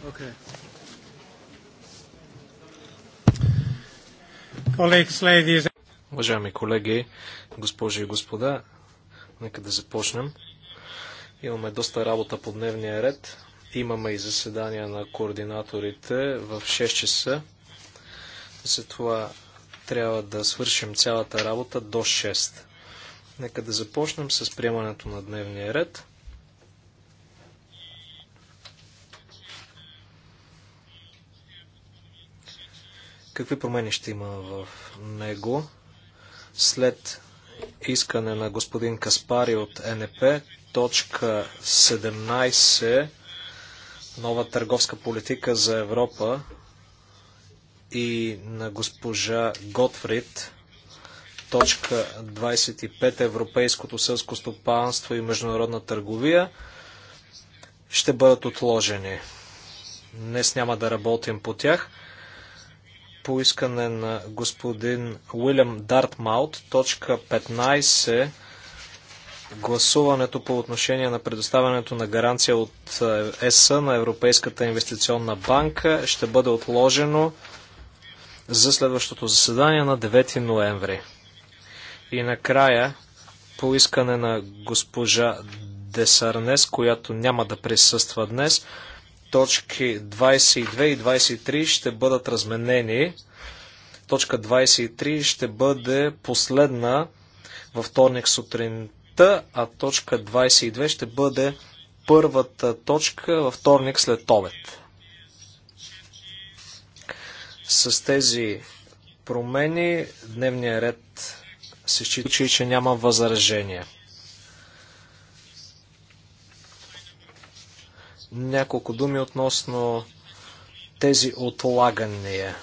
Okay. Уважаеми колеги, госпожи и господа, нека да започнем. Имаме доста работа по дневния ред. Имаме и заседания на координаторите в 6 часа. това трябва да свършим цялата работа до 6. Нека да започнем с приемането на дневния ред. Какви промени ще има в него? След искане на господин Каспари от НП, точка 17, нова търговска политика за Европа и на госпожа Готфрид, точка 25, европейското селско стопанство и международна търговия, ще бъдат отложени. Днес няма да работим по тях по искане на господин Уилям Дартмаут, точка 15, гласуването по отношение на предоставянето на гаранция от е, ЕС на Европейската инвестиционна банка ще бъде отложено за следващото заседание на 9 ноември. И накрая, по искане на госпожа Десарнес, която няма да присъства днес, точки 22 и 23 ще бъдат разменени. Точка 23 ще бъде последна във вторник сутринта, а точка 22 ще бъде първата точка във вторник след обед. С тези промени дневния ред се счита, че няма възражения. Няколко думи относно тези отлагания.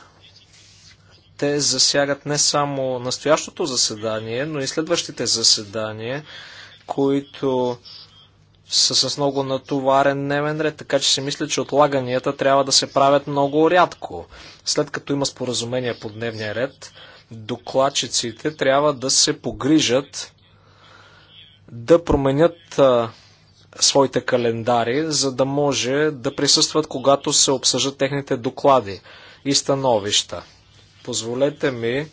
Те засягат не само настоящото заседание, но и следващите заседания, които са с много натоварен дневен ред, така че си мисля, че отлаганията трябва да се правят много рядко. След като има споразумение по дневния ред, докладчиците трябва да се погрижат да променят своите календари, за да може да присъстват, когато се обсъждат техните доклади и становища. Позволете ми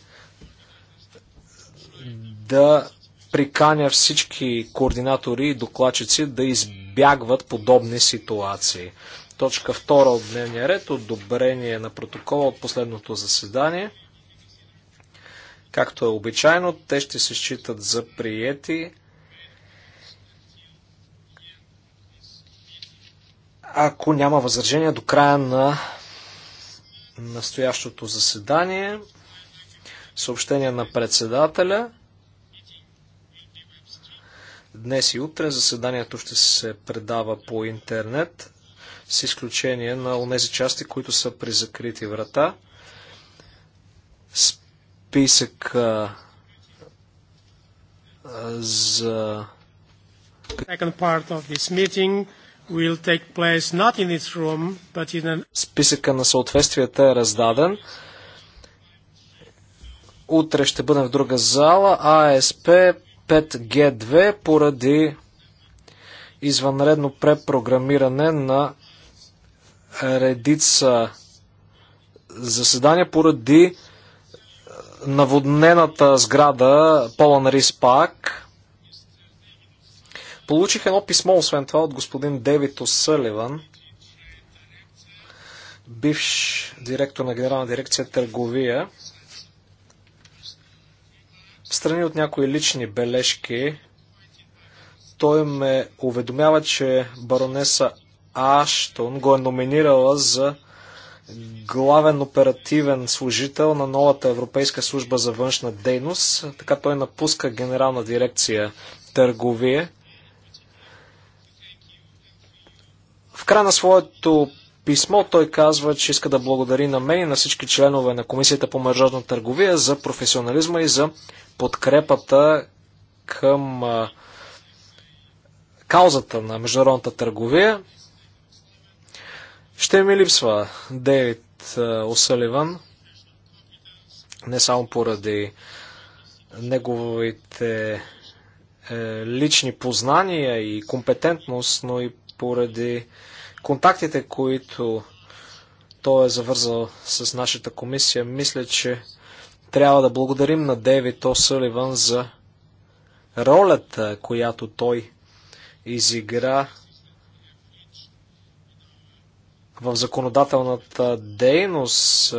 да приканя всички координатори и докладчици да избягват подобни ситуации. Точка 2 от дневния ред, одобрение на протокола от последното заседание. Както е обичайно, те ще се считат за приети. Ако няма възражения до края на настоящото заседание, съобщение на председателя. Днес и утре заседанието ще се предава по интернет, с изключение на онези части, които са при закрити врата. Списък за. Second part of this meeting will take place not in its room, but in an... Списъка на съответствията е раздаден. Утре ще бъде в друга зала, АСП 5G2, поради извънредно препрограмиране на редица заседания поради наводнената сграда Полан Рис Пак Получих едно писмо, освен това, от господин Девито Сълеван, бивш директор на Генерална дирекция Търговия. В страни от някои лични бележки, той ме уведомява, че баронеса Аштон го е номинирала за главен оперативен служител на новата Европейска служба за външна дейност. Така той напуска генерална дирекция търговия. В края на своето писмо той казва, че иска да благодари на мен и на всички членове на Комисията по международна търговия за професионализма и за подкрепата към каузата на международната търговия. Ще ми липсва Дейвид Осаливан, не само поради неговите е, лични познания и компетентност, но и поради контактите, които той е завързал с нашата комисия, мисля, че трябва да благодарим на Дейвид О'Съливан за ролята, която той изигра в законодателната дейност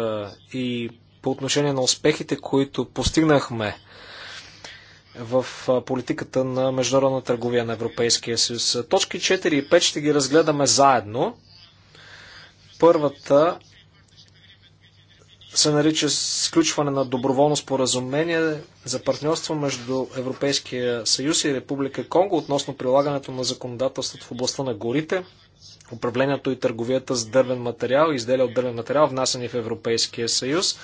и по отношение на успехите, които постигнахме в политиката на международна търговия на Европейския съюз. Точки 4 и 5 ще ги разгледаме заедно. Първата се нарича сключване на доброволно споразумение за партньорство между Европейския съюз и Република Конго относно прилагането на законодателството в областта на горите, управлението и търговията с дървен материал изделия от дървен материал, внасяни в Европейския съюз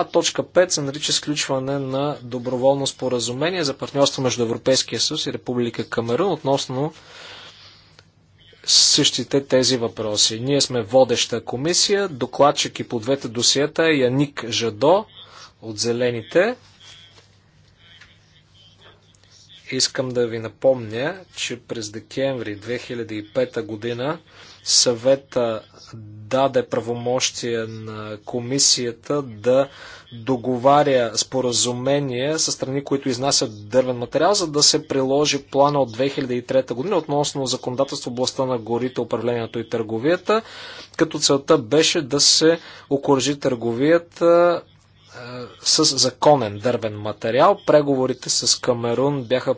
а точка 5 се нарича сключване на доброволно споразумение за партньорство между Европейския съюз и Република Камерун относно същите тези въпроси. Ние сме водеща комисия, докладчик и по двете досиета е Яник Жадо от Зелените. Искам да ви напомня, че през декември 2005 година съвета даде правомощие на комисията да договаря споразумение с страни, които изнасят дървен материал, за да се приложи плана от 2003 година относно законодателство в областта на горите, управлението и търговията, като целта беше да се окоръжи търговията е, с законен дървен материал. Преговорите с Камерун бяха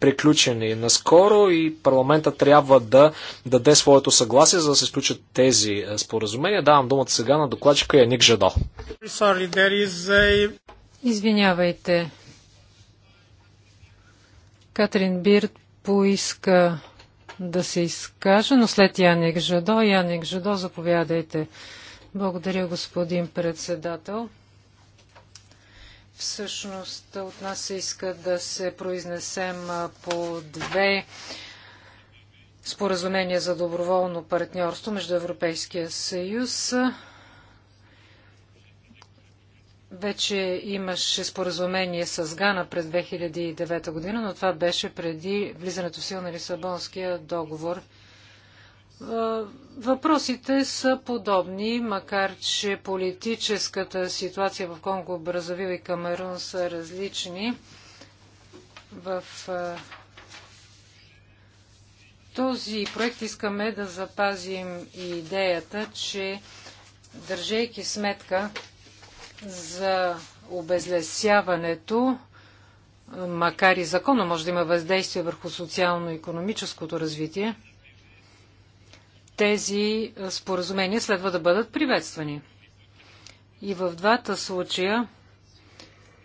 приключени наскоро и парламента трябва да даде своето съгласие, за да се случат тези е, споразумения. Давам думата сега на докладчика Яник Жадо. Извинявайте. Катрин Бирд поиска да се изкаже, но след Яник Жадо. Яник Жадо, заповядайте. Благодаря, господин председател. Всъщност от нас се иска да се произнесем по две споразумения за доброволно партньорство между Европейския съюз. Вече имаше споразумение с Гана през 2009 година, но това беше преди влизането в сила на Лисабонския договор – е, въпросите са подобни, макар че политическата ситуация в Конго, Бразавил и Камерун са различни. В е, този проект искаме да запазим и идеята, че държейки сметка за обезлесяването, макар и законно може да има въздействие върху социално-економическото развитие, тези споразумения следва да бъдат приветствани. И в двата случая,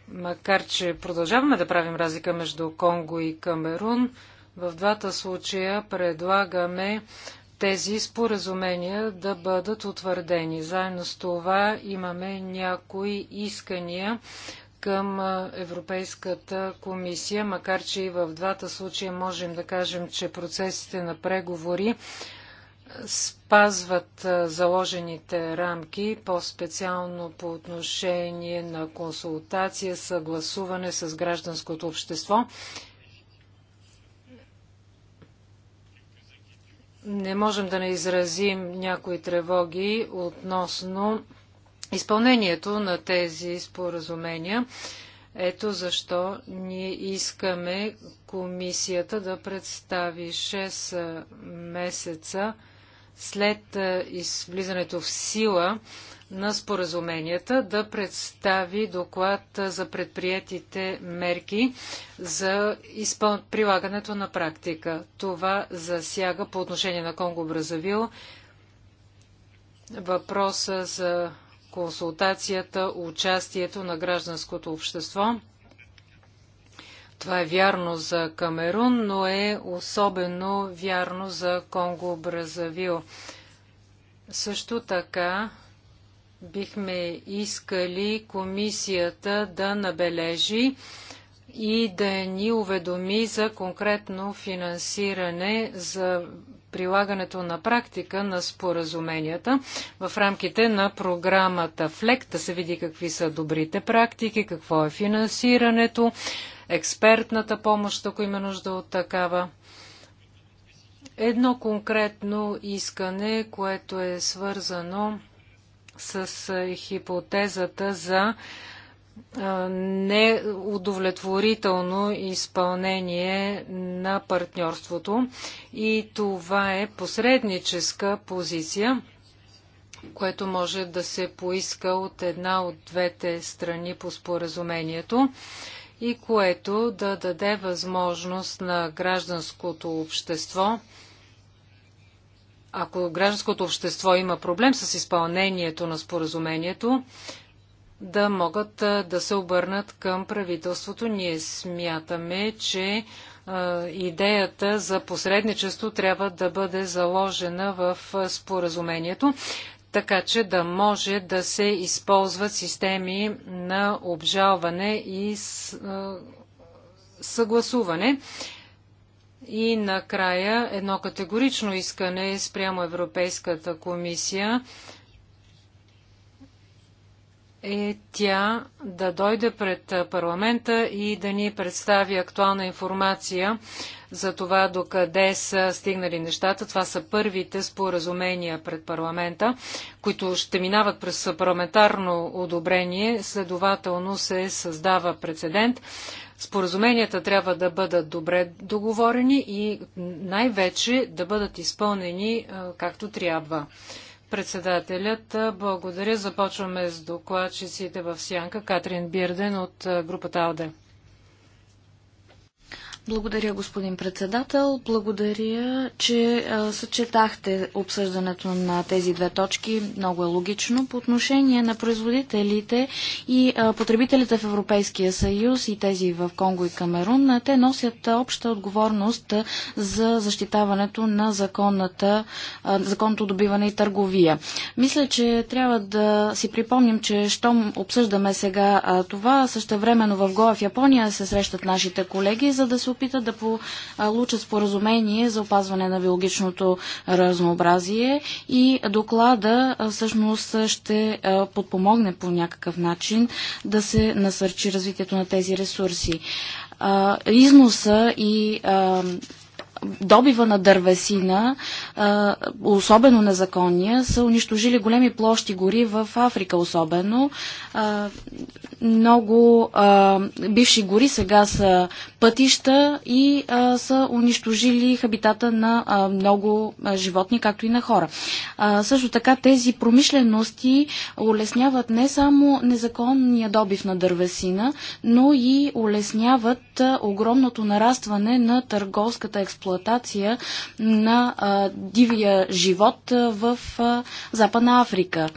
макар че продължаваме да правим разлика между Конго и Камерун, в двата случая предлагаме тези споразумения да бъдат утвърдени. Заедно с това имаме някои искания към Европейската комисия, макар че и в двата случая можем да кажем, че процесите на преговори спазват заложените рамки, по-специално по отношение на консултация, съгласуване с гражданското общество. Не можем да не изразим някои тревоги относно изпълнението на тези споразумения. Ето защо ние искаме комисията да представи 6 месеца след влизането в сила на споразуменията да представи доклад за предприятите мерки за изпъл... прилагането на практика. Това засяга по отношение на Конго Бразавил въпроса за консултацията, участието на гражданското общество това е вярно за Камерун, но е особено вярно за Конго-Бразавил. Също така бихме искали комисията да набележи и да ни уведоми за конкретно финансиране за прилагането на практика на споразуменията в рамките на програмата ФЛЕК, да се види какви са добрите практики, какво е финансирането, експертната помощ, ако има нужда от такава. Едно конкретно искане, което е свързано с хипотезата за неудовлетворително изпълнение на партньорството и това е посредническа позиция, което може да се поиска от една от двете страни по споразумението и което да даде възможност на гражданското общество ако гражданското общество има проблем с изпълнението на споразумението, да могат да се обърнат към правителството. Ние смятаме, че идеята за посредничество трябва да бъде заложена в споразумението така че да може да се използват системи на обжалване и съгласуване. И накрая едно категорично искане спрямо Европейската комисия е тя да дойде пред парламента и да ни представи актуална информация за това докъде са стигнали нещата. Това са първите споразумения пред парламента, които ще минават през парламентарно одобрение. Следователно се създава прецедент. Споразуменията трябва да бъдат добре договорени и най-вече да бъдат изпълнени както трябва. Председателят, благодаря. Започваме с докладчиците в Сянка. Катрин Бирден от групата АЛДЕ. Благодаря, господин председател. Благодаря, че а, съчетахте обсъждането на тези две точки. Много е логично. По отношение на производителите и а, потребителите в Европейския съюз и тези в Конго и Камерун, а, те носят обща отговорност за защитаването на законната, законното добиване и търговия. Мисля, че трябва да си припомним, че щом обсъждаме сега това, същевременно в Гоа в Япония се срещат нашите колеги, за да се опитат да получат споразумение за опазване на биологичното разнообразие и доклада всъщност ще подпомогне по някакъв начин да се насърчи развитието на тези ресурси. Износа и добива на дървесина, особено закония, са унищожили големи площи гори в Африка особено. Много бивши гори сега са пътища и а, са унищожили хабитата на а, много а, животни, както и на хора. А, също така тези промишлености улесняват не само незаконния добив на дървесина, но и улесняват а, огромното нарастване на търговската експлоатация на а, дивия живот а, в а, Западна Африка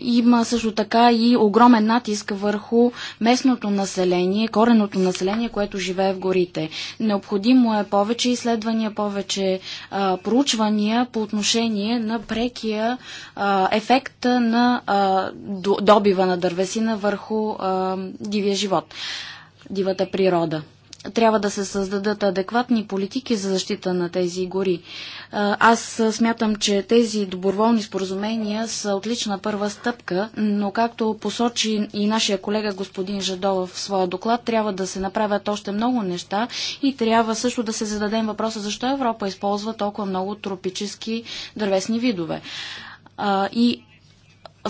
има също така и огромен натиск върху местното население, кореното население, което живее в горите. Необходимо е повече изследвания, повече а, проучвания по отношение на прекия а, ефект на а, добива на дървесина върху а, дивия живот, дивата природа трябва да се създадат адекватни политики за защита на тези гори. Аз смятам, че тези доброволни споразумения са отлична първа стъпка, но както посочи и нашия колега господин Жадо в своя доклад, трябва да се направят още много неща и трябва също да се зададем въпроса защо Европа използва толкова много тропически дървесни видове. И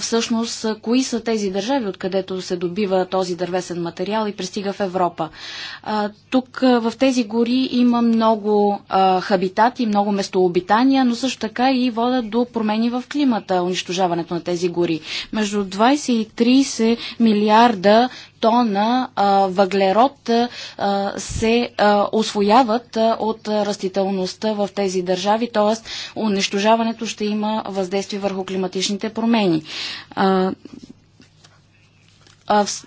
всъщност кои са тези държави, откъдето се добива този дървесен материал и пристига в Европа. А, тук в тези гори има много а, хабитати, много местообитания, но също така и водят до промени в климата, унищожаването на тези гори. Между 20 и 30 милиарда тона въглерод се освояват от растителността в тези държави, т.е. унищожаването ще има въздействие върху климатичните промени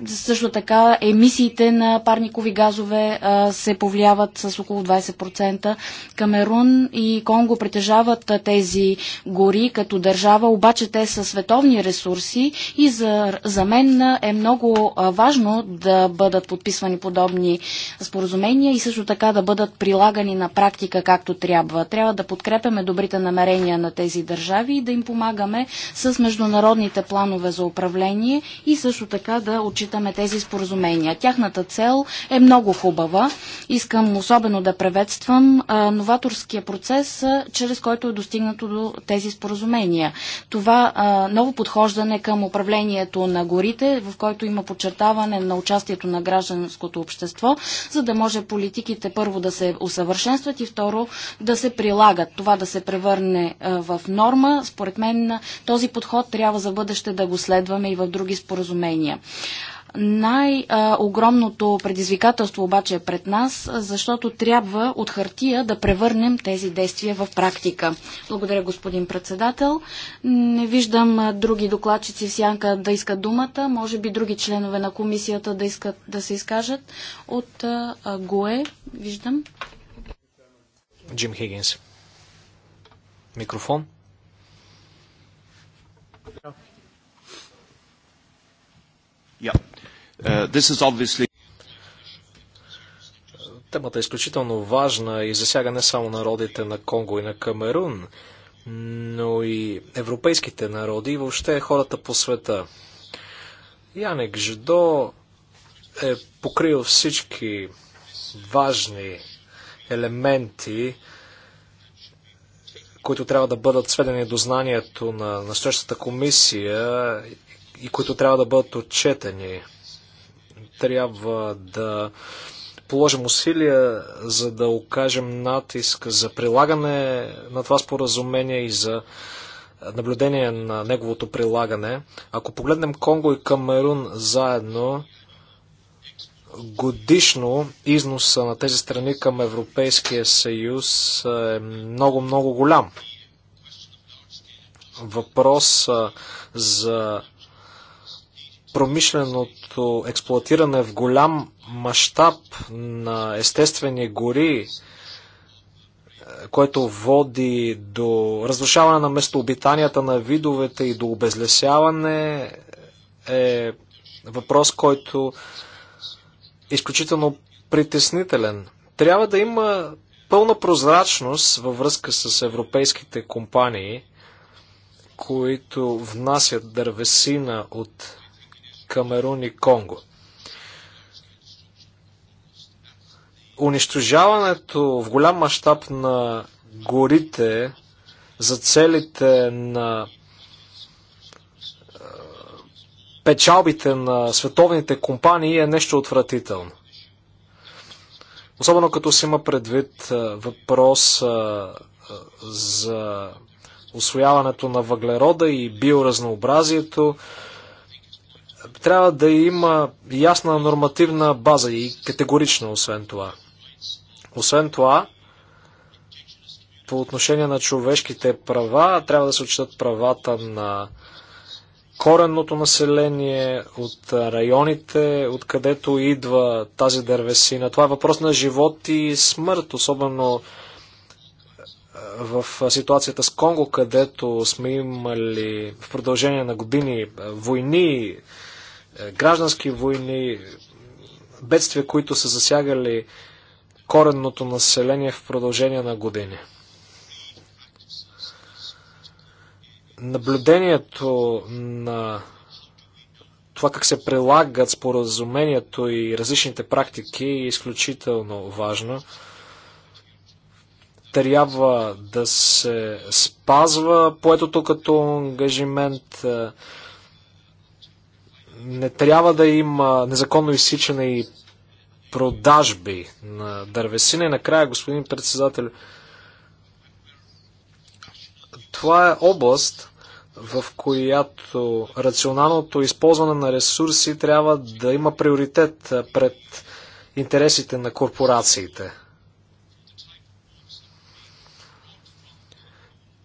също така емисиите на парникови газове се повлияват с около 20%. Камерун и Конго притежават тези гори като държава, обаче те са световни ресурси и за, за мен е много важно да бъдат подписвани подобни споразумения и също така да бъдат прилагани на практика както трябва. Трябва да подкрепяме добрите намерения на тези държави и да им помагаме с международните планове за управление и също така да да отчитаме тези споразумения. Тяхната цел е много хубава. Искам особено да приветствам а, новаторския процес, а, чрез който е достигнато до тези споразумения. Това а, ново подхождане към управлението на горите, в който има подчертаване на участието на гражданското общество, за да може политиките първо да се усъвършенстват и второ да се прилагат. Това да се превърне а, в норма. Според мен този подход трябва за бъдеще да го следваме и в други споразумения. Най-огромното предизвикателство обаче е пред нас, защото трябва от хартия да превърнем тези действия в практика. Благодаря, господин председател. Не виждам други докладчици в сянка да искат думата. Може би други членове на комисията да искат да се изкажат. От ГОЕ виждам. Джим Хигинс. Микрофон. Yeah. Uh, this is obviously... Темата е изключително важна и засяга не само народите на Конго и на Камерун, но и европейските народи и въобще хората по света. Янек Жидо е покрил всички важни елементи, които трябва да бъдат сведени до знанието на настоящата комисия и които трябва да бъдат отчетени. Трябва да положим усилия, за да окажем натиск за прилагане на това споразумение и за наблюдение на неговото прилагане. Ако погледнем Конго и Камерун заедно, годишно износа на тези страни към Европейския съюз е много-много голям. Въпрос за промишленото експлуатиране в голям мащаб на естествени гори, е, което води до разрушаване на местообитанията на видовете и до обезлесяване, е въпрос, който е изключително притеснителен. Трябва да има пълна прозрачност във връзка с европейските компании, които внасят дървесина от Камерун и Конго. Унищожаването в голям мащаб на горите за целите на е, печалбите на световните компании е нещо отвратително. Особено като се има предвид е, въпрос е, за освояването на въглерода и биоразнообразието. Трябва да има ясна нормативна база и категорична, освен това. Освен това, по отношение на човешките права, трябва да се отчитат правата на коренното население, от районите, откъдето идва тази дървесина. Това е въпрос на живот и смърт, особено в ситуацията с Конго, където сме имали в продължение на години войни, е, граждански войни, бедствия, които са засягали коренното население в продължение на години. Наблюдението на това как се прилагат споразумението и различните практики е изключително важно. Трябва да се спазва поетото като ангажимент. Е, не трябва да има незаконно изсичане и продажби на дървесина. И накрая, господин председател, това е област, в която рационалното използване на ресурси трябва да има приоритет пред интересите на корпорациите.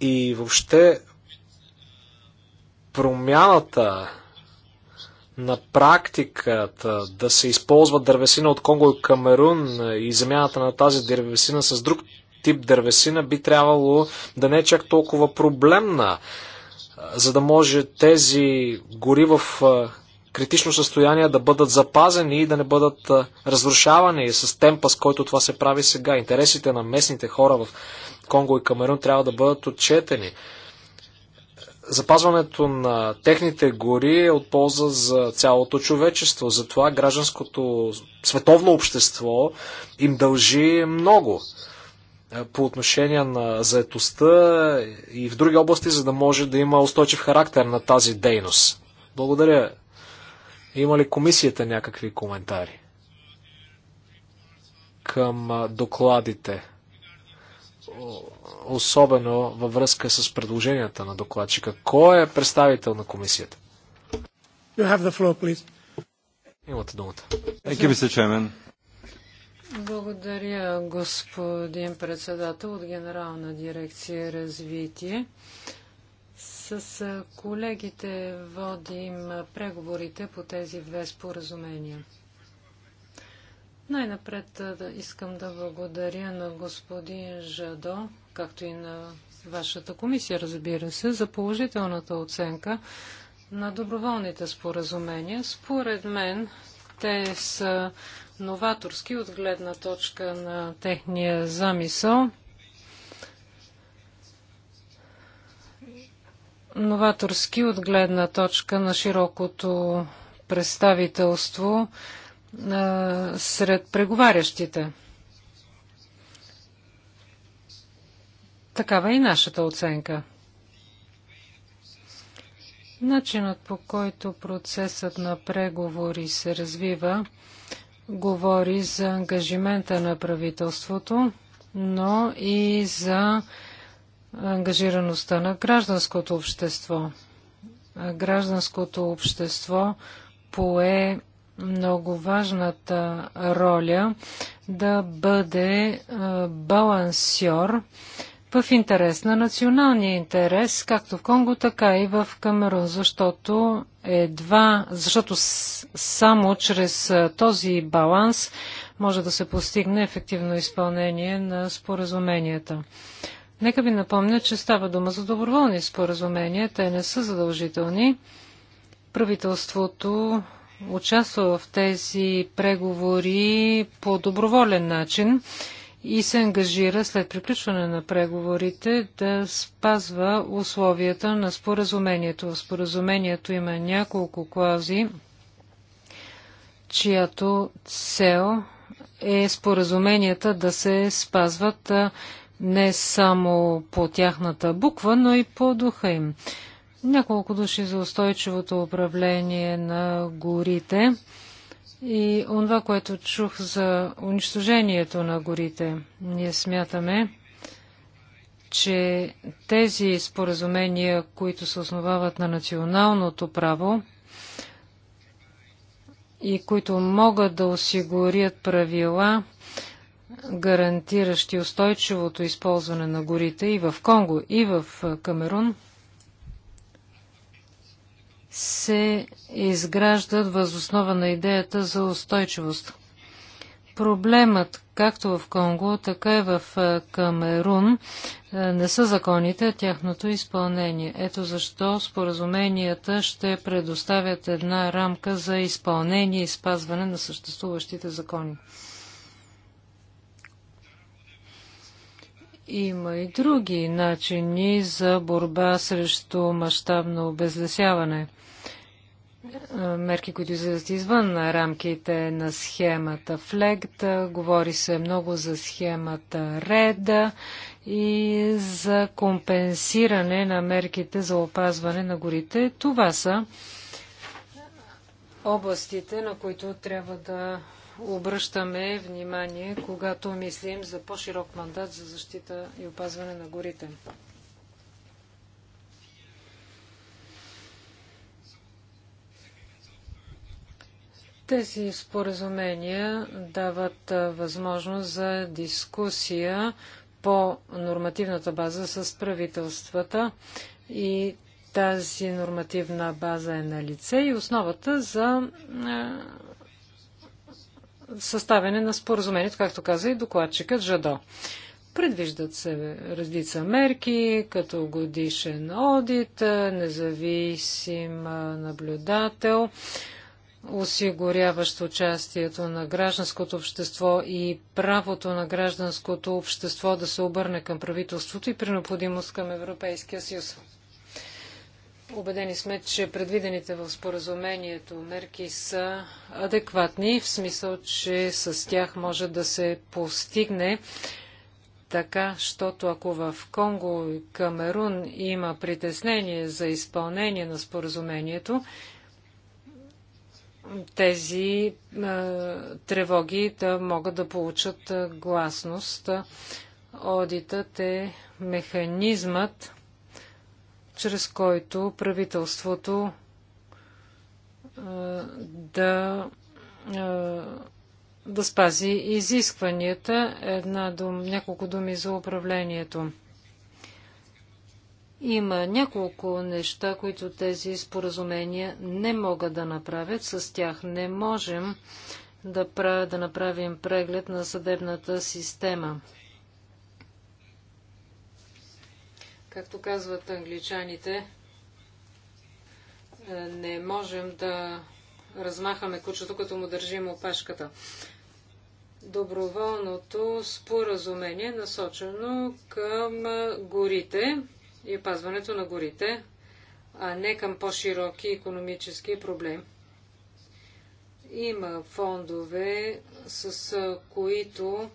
И въобще промяната на практиката да се използва дървесина от Конго и Камерун и замяната на тази дървесина с друг тип дървесина би трябвало да не е чак толкова проблемна, за да може тези гори в критично състояние да бъдат запазени и да не бъдат разрушавани с темпа, с който това се прави сега. Интересите на местните хора в Конго и Камерун трябва да бъдат отчетени запазването на техните гори е от полза за цялото човечество. Затова гражданското световно общество им дължи много е, по отношение на заетостта и в други области, за да може да има устойчив характер на тази дейност. Благодаря. Има ли комисията някакви коментари към докладите? особено във връзка с предложенията на докладчика. Кой е представител на комисията? Floor, Имате думата. Благодаря, господин председател от Генерална дирекция развитие. С колегите водим преговорите по тези две споразумения. Най-напред да искам да благодаря на господин Жадо, както и на вашата комисия, разбира се, за положителната оценка на доброволните споразумения. Според мен те са новаторски от гледна точка на техния замисъл. Новаторски от гледна точка на широкото представителство а, сред преговарящите. Такава е и нашата оценка. Начинът по който процесът на преговори се развива говори за ангажимента на правителството, но и за ангажираността на гражданското общество. Гражданското общество пое много важната роля да бъде е, балансьор в интерес на националния интерес, както в Конго, така и в Камерун, защото едва, защото само чрез е, този баланс може да се постигне ефективно изпълнение на споразуменията. Нека ви напомня, че става дума за доброволни споразумения, те не са задължителни. Правителството участва в тези преговори по доброволен начин и се ангажира след приключване на преговорите да спазва условията на споразумението. В споразумението има няколко клази, чиято цел е споразуменията да се спазват не само по тяхната буква, но и по духа им. Няколко души за устойчивото управление на горите и онова, което чух за унищожението на горите. Ние смятаме, че тези споразумения, които се основават на националното право и които могат да осигурят правила, гарантиращи устойчивото използване на горите и в Конго, и в Камерун, се изграждат възоснова на идеята за устойчивост. Проблемът, както в Конго, така и в Камерун, не са законите, а тяхното изпълнение. Ето защо споразуменията ще предоставят една рамка за изпълнение и спазване на съществуващите закони. Има и други начини за борба срещу мащабно обезлесяване – е, мерки, които излизат извън рамките на схемата FLEGT. Говори се много за схемата RED и за компенсиране на мерките за опазване на горите. Това са областите, на които трябва да обръщаме внимание, когато мислим за по-широк мандат за защита и опазване на горите. Тези споразумения дават възможност за дискусия по нормативната база с правителствата и тази нормативна база е на лице и основата за съставяне на споразумението, както каза и докладчикът Жадо. Предвиждат се редица мерки, като годишен одит, независим наблюдател, осигуряващ участието на гражданското общество и правото на гражданското общество да се обърне към правителството и при необходимост към Европейския съюз. Обедени сме, че предвидените в споразумението мерки са адекватни, в смисъл, че с тях може да се постигне така, щото ако в Конго и Камерун има притеснение за изпълнение на споразумението, тези тревоги да могат да получат гласност. Одитът е механизмът, чрез който правителството да, да спази изискванията. Една дум, няколко думи за управлението. Има няколко неща, които тези споразумения не могат да направят. С тях не можем да, прав... да направим преглед на съдебната система. Както казват англичаните, е, не можем да размахаме кучето, като му държим опашката. Доброволното споразумение е насочено към горите и опазването на горите, а не към по-широки економически проблеми. Има фондове, с които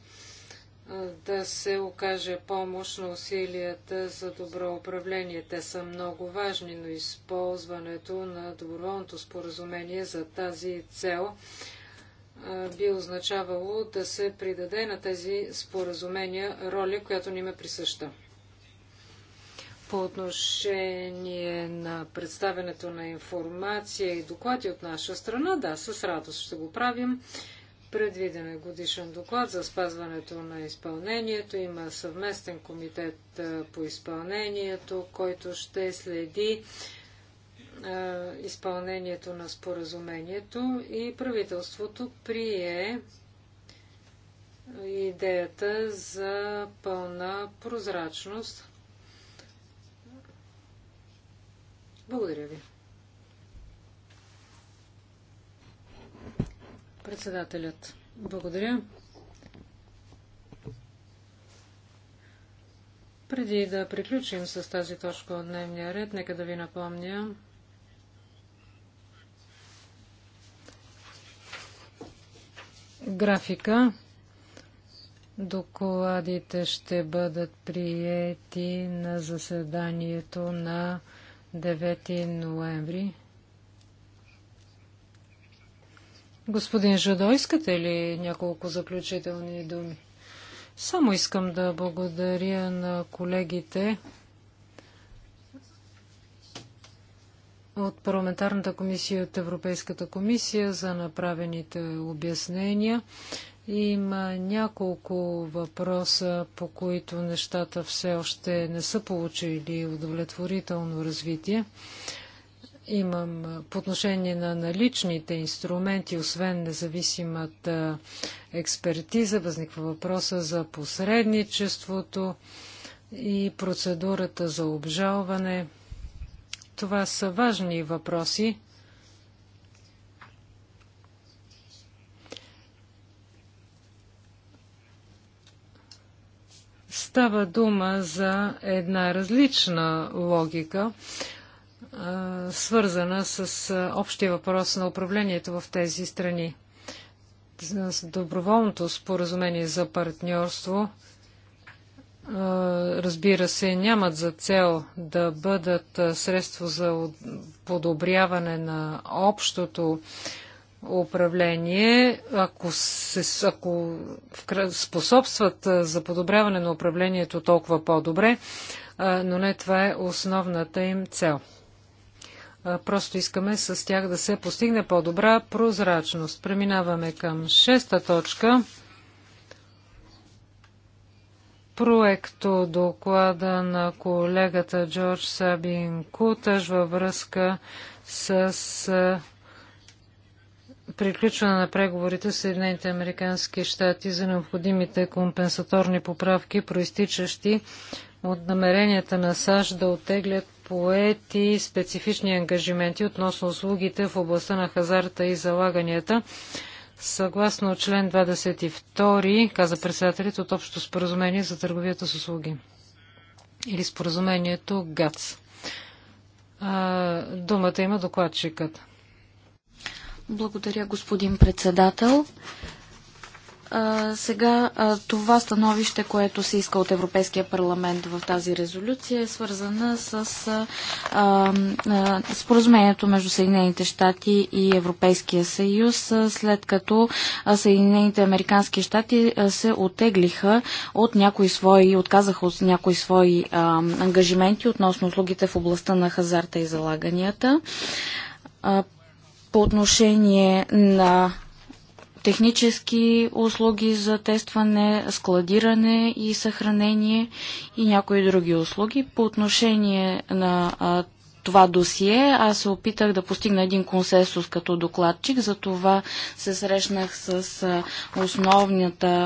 да се окаже помощ на усилията за добро управление. Те са много важни, но използването на доброволното споразумение за тази цел би означавало да се придаде на тези споразумения роля, която ни ме присъща по отношение на представянето на информация и доклади от наша страна, да, с радост ще го правим. Предвиден е годишен доклад за спазването на изпълнението. Има съвместен комитет по изпълнението, който ще следи изпълнението на споразумението и правителството прие идеята за пълна прозрачност Благодаря ви. Председателят. Благодаря. Преди да приключим с тази точка от дневния ред, нека да ви напомня, графика. Докладите ще бъдат приети на заседанието на 9 ноември. Господин Жадо, искате ли няколко заключителни думи? Само искам да благодаря на колегите от парламентарната комисия и от Европейската комисия за направените обяснения. Има няколко въпроса, по които нещата все още не са получили удовлетворително развитие. Имам по отношение на наличните инструменти, освен независимата експертиза, възниква въпроса за посредничеството и процедурата за обжалване. Това са важни въпроси Става дума за една различна логика, свързана с общия въпрос на управлението в тези страни. С доброволното споразумение за партньорство, разбира се, нямат за цел да бъдат средство за подобряване на общото управление, ако, се, ако способстват за подобряване на управлението толкова по-добре, но не това е основната им цел. Просто искаме с тях да се постигне по-добра прозрачност. Преминаваме към шеста точка. Проекто доклада на колегата Джордж Сабин Кутъж във връзка с приключване на преговорите с Съединените Американски щати за необходимите компенсаторни поправки, проистичащи от намеренията на САЩ да оттеглят поети специфични ангажименти относно услугите в областта на хазарта и залаганията. Съгласно член 22, каза председателят от Общото споразумение за търговията с услуги или споразумението ГАЦ. думата има докладчикът. Благодаря, господин председател. А, сега а, това становище, което се иска от Европейския парламент в тази резолюция е свързана с а, споразумението между Съединените щати и Европейския съюз, след като Съединените американски щати се отеглиха от някои свои, отказаха от някои свои ангажименти относно услугите в областта на хазарта и залаганията по отношение на технически услуги за тестване, складиране и съхранение и някои други услуги. По отношение на това досие. Аз се опитах да постигна един консенсус като докладчик, за това се срещнах с основната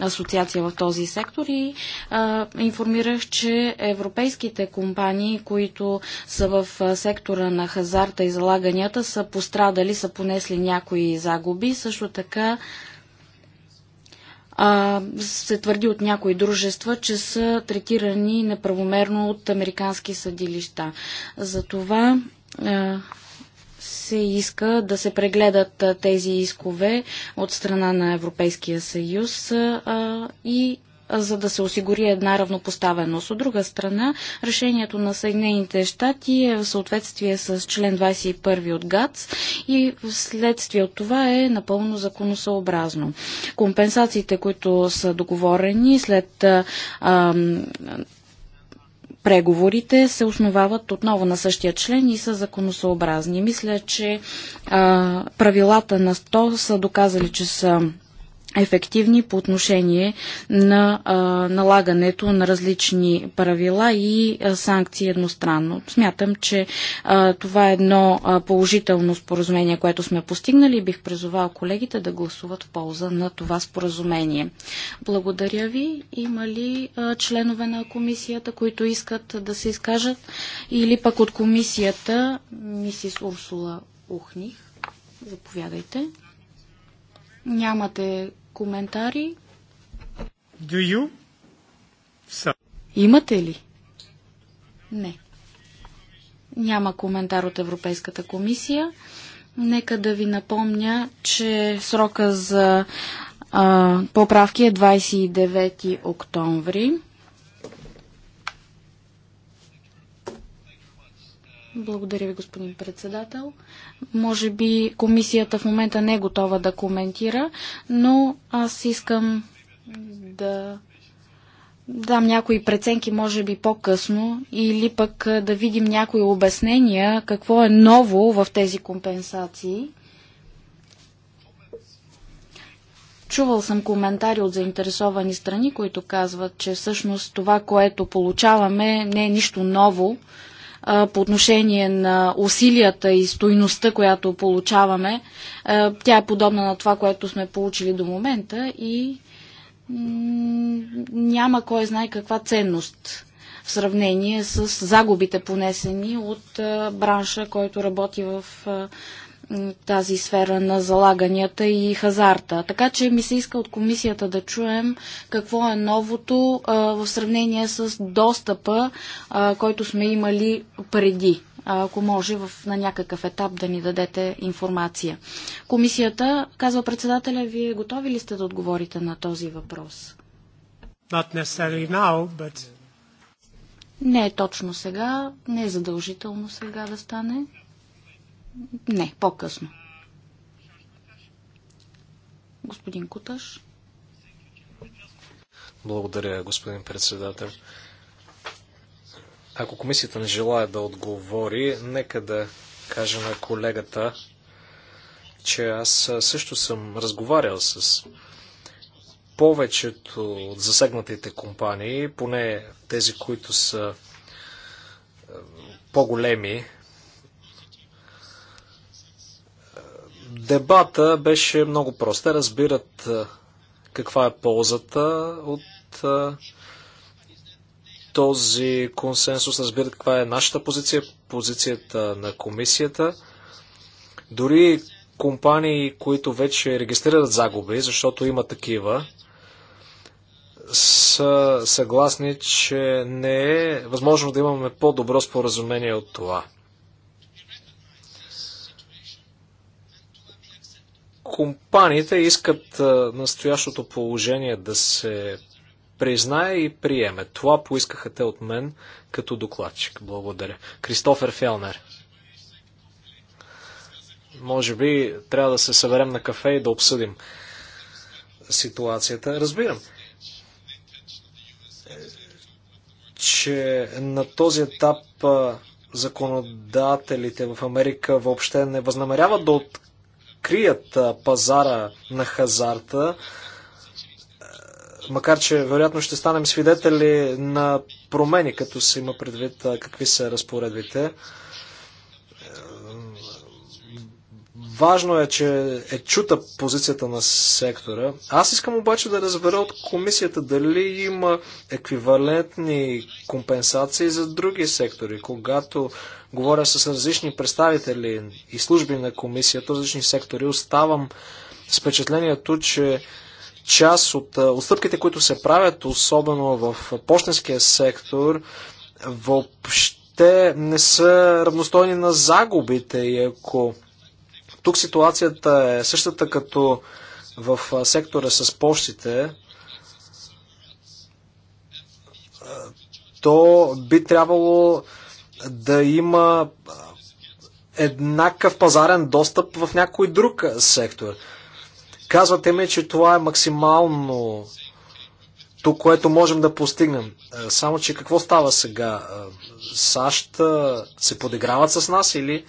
асоциация в този сектор и информирах, че европейските компании, които са в сектора на хазарта и залаганията, са пострадали, са понесли някои загуби. Също така а, се твърди от някои дружества, че са третирани неправомерно от американски съдилища. Затова а, се иска да се прегледат тези искове от страна на Европейския съюз а, и за да се осигури една равнопоставеност. От друга страна, решението на Съединените щати е в съответствие с член 21 от ГАЦ и вследствие от това е напълно законосъобразно. Компенсациите, които са договорени след а, преговорите се основават отново на същия член и са законосъобразни. Мисля, че а, правилата на 100 са доказали, че са ефективни по отношение на а, налагането на различни правила и а, санкции едностранно. Смятам, че а, това е едно а, положително споразумение, което сме постигнали и бих призовал колегите да гласуват в полза на това споразумение. Благодаря ви. Има ли а, членове на комисията, които искат да се изкажат? Или пък от комисията, мисис Урсула Ухних? Заповядайте. Нямате коментари? Do you? So. Имате ли? Не. Няма коментар от Европейската комисия. Нека да ви напомня, че срока за а, поправки е 29 октомври. Благодаря ви, господин председател. Може би комисията в момента не е готова да коментира, но аз искам да дам някои преценки, може би по-късно, или пък да видим някои обяснения, какво е ново в тези компенсации. Чувал съм коментари от заинтересовани страни, които казват, че всъщност това, което получаваме, не е нищо ново по отношение на усилията и стойността, която получаваме. Тя е подобна на това, което сме получили до момента и няма кой знае каква ценност в сравнение с загубите понесени от бранша, който работи в тази сфера на залаганията и хазарта. Така че ми се иска от комисията да чуем какво е новото а, в сравнение с достъпа, а, който сме имали преди. ако може в, на някакъв етап да ни дадете информация. Комисията, казва председателя, вие готови ли сте да отговорите на този въпрос? Now, but... Не е точно сега, не е задължително сега да стане. Не, по-късно. Господин Куташ. Благодаря, господин председател. Ако комисията не желая да отговори, нека да кажа на колегата, че аз също съм разговарял с повечето от засегнатите компании, поне тези, които са по-големи Дебата беше много прост. Те разбират каква е ползата от този консенсус, разбират каква е нашата позиция, позицията на комисията. Дори компании, които вече регистрират загуби, защото има такива, са съгласни, че не е възможно да имаме по-добро споразумение от това. компаниите искат настоящото положение да се признае и приеме. Това поискаха те от мен като докладчик. Благодаря. Кристофер Фелнер. Може би трябва да се съберем на кафе и да обсъдим ситуацията. Разбирам, че на този етап законодателите в Америка въобще не възнамеряват да от открият пазара на хазарта, е, макар че вероятно ще станем свидетели на промени, като се има предвид какви са разпоредбите. Важно е, че е чута позицията на сектора. Аз искам обаче да разбера от комисията дали има еквивалентни компенсации за други сектори. Когато говоря с различни представители и служби на комисията, различни сектори, оставам с впечатлението, че част от отстъпките, които се правят, особено в почтенския сектор, въобще не са равностойни на загубите и ако тук ситуацията е същата като в сектора с почтите. То би трябвало да има еднакъв пазарен достъп в някой друг сектор. Казвате ми, че това е максимално то, което можем да постигнем. Само, че какво става сега? САЩ се подиграват с нас или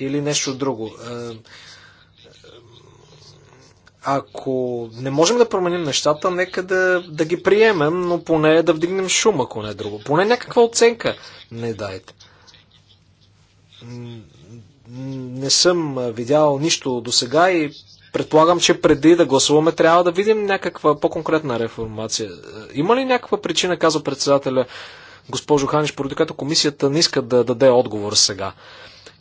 или нещо друго. Е, е, ако не можем да променим нещата, нека да, да ги приемем, но поне да вдигнем шум, ако не е друго. Поне някаква оценка не дайте. Не съм видял нищо до сега и предполагам, че преди да гласуваме трябва да видим някаква по-конкретна реформация. Е, има ли някаква причина, казва председателя, госпожо Ханиш, поради която комисията не иска да даде отговор сега.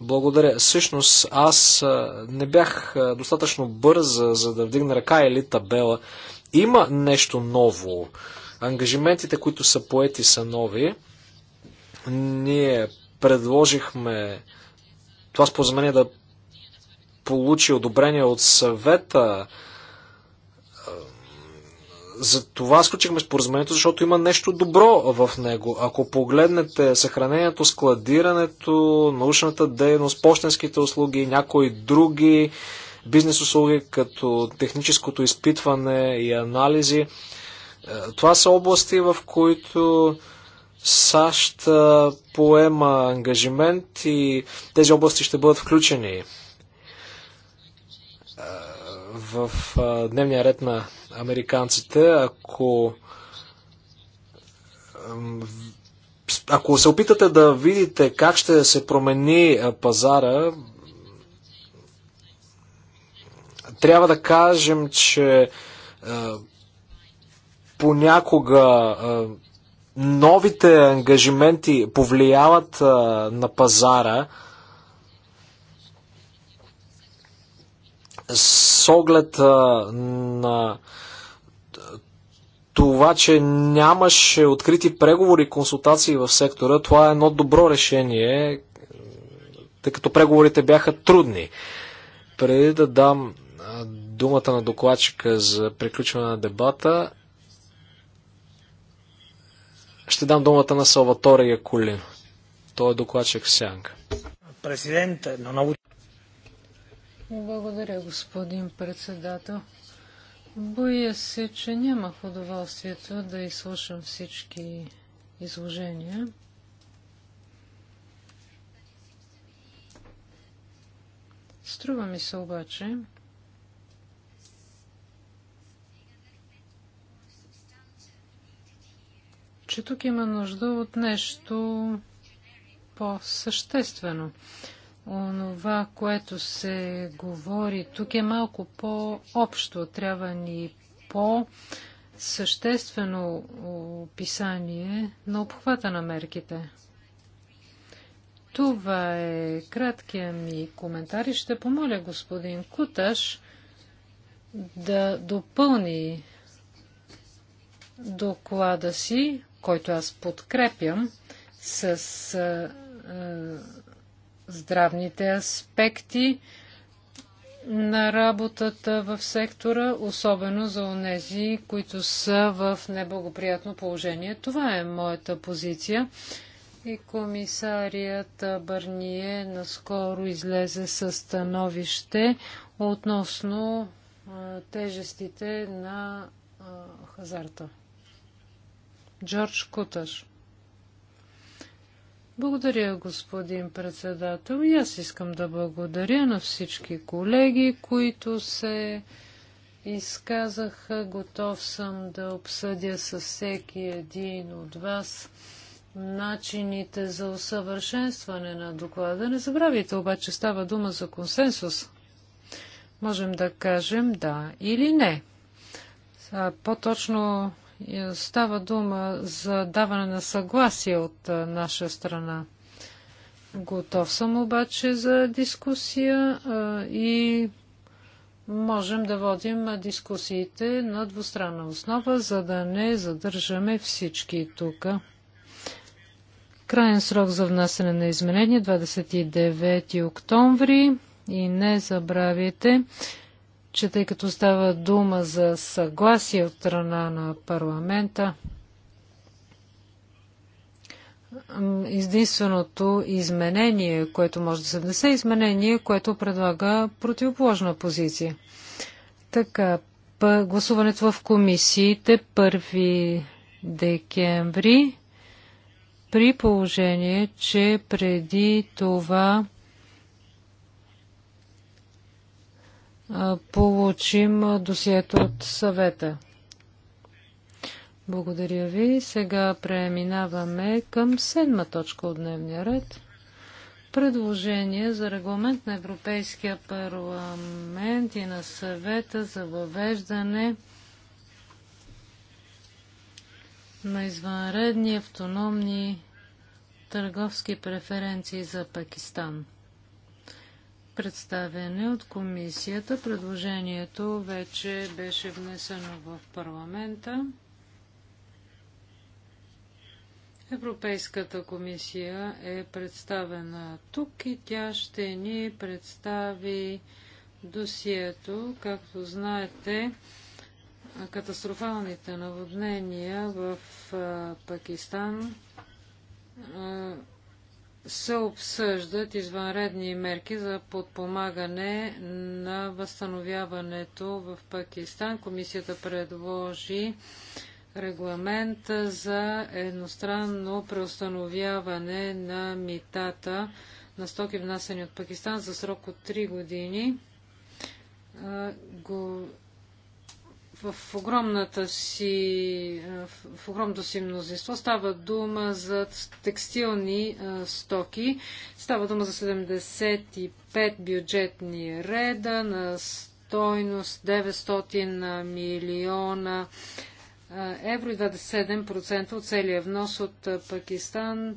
Благодаря. Всъщност аз не бях достатъчно бърза, за да вдигна ръка или табела. Има нещо ново. Ангажиментите, които са поети, са нови. Ние предложихме това споразумение да получи одобрение от съвета за това сключихме споразумението, защото има нещо добро в него. Ако погледнете съхранението, складирането, научната дейност, почтенските услуги, някои други бизнес услуги, като техническото изпитване и анализи, е, това са области, в които САЩ е, поема ангажимент и тези области ще бъдат включени в дневния ред на американците, ако ако се опитате да видите как ще се промени пазара, трябва да кажем, че понякога новите ангажименти повлияват на пазара, С оглед на това, че нямаше открити преговори и консултации в сектора, това е едно добро решение, тъй като преговорите бяха трудни. Преди да дам думата на докладчика за приключване на дебата, ще дам думата на Салватория Кулин. Той е докладчик в Сянка. Президент, на новото благодаря, господин председател. Боя се, че нямах удоволствието да изслушам всички изложения. Струва ми се обаче, че тук има нужда от нещо по-съществено онова, което се говори тук е малко по-общо. Трябва ни по-съществено описание на обхвата на мерките. Това е краткия ми коментар и ще помоля господин Куташ да допълни доклада си, който аз подкрепям с здравните аспекти на работата в сектора, особено за онези, които са в неблагоприятно положение. Това е моята позиция. И комисарият Бърние наскоро излезе със становище относно тежестите на хазарта. Джордж Куташ. Благодаря, господин председател. И аз искам да благодаря на всички колеги, които се изказаха. Готов съм да обсъдя с всеки един от вас начините за усъвършенстване на доклада. Не забравяйте, обаче става дума за консенсус. Можем да кажем да или не. По-точно е, става дума за даване на съгласие от е, наша страна. Готов съм обаче за дискусия е, и можем да водим дискусиите на двустранна основа, за да не задържаме всички тук. Крайен срок за внасяне на изменения 29 октомври и не забравяйте, че тъй като става дума за съгласие от страна на парламента, единственото изменение, което може да се внесе, е изменение, което предлага противоположна позиция. Така, гласуването в комисиите 1 декември при положение, че преди това получим досието от съвета. Благодаря ви. Сега преминаваме към седма точка от дневния ред. Предложение за регламент на Европейския парламент и на съвета за въвеждане на извънредни автономни търговски преференции за Пакистан представяне от комисията. Предложението вече беше внесено в парламента. Европейската комисия е представена тук и тя ще ни представи досието. Както знаете, катастрофалните наводнения в Пакистан се обсъждат извънредни мерки за подпомагане на възстановяването в Пакистан. Комисията предложи регламент за едностранно преустановяване на митата на стоки внасени от Пакистан за срок от 3 години в, огромната си, в огромното си мнозинство става дума за текстилни а, стоки. Става дума за 75 бюджетни реда на стойност 900 милиона евро и 27% от целия внос от Пакистан.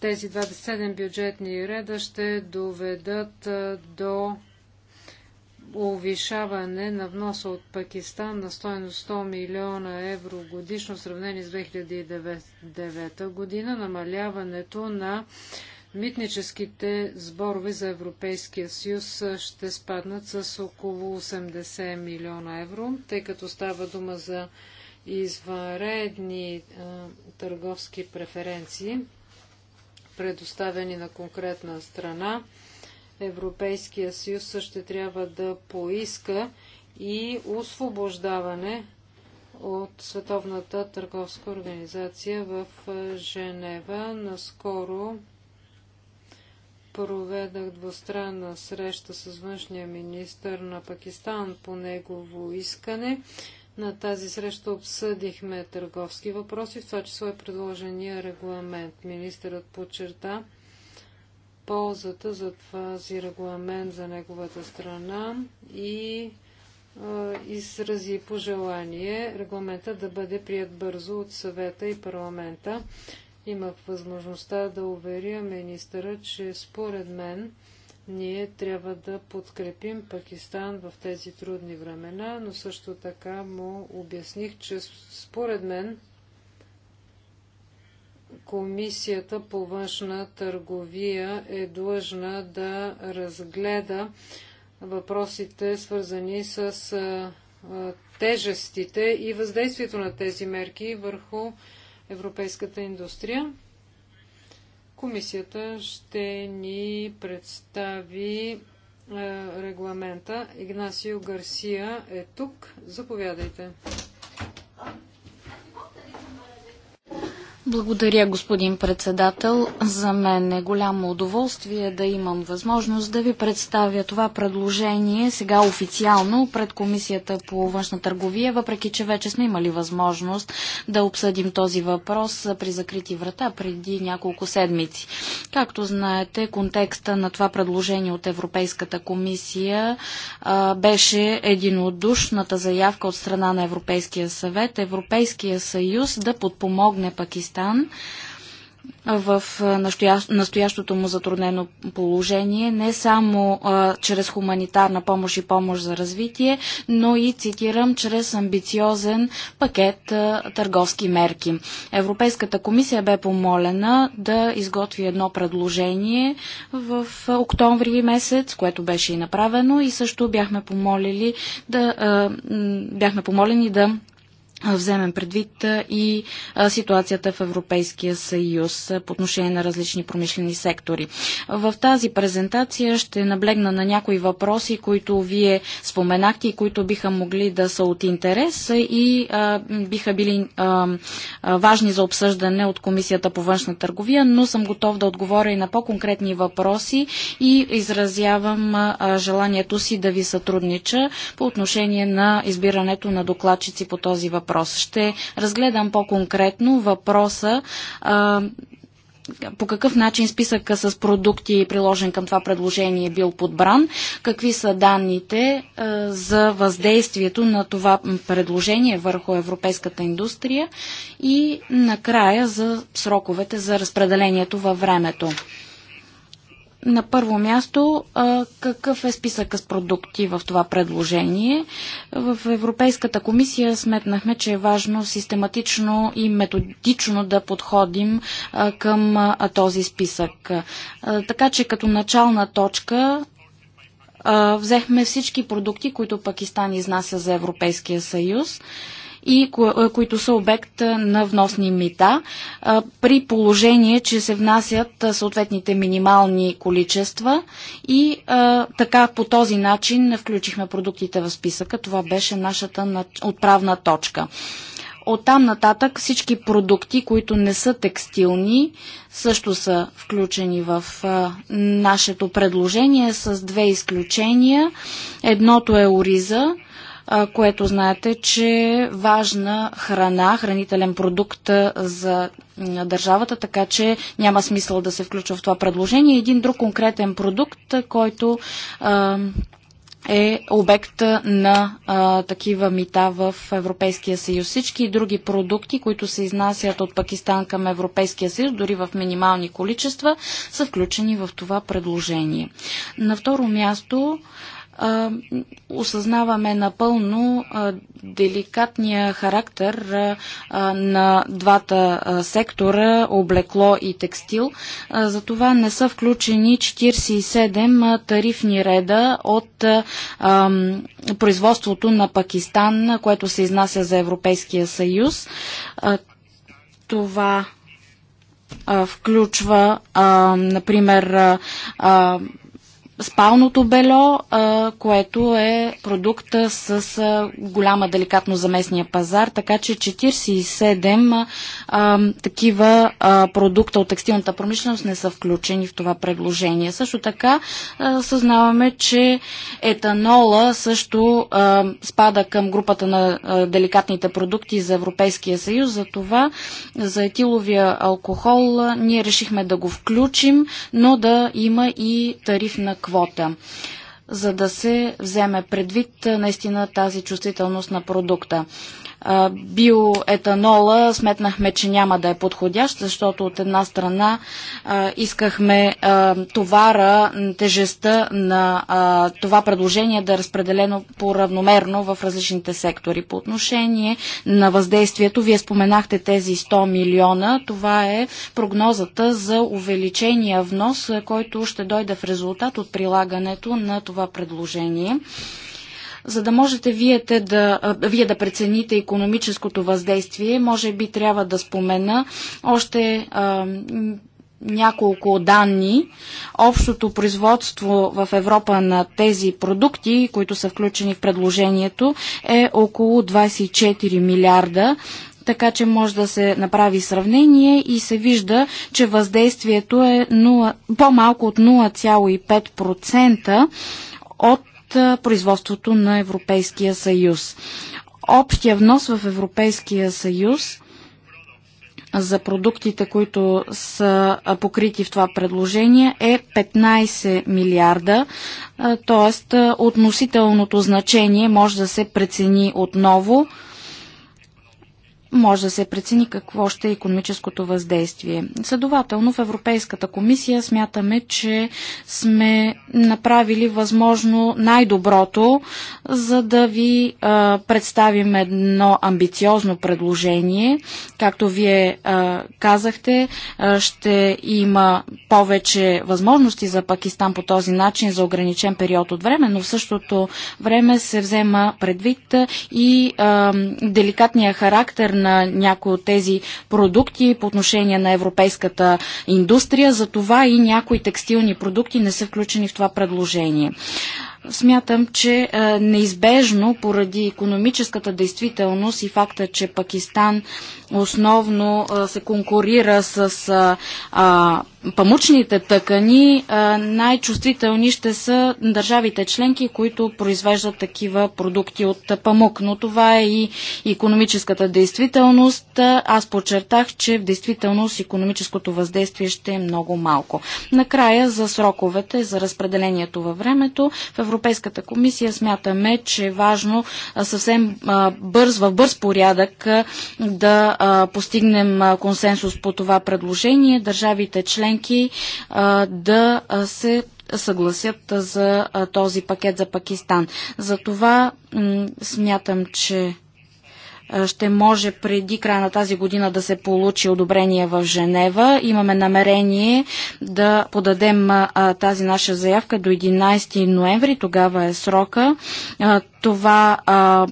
Тези 27 бюджетни реда ще доведат до увишаване на вноса от Пакистан на стоеност 100 милиона евро годишно в сравнение с 2009 година, намаляването на митническите сборове за Европейския съюз ще спаднат с около 80 милиона евро, тъй като става дума за извънредни а, търговски преференции, предоставени на конкретна страна. Европейския съюз ще трябва да поиска и освобождаване от Световната търговска организация в е, Женева. Наскоро проведах двустранна среща с външния министр на Пакистан по негово искане. На тази среща обсъдихме търговски въпроси, в това число е предложения регламент. Министърът подчерта, ползата за този регламент за неговата страна и изрази пожелание регламента да бъде прият бързо от съвета и парламента. Имах възможността да уверя министъра, че според мен ние трябва да подкрепим Пакистан в тези трудни времена, но също така му обясних, че според мен Комисията по външна търговия е длъжна да разгледа въпросите, свързани с тежестите и въздействието на тези мерки върху европейската индустрия. Комисията ще ни представи регламента. Игнасио Гарсия е тук. Заповядайте. Благодаря, господин председател. За мен е голямо удоволствие да имам възможност да ви представя това предложение сега официално пред Комисията по външна търговия, въпреки че вече сме имали възможност да обсъдим този въпрос при закрити врата преди няколко седмици. Както знаете, контекста на това предложение от Европейската комисия а, беше единодушната заявка от страна на Европейския съвет, Европейския съюз да подпомогне Пакистан Афганистан в настоящото му затруднено положение, не само а, чрез хуманитарна помощ и помощ за развитие, но и, цитирам, чрез амбициозен пакет а, търговски мерки. Европейската комисия бе помолена да изготви едно предложение в октомври месец, което беше и направено и също бяхме помолили да, а, бяхме помолени да вземем предвид и ситуацията в Европейския съюз по отношение на различни промишлени сектори. В тази презентация ще наблегна на някои въпроси, които вие споменахте и които биха могли да са от интерес и биха били важни за обсъждане от Комисията по външна търговия, но съм готов да отговоря и на по-конкретни въпроси и изразявам желанието си да ви сътруднича по отношение на избирането на докладчици по този въпрос въпрос. Ще разгледам по-конкретно въпроса а, по какъв начин списъка с продукти, приложен към това предложение, е бил подбран, какви са данните а, за въздействието на това предложение върху европейската индустрия и накрая за сроковете за разпределението във времето. На първо място, какъв е списък с продукти в това предложение? В Европейската комисия сметнахме, че е важно систематично и методично да подходим към този списък. Така че като начална точка взехме всички продукти, които Пакистан изнася за Европейския съюз и ко е, които са обект е, на вносни мита, е, при положение, че се внасят съответните минимални количества и така по този начин включихме продуктите в списъка. Това беше нашата отправна точка. От там нататък всички продукти, които не са текстилни, също са включени в а, нашето предложение с две изключения. Едното е ориза, което знаете, че е важна храна, хранителен продукт за държавата, така че няма смисъл да се включва в това предложение. Един друг конкретен продукт, който е обект на а, такива мита в Европейския съюз. Всички други продукти, които се изнасят от Пакистан към Европейския съюз, дори в минимални количества, са включени в това предложение. На второ място а, осъзнаваме напълно а, деликатния характер а, на двата а, сектора облекло и текстил. А, затова не са включени 47 а, тарифни реда от а, а, производството на Пакистан, което се изнася за Европейския съюз. А, това включва, а, например, а, спалното бело, а, което е продукта с а, голяма деликатно за местния пазар, така че 47 а, такива а, продукта от текстилната промишленост не са включени в това предложение. Също така а, съзнаваме, че етанола също а, спада към групата на а, деликатните продукти за Европейския съюз, за това за етиловия алкохол а, ние решихме да го включим, но да има и тарифна квота, за да се вземе предвид наистина тази чувствителност на продукта биоетанола сметнахме, че няма да е подходящ, защото от една страна искахме товара, тежестта на това предложение да е разпределено по-равномерно в различните сектори. По отношение на въздействието, вие споменахте тези 100 милиона. Това е прогнозата за увеличения внос, който ще дойде в резултат от прилагането на това предложение. За да можете вие, те да, вие да прецените економическото въздействие, може би трябва да спомена още а, няколко данни. Общото производство в Европа на тези продукти, които са включени в предложението, е около 24 милиарда така че може да се направи сравнение и се вижда, че въздействието е 0, по-малко от 0,5% от производството на Европейския съюз. Общия внос в Европейския съюз за продуктите, които са покрити в това предложение е 15 милиарда, т.е. относителното значение може да се прецени отново може да се прецени какво ще е економическото въздействие. Следователно, в Европейската комисия смятаме, че сме направили възможно най-доброто, за да ви а, представим едно амбициозно предложение. Както вие а, казахте, а, ще има повече възможности за Пакистан по този начин за ограничен период от време, но в същото време се взема предвид и а, деликатния характер на на някои от тези продукти по отношение на европейската индустрия, затова и някои текстилни продукти не са включени в това предложение. Смятам, че е, неизбежно поради економическата действителност и факта, че Пакистан основно се конкурира с памучните тъкани, най-чувствителни ще са държавите членки, които произвеждат такива продукти от памук. Но това е и економическата действителност. Аз подчертах, че в действителност економическото въздействие ще е много малко. Накрая за сроковете, за разпределението във времето, в Европейската комисия смятаме, че е важно съвсем бърз, в бърз порядък да да а, постигнем а, консенсус по това предложение, държавите членки а, да се съгласят за този пакет за Пакистан. Затова смятам, че е, ще може преди края на тази година да се получи одобрение в Женева. Имаме намерение да подадем тази наша заявка до 11 ноември, тогава е срока. Това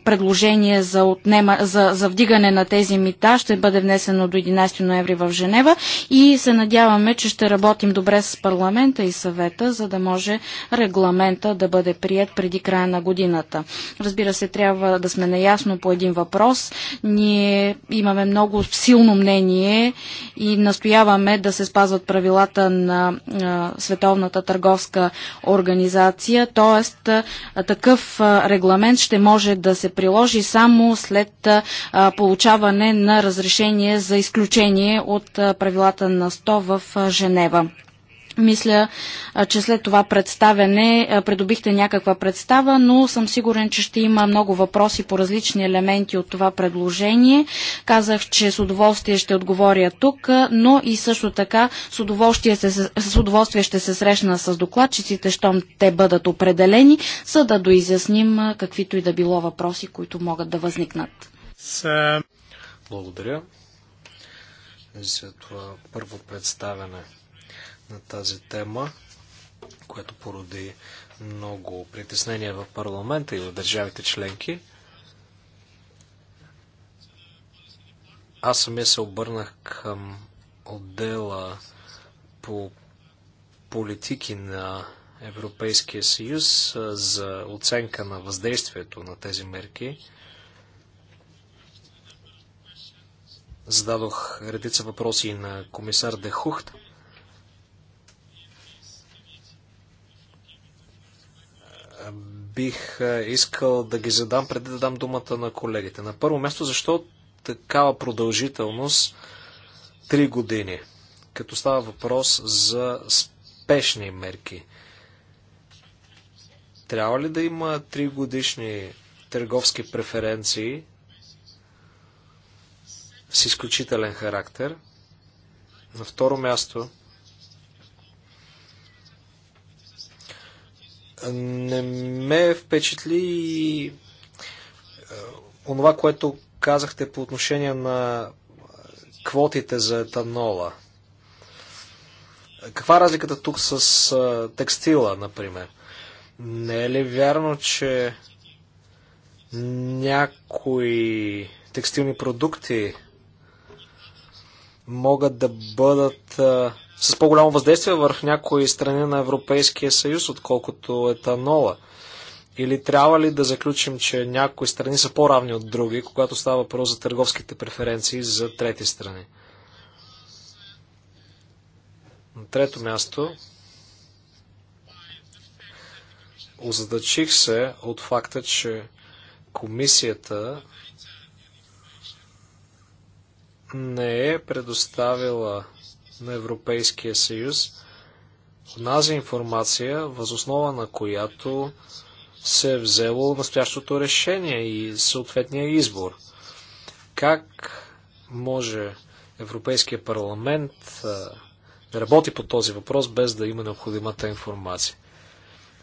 предложение за, отнема, за, за вдигане на тези мита ще бъде внесено до 11 ноември в Женева и се надяваме, че ще работим добре с парламента и съвета, за да може регламента да бъде прият преди края на годината. Разбира се, трябва да сме наясно по един въпрос, ние имаме много силно мнение и настояваме да се спазват правилата на Световната търговска организация, т.е. такъв регламент ще може да се приложи само след получаване на разрешение за изключение от правилата на 100 в Женева. Мисля, че след това представене придобихте някаква представа, но съм сигурен, че ще има много въпроси по различни елементи от това предложение. Казах, че с удоволствие ще отговоря тук, но и също така с удоволствие, се, с удоволствие ще се срещна с докладчиците, щом те бъдат определени, за да доизясним каквито и да било въпроси, които могат да възникнат. Благодаря за това първо представяне на тази тема, която породи много притеснения в парламента и в държавите членки. Аз самия се обърнах към отдела по политики на Европейския съюз за оценка на въздействието на тези мерки. Зададох редица въпроси на комисар Дехухт. бих е, искал да ги задам преди да дам думата на колегите. На първо място, защо такава продължителност 3 години, като става въпрос за спешни мерки? Трябва ли да има три годишни търговски преференции с изключителен характер? На второ място, не ме впечатли и онова, което казахте по отношение на квотите за етанола. Каква е разликата тук с текстила, например? Не е ли вярно, че някои текстилни продукти могат да бъдат а, с по-голямо въздействие върху някои страни на Европейския съюз, отколкото етанола? Или трябва ли да заключим, че някои страни са по-равни от други, когато става въпрос за търговските преференции за трети страни? На трето място, озадачих се от факта, че комисията не е предоставила на Европейския съюз тази информация, възоснова на която се е взело настоящото решение и съответния избор. Как може Европейския парламент да работи по този въпрос без да има необходимата информация?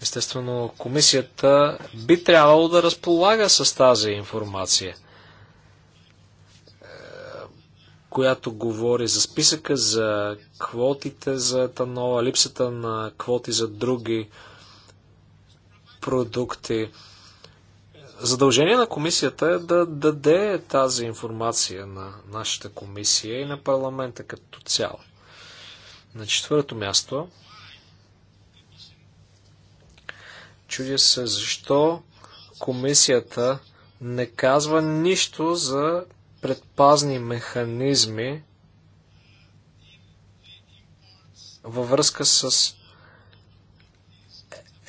Естествено, комисията би трябвало да разполага с тази информация – която говори за списъка, за квотите за етанола, липсата на квоти за други продукти. Задължение на комисията е да даде тази информация на нашата комисия и на парламента като цяло. На четвърто място чудя се защо комисията не казва нищо за предпазни механизми във връзка с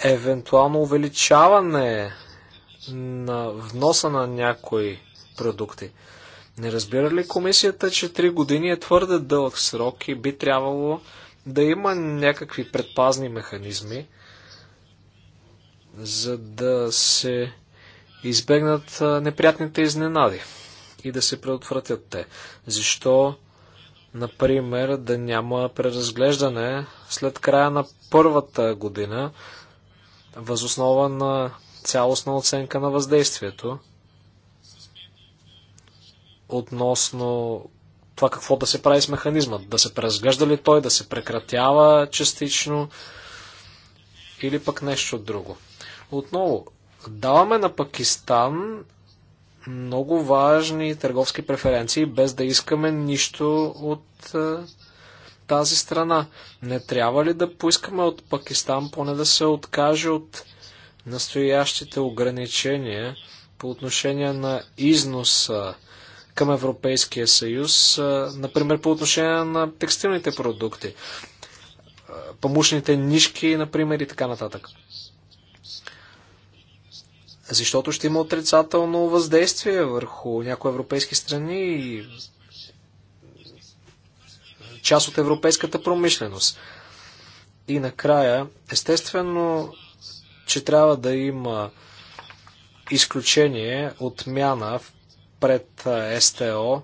евентуално увеличаване на вноса на някои продукти. Не разбира ли комисията, че 3 години е твърде дълъг срок и би трябвало да има някакви предпазни механизми, за да се избегнат неприятните изненади? и да се предотвратят те. Защо, например, да няма преразглеждане след края на първата година, възоснова на цялостна оценка на въздействието относно това какво да се прави с механизма. Да се преразглежда ли той, да се прекратява частично или пък нещо друго. Отново, даваме на Пакистан много важни търговски преференции, без да искаме нищо от тази страна. Не трябва ли да поискаме от Пакистан поне да се откаже от настоящите ограничения по отношение на износа към Европейския съюз, например по отношение на текстилните продукти, памушните нишки, например и така нататък защото ще има отрицателно въздействие върху някои европейски страни и част от европейската промишленост. И накрая, естествено, че трябва да има изключение, отмяна пред СТО.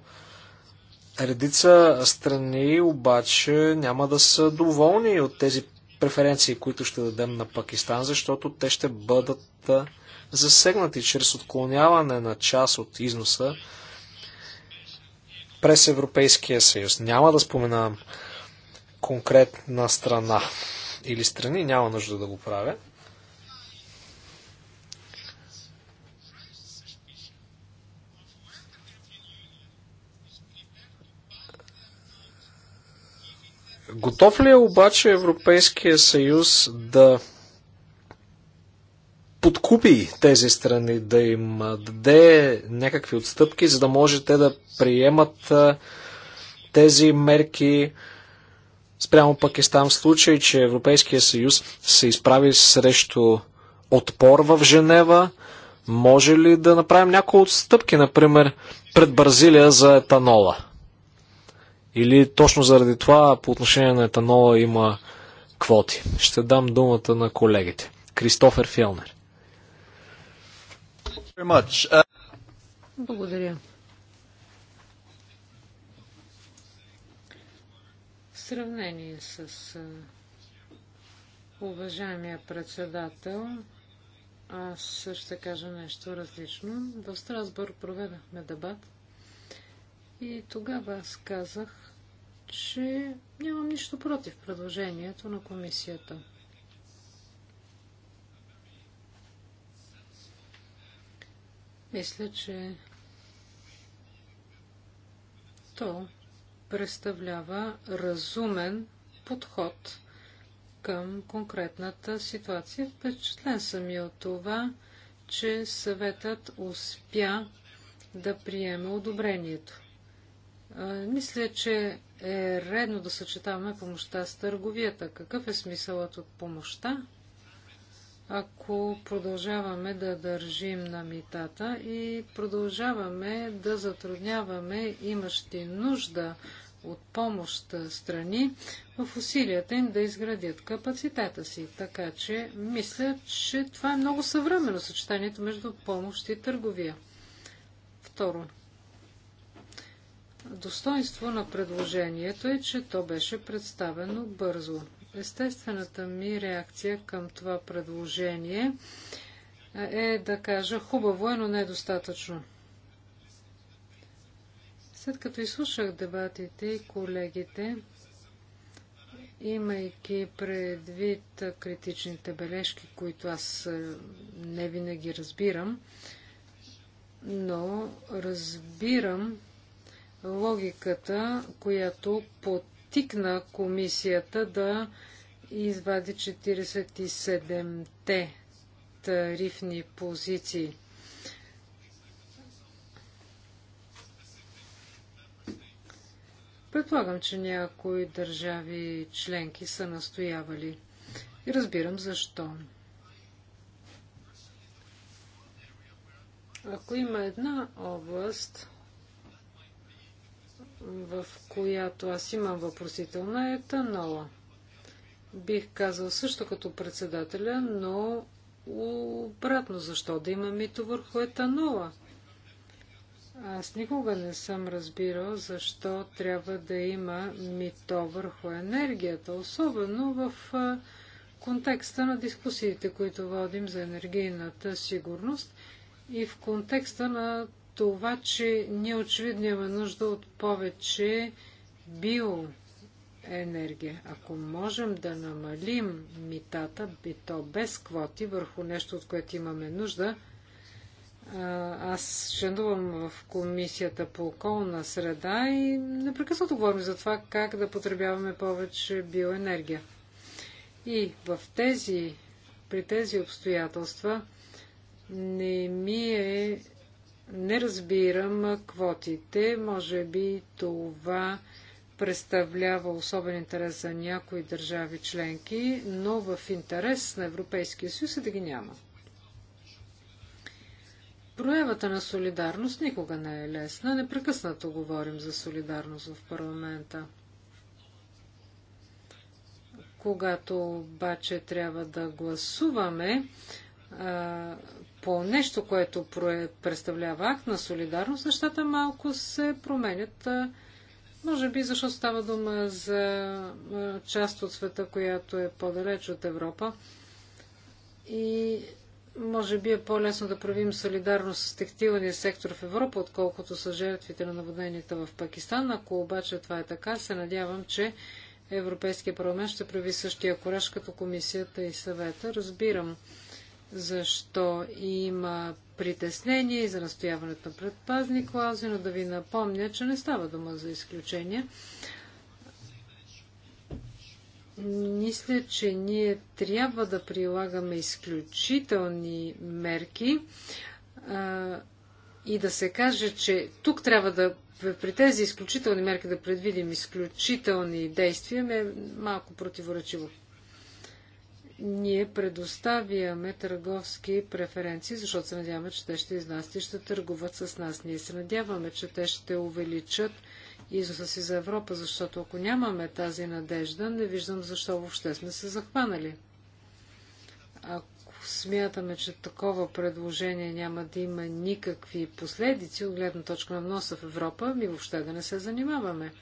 Редица страни обаче няма да са доволни от тези преференции, които ще дадем на Пакистан, защото те ще бъдат засегнати чрез отклоняване на част от износа през Европейския съюз. Няма да споменавам конкретна страна или страни, няма нужда да го правя. Готов ли е обаче Европейския съюз да подкупи тези страни, да им даде някакви отстъпки, за да може те да приемат тези мерки спрямо Пакистан в случай, че Европейския съюз се изправи срещу отпор в Женева. Може ли да направим някои отстъпки, например, пред Бразилия за етанола? Или точно заради това по отношение на етанола има квоти? Ще дам думата на колегите. Кристофер Фелнер. Uh, Благодаря. В сравнение с уважаемия председател, аз ще кажа нещо различно. В Страсбург проведахме дебат и тогава аз казах, че нямам нищо против предложението на комисията. Мисля, че то представлява разумен подход към конкретната ситуация. Впечатлен съм и от това, че съветът успя да приеме одобрението. Мисля, че е редно да съчетаваме помощта с търговията. Какъв е смисълът от помощта? ако продължаваме да държим на митата и продължаваме да затрудняваме имащи нужда от помощ страни в усилията им да изградят капацитета си. Така че мисля, че това е много съвременно съчетанието между помощ и търговия. Второ. Достоинство на предложението е, че то беше представено бързо. Естествената ми реакция към това предложение е да кажа хубаво е, но не достатъчно. След като изслушах дебатите и колегите, имайки предвид критичните бележки, които аз е, не винаги разбирам, но разбирам логиката, която под тикна комисията да извади 47-те тарифни позиции. Предполагам, че някои държави членки са настоявали. И разбирам защо. Ако има една област, в която аз имам въпросителна, е етанола. Бих казал също като председателя, но обратно защо да има мито върху етанола. Аз никога не съм разбирал защо трябва да има мито върху енергията, особено в контекста на дискусиите, които водим за енергийната сигурност и в контекста на това, че ние очевидно имаме нужда от повече биоенергия. Ако можем да намалим митата, би то без квоти, върху нещо, от което имаме нужда, аз членувам в комисията по околна среда и непрекъснато говорим за това как да потребяваме повече биоенергия. И в тези, при тези обстоятелства не ми е не разбирам квотите. Може би това представлява особен интерес за някои държави членки, но в интерес на Европейския съюз е да ги няма. Проявата на солидарност никога не е лесна. Непрекъснато говорим за солидарност в парламента. Когато обаче трябва да гласуваме по нещо, което представлява акт на солидарност, нещата малко се променят. Може би, защото става дума за част от света, която е по-далеч от Европа. И може би е по-лесно да правим солидарност с текстилния сектор в Европа, отколкото са жертвите на наводненията в Пакистан. Ако обаче това е така, се надявам, че Европейския парламент ще прави същия кораж като комисията и съвета. Разбирам защо има притеснение и за настояването на предпазни клаузи, но да ви напомня, че не става дума за изключение. Мисля, че ние трябва да прилагаме изключителни мерки а, и да се каже, че тук трябва да при тези изключителни мерки да предвидим изключителни действия, ме е малко противоречиво ние предоставяме търговски преференции, защото се надяваме, че те ще изнасят и ще търгуват с нас. Ние се надяваме, че те ще увеличат износа си за Европа, защото ако нямаме тази надежда, не виждам защо въобще сме се захванали. Ако смятаме, че такова предложение няма да има никакви последици от гледна точка на вноса в Европа, ми въобще да не се занимаваме.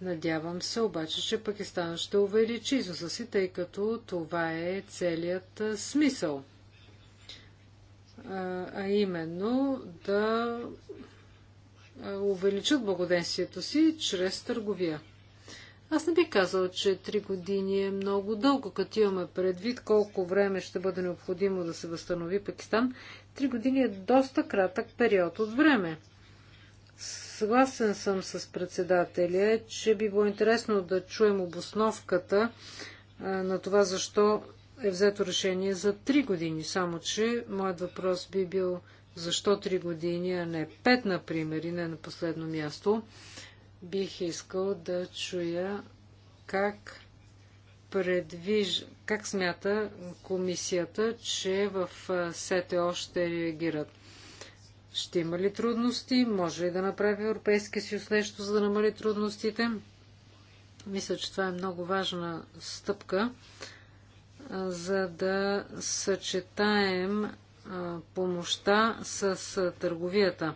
Надявам се обаче, че Пакистан ще увеличи износа си, тъй като това е целият смисъл. А именно да увеличат благоденствието си чрез търговия. Аз не бих казал, че три години е много дълго, като имаме предвид колко време ще бъде необходимо да се възстанови Пакистан. три години е доста кратък период от време. Съгласен съм с председателя, че би било интересно да чуем обосновката на това, защо е взето решение за 3 години. Само, че моят въпрос би бил защо 3 години, а не 5, например, и не на последно място. Бих искал да чуя как предвиж... как смята комисията, че в СТО ще реагират. Ще има ли трудности? Може ли да направи Европейския съюз нещо, за да намали трудностите? Мисля, че това е много важна стъпка, за да съчетаем помощта с търговията,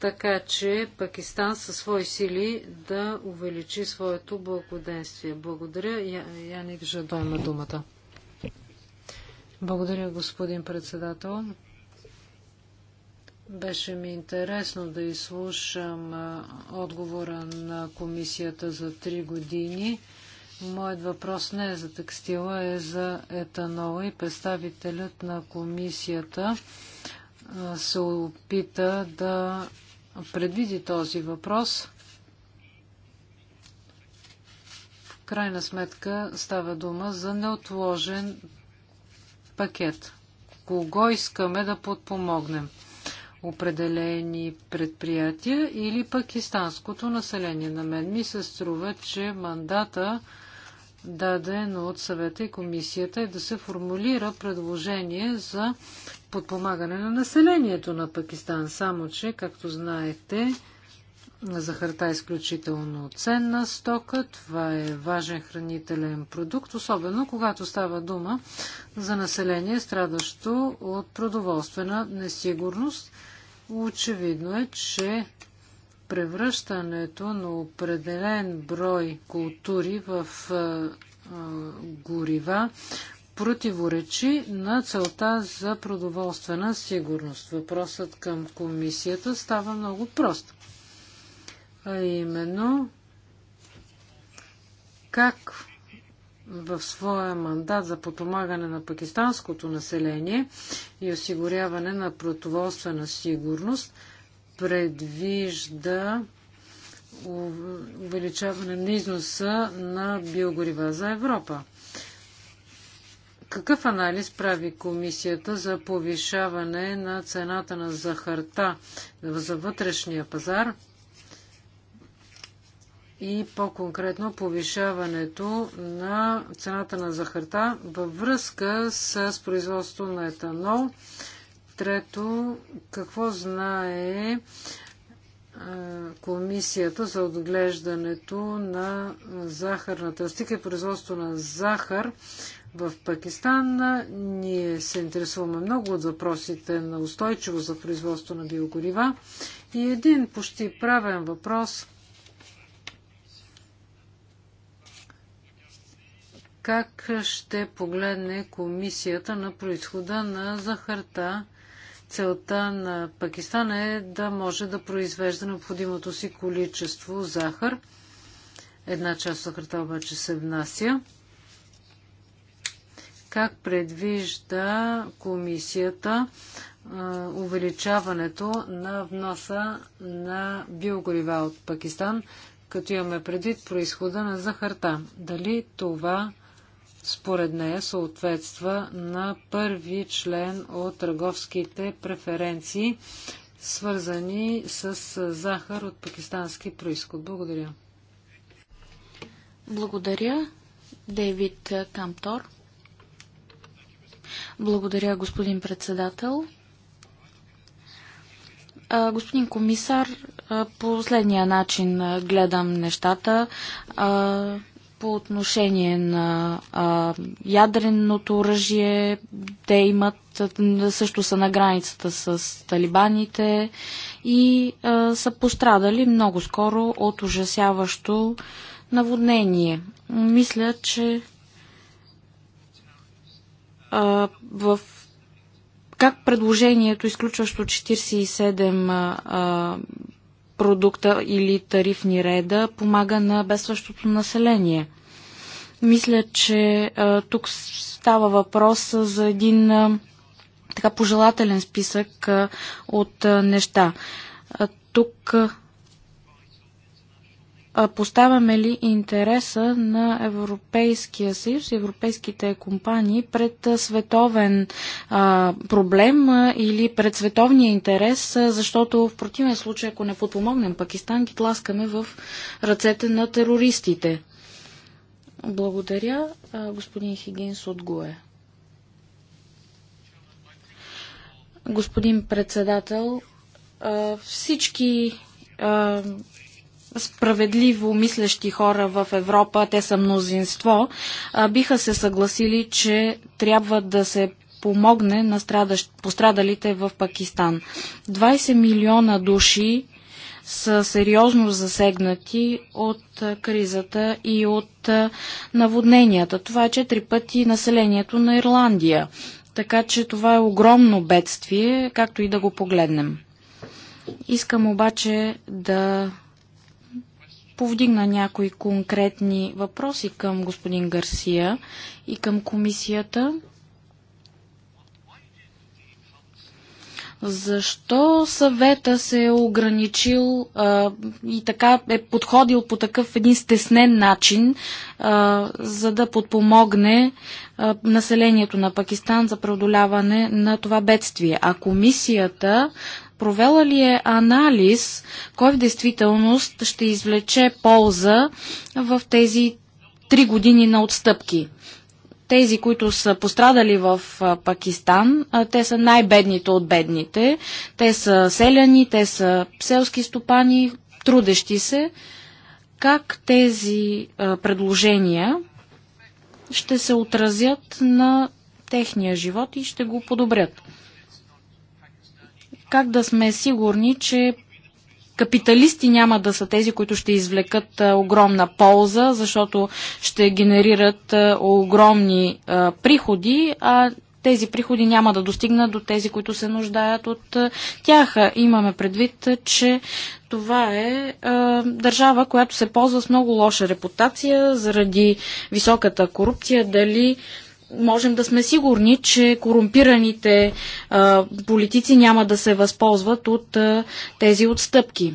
така че Пакистан със свои сили да увеличи своето благоденствие. Благодаря. Я, Яник Жадо има думата. Благодаря, господин председател. Беше ми интересно да изслушам отговора на комисията за три години. Моят въпрос не е за текстила, е за етанола и представителят на комисията се опита да предвиди този въпрос. В крайна сметка става дума за неотложен пакет. Кого искаме да подпомогнем? определени предприятия или пакистанското население. На мен ми се струва, че мандата даден от съвета и комисията е да се формулира предложение за подпомагане на населението на Пакистан. Само, че, както знаете, захарта е изключително ценна стока. Това е важен хранителен продукт, особено когато става дума за население, страдащо от продоволствена несигурност Очевидно е, че превръщането на определен брой култури в горива противоречи на целта за продоволствена сигурност. Въпросът към комисията става много прост. А именно, как в своя мандат за подпомагане на пакистанското население и осигуряване на продоволствена сигурност предвижда увеличаване на износа на биогорива за Европа. Какъв анализ прави комисията за повишаване на цената на захарта за вътрешния пазар и по-конкретно повишаването на цената на захарта във връзка с производство на етанол. Трето, какво знае комисията за отглеждането на захарната стика и производство на захар в Пакистан. Ние се интересуваме много от въпросите на устойчиво за производство на биогорива. И един почти правен въпрос как ще погледне комисията на происхода на захарта. Целта на Пакистан е да може да произвежда необходимото си количество захар. Една част от захарта обаче се внася. Как предвижда комисията увеличаването на вноса на биогорива от Пакистан, като имаме предвид происхода на захарта. Дали това според нея съответства на първи член от търговските преференции, свързани с захар от пакистански происход. Благодаря. Благодаря, Дейвид Камтор. Благодаря, господин председател. Господин комисар, по последния начин гледам нещата по отношение на а, ядреното оръжие. Те имат, също са на границата с талибаните и а, са пострадали много скоро от ужасяващо наводнение. Мисля, че а, в как предложението, изключващо 47 а, продукта или тарифни реда помага на бедстващото население. Мисля, че а, тук става въпрос за един а, така пожелателен списък а, от а, неща. А, тук а, поставяме ли интереса на Европейския съюз, европейските компании пред световен а, проблем а, или пред световния интерес, а, защото в противен случай, ако не подпомогнем Пакистан, ги тласкаме в ръцете на терористите. Благодаря, а, господин Хигинс от ГУЕ. Господин председател, а, всички справедливо мислещи хора в Европа, те са мнозинство, биха се съгласили, че трябва да се помогне на страдащ, пострадалите в Пакистан. 20 милиона души са сериозно засегнати от кризата и от наводненията. Това е 4 пъти населението на Ирландия. Така че това е огромно бедствие, както и да го погледнем. Искам обаче да повдигна някои конкретни въпроси към господин Гарсия и към комисията. Защо съвета се е ограничил а, и така е подходил по такъв един стеснен начин, а, за да подпомогне а, населението на Пакистан за преодоляване на това бедствие? А комисията провела ли е анализ, кой в действителност ще извлече полза в тези три години на отстъпки? Тези, които са пострадали в Пакистан, те са най-бедните от бедните. Те са селяни, те са селски стопани, трудещи се. Как тези предложения ще се отразят на техния живот и ще го подобрят? как да сме сигурни, че капиталисти няма да са тези, които ще извлекат огромна полза, защото ще генерират огромни приходи, а тези приходи няма да достигнат до тези, които се нуждаят от тях. Имаме предвид, че това е е, държава, която се ползва с много лоша репутация заради високата корупция. Дали можем да сме сигурни, че корумпираните а, политици няма да се възползват от а, тези отстъпки.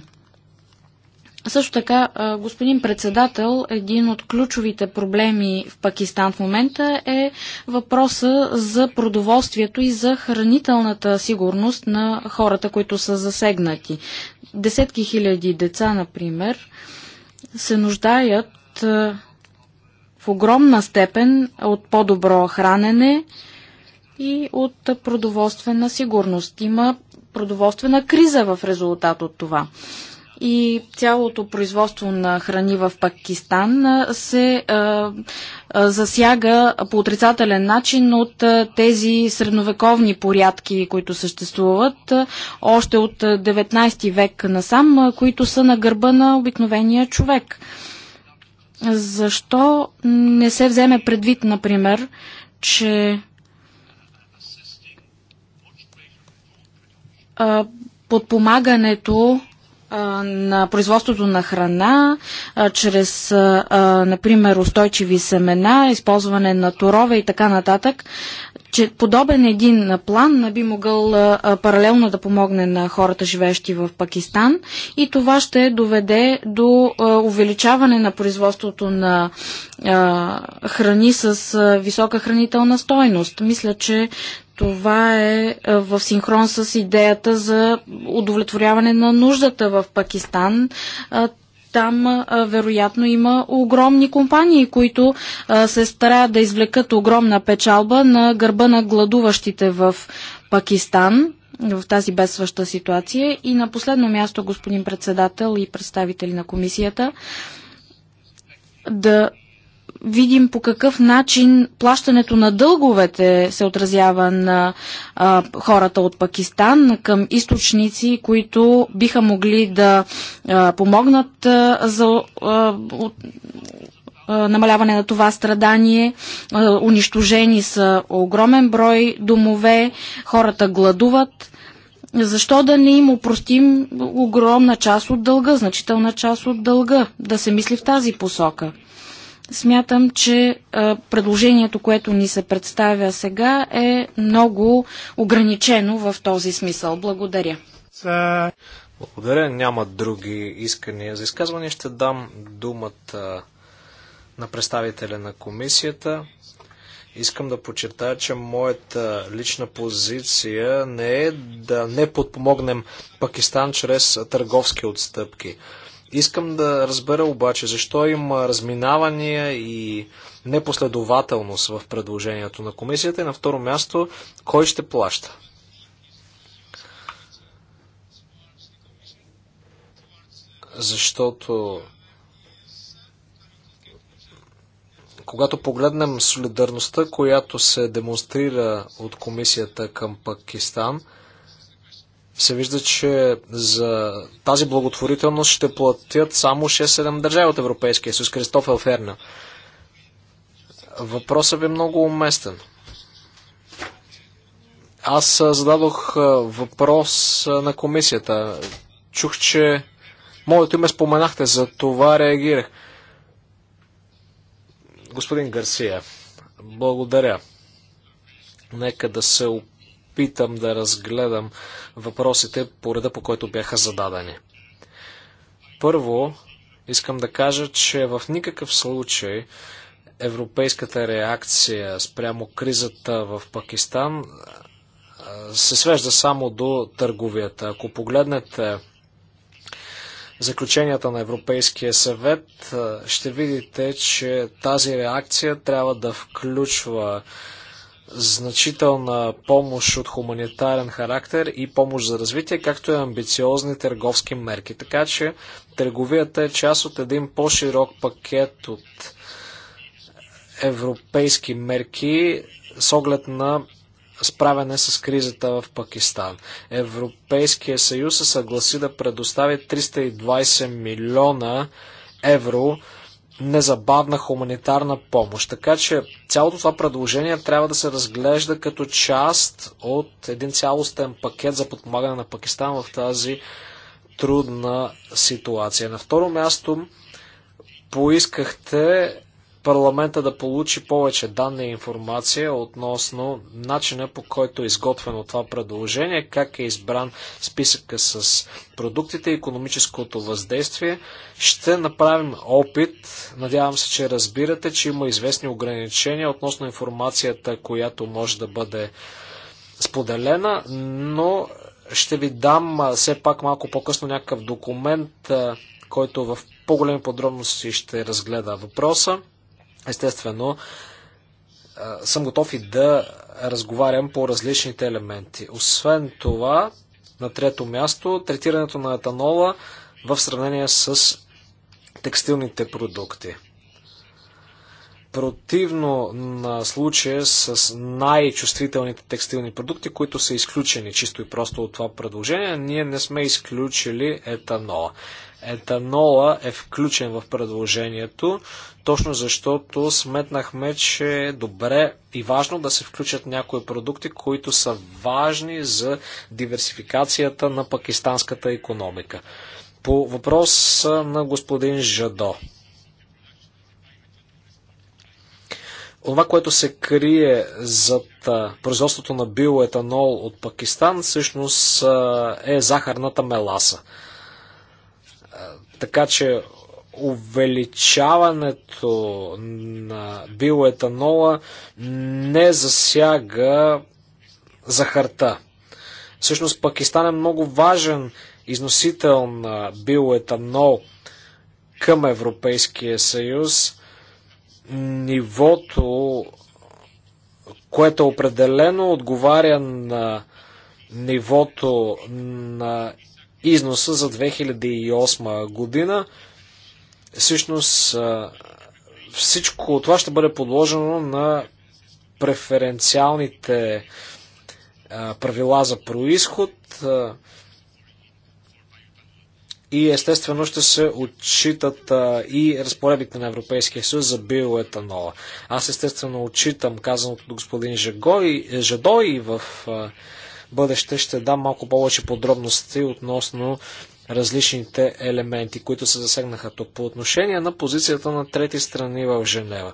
Също така, господин председател, един от ключовите проблеми в Пакистан в момента е въпроса за продоволствието и за хранителната сигурност на хората, които са засегнати. Десетки хиляди деца, например, се нуждаят в огромна степен от по-добро хранене и от продоволствена сигурност. Има продоволствена криза в резултат от това. И цялото производство на храни в Пакистан се а, засяга по отрицателен начин от тези средновековни порядки, които съществуват още от 19 век насам, които са на гърба на обикновения човек. Защо не се вземе предвид, например, че подпомагането на производството на храна, чрез, например, устойчиви семена, използване на торове и така нататък, че подобен един план би могъл паралелно да помогне на хората, живеещи в Пакистан и това ще доведе до увеличаване на производството на храни с висока хранителна стойност. Мисля, че това е, е в синхрон с идеята за удовлетворяване на нуждата в Пакистан е, там е, вероятно има огромни компании, които се стараят да извлекат огромна печалба на гърба на гладуващите в Пакистан в тази бедстваща ситуация. И на последно място, господин председател и представители на комисията, да видим по какъв начин плащането на дълговете се отразява на а, хората от Пакистан към източници, които биха могли да а, помогнат а, за а, от, намаляване на това страдание. Унищожени са огромен брой домове, хората гладуват. Защо да не им опростим огромна част от дълга, значителна част от дълга? Да се мисли в тази посока. Смятам, че а, предложението, което ни се представя сега, е много ограничено в този смисъл. Благодаря. Благодаря. Няма други искания за изказване. Ще дам думата на представителя на комисията. Искам да подчертая, че моята лична позиция не е да не подпомогнем Пакистан чрез търговски отстъпки. Искам да разбера обаче защо има разминавания и непоследователност в предложението на комисията и на второ място кой ще плаща. Защото когато погледнем солидарността, която се демонстрира от комисията към Пакистан – се вижда, че за тази благотворителност ще платят само 6-7 държави от Европейския съюз. Кристофел Ферна. Въпросът е много уместен. Аз зададох въпрос на комисията. Чух, че моето име споменахте, за това реагирах. Господин Гарсия, благодаря. Нека да се опитам опитам да разгледам въпросите по реда, по който бяха зададени. Първо, искам да кажа, че в никакъв случай европейската реакция спрямо кризата в Пакистан се свежда само до търговията. Ако погледнете заключенията на Европейския съвет, ще видите, че тази реакция трябва да включва значителна помощ от хуманитарен характер и помощ за развитие, както и амбициозни търговски мерки. Така че търговията е част от един по-широк пакет от европейски мерки с оглед на справяне с кризата в Пакистан. Европейския съюз се съгласи да предостави 320 милиона евро незабавна хуманитарна помощ. Така че цялото това предложение трябва да се разглежда като част от един цялостен пакет за подпомагане на Пакистан в тази трудна ситуация. На второ място поискахте парламента да получи повече данни и информация относно начина по който е изготвено това предложение, как е избран списъка с продуктите и економическото въздействие. Ще направим опит, надявам се, че разбирате, че има известни ограничения относно информацията, която може да бъде споделена, но ще ви дам все пак малко по-късно някакъв документ, който в по-големи подробности ще разгледа въпроса. Естествено, съм готов и да разговарям по различните елементи. Освен това, на трето място, третирането на етанола в сравнение с текстилните продукти. Противно на случая с най-чувствителните текстилни продукти, които са изключени чисто и просто от това предложение, ние не сме изключили етанола етанола е включен в предложението, точно защото сметнахме, че е добре и важно да се включат някои продукти, които са важни за диверсификацията на пакистанската економика. По въпрос на господин Жадо. Това, което се крие зад производството на биоетанол от Пакистан, всъщност е захарната меласа. Така че увеличаването на биоетанола не засяга захарта. Всъщност Пакистан е много важен износител на биоетанол към Европейския съюз. Нивото, което определено отговаря на нивото на износа за 2008 година. Всъщност всичко това ще бъде подложено на преференциалните правила за происход и естествено ще се отчитат и разпоредбите на Европейския съюз за биоетанола. Аз естествено отчитам казаното от господин Жадо и в бъдеще ще дам малко повече подробности относно различните елементи, които се засегнаха тук по отношение на позицията на трети страни в Женева.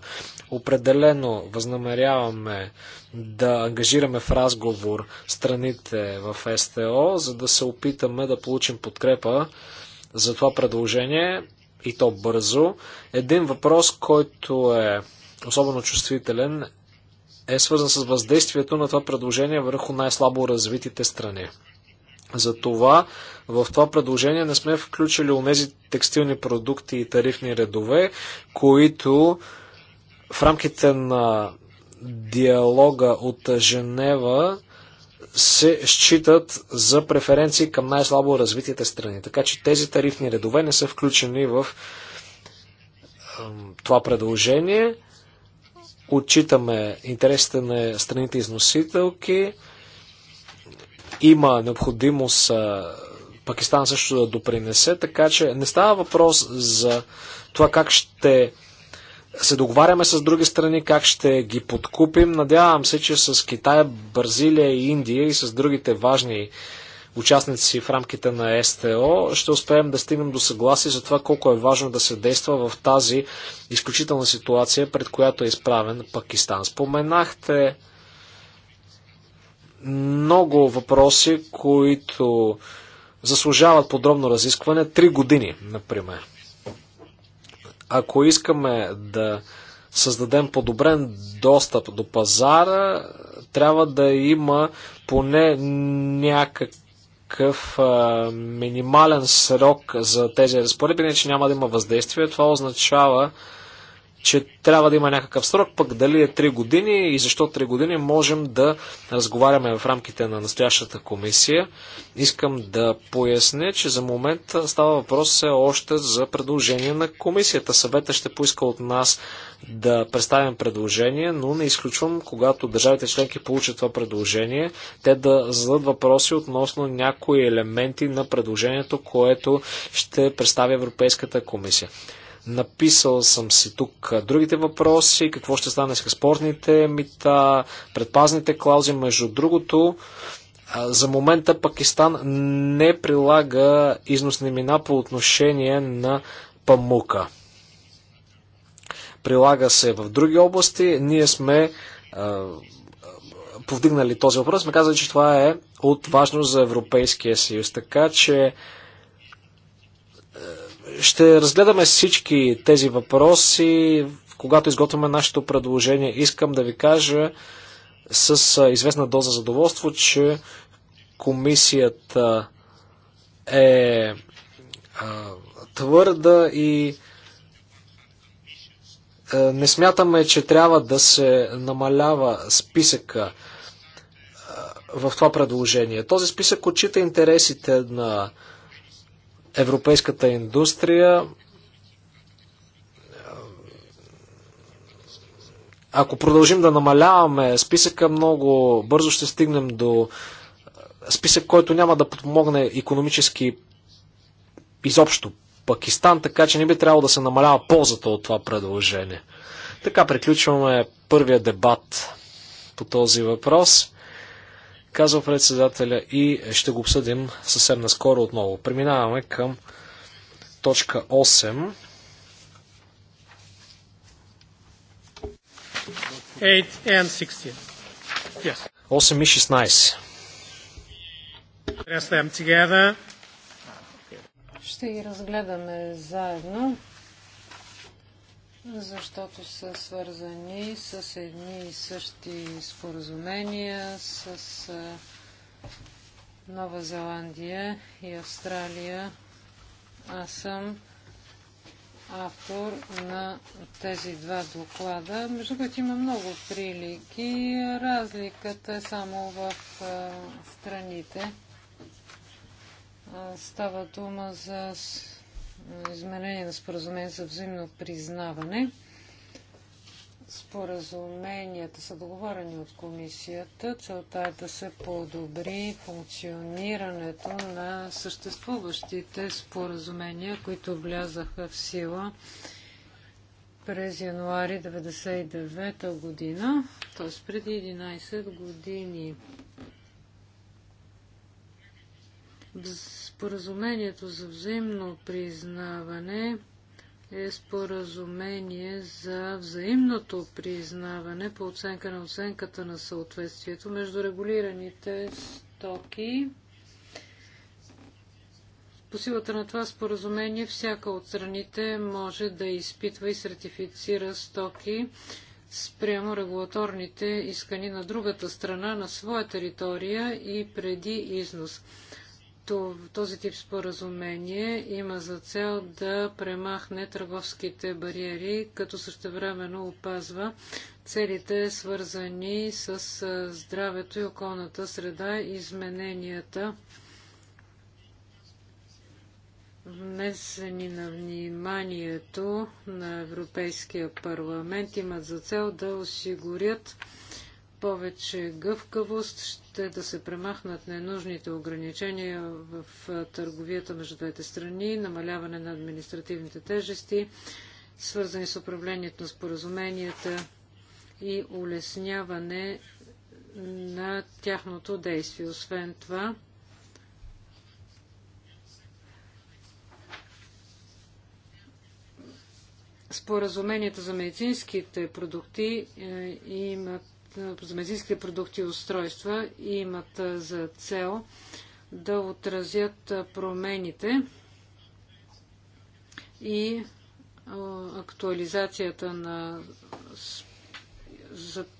Определено възнамеряваме да ангажираме в разговор страните в СТО, за да се опитаме да получим подкрепа за това предложение и то бързо. Един въпрос, който е особено чувствителен е свързан с въздействието на това предложение върху най-слабо развитите страни. Затова в това предложение не сме включили онези текстилни продукти и тарифни редове, които в рамките на диалога от Женева се считат за преференции към най-слабо развитите страни. Така че тези тарифни редове не са включени в това предложение отчитаме интересите на страните износителки. Има необходимост Пакистан също да допринесе, така че не става въпрос за това как ще се договаряме с други страни, как ще ги подкупим. Надявам се, че с Китай, Бразилия и Индия и с другите важни участници в рамките на СТО, ще успеем да стигнем до съгласие за това колко е важно да се действа в тази изключителна ситуация, пред която е изправен Пакистан. Споменахте много въпроси, които заслужават подробно разискване. Три години, например. Ако искаме да създадем подобрен достъп до пазара, трябва да има поне някак, някакъв а, минимален срок за тези разпоредби, че няма да има въздействие. Това означава, че трябва да има някакъв срок, пък дали е 3 години и защо 3 години можем да разговаряме в рамките на настоящата комисия. Искам да поясня, че за момент става въпрос все още за предложение на комисията. Съвета ще поиска от нас да представим предложение, но не изключвам, когато държавите членки получат това предложение, те да зададат въпроси относно някои елементи на предложението, което ще представи Европейската комисия. Написал съм си тук другите въпроси, какво ще стане с спортните мита, предпазните клаузи. Между другото, за момента Пакистан не прилага износни мина по отношение на памука. Прилага се в други области. Ние сме повдигнали този въпрос, сме казали, че това е от важно за Европейския съюз. Така че ще разгледаме всички тези въпроси, когато изготвяме нашето предложение. Искам да ви кажа с известна доза задоволство, че комисията е твърда и не смятаме, че трябва да се намалява списъка в това предложение. Този списък отчита интересите на европейската индустрия. Ако продължим да намаляваме списъка, много бързо ще стигнем до е, списък, който няма да подпомогне економически изобщо Пакистан, така че не би трябвало да се намалява ползата от това предложение. Така приключваме първия дебат по този въпрос казва председателя и ще го обсъдим съвсем наскоро отново. Преминаваме към точка 8. 8 и 16. Ще ги разгледаме заедно защото са свързани с едни и същи споразумения с Нова Зеландия и Австралия. Аз съм автор на тези два доклада. Между които има много прилики. Разликата е само в а, страните. А, става дума за изменение на споразумение за взаимно признаване. Споразуменията са договорени от комисията. Целта е да се подобри функционирането на съществуващите споразумения, които влязаха в сила през януари 1999 година, т.е. преди 11 години. Споразумението за взаимно признаване е споразумение за взаимното признаване по оценка на оценката на съответствието между регулираните стоки. По силата на това споразумение всяка от страните може да изпитва и сертифицира стоки спрямо регулаторните искани на другата страна на своя територия и преди износ този тип споразумение има за цел да премахне търговските бариери, като същевременно опазва целите свързани с здравето и околната среда, измененията внесени на вниманието на Европейския парламент имат за цел да осигурят повече гъвкавост, ще да се премахнат ненужните ограничения в търговията между двете страни, намаляване на административните тежести, свързани с управлението на споразуменията и улесняване на тяхното действие. Освен това, споразуменията за медицинските продукти е, имат за медицинските продукти и устройства имат за цел да отразят промените и актуализацията на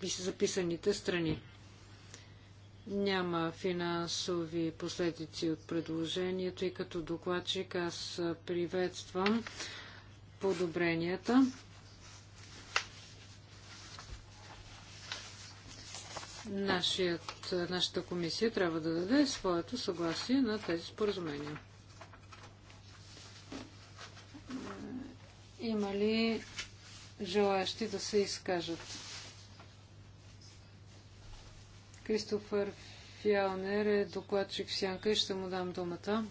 записаните страни. Няма финансови последици от предложението и като докладчик аз приветствам подобренията. Нашият, нашата комисия трябва да даде своето съгласие на тези споразумения. Има ли желаящи да се изкажат? Кристофър Фиалнер е докладчик в Сянка и ще му дам думата.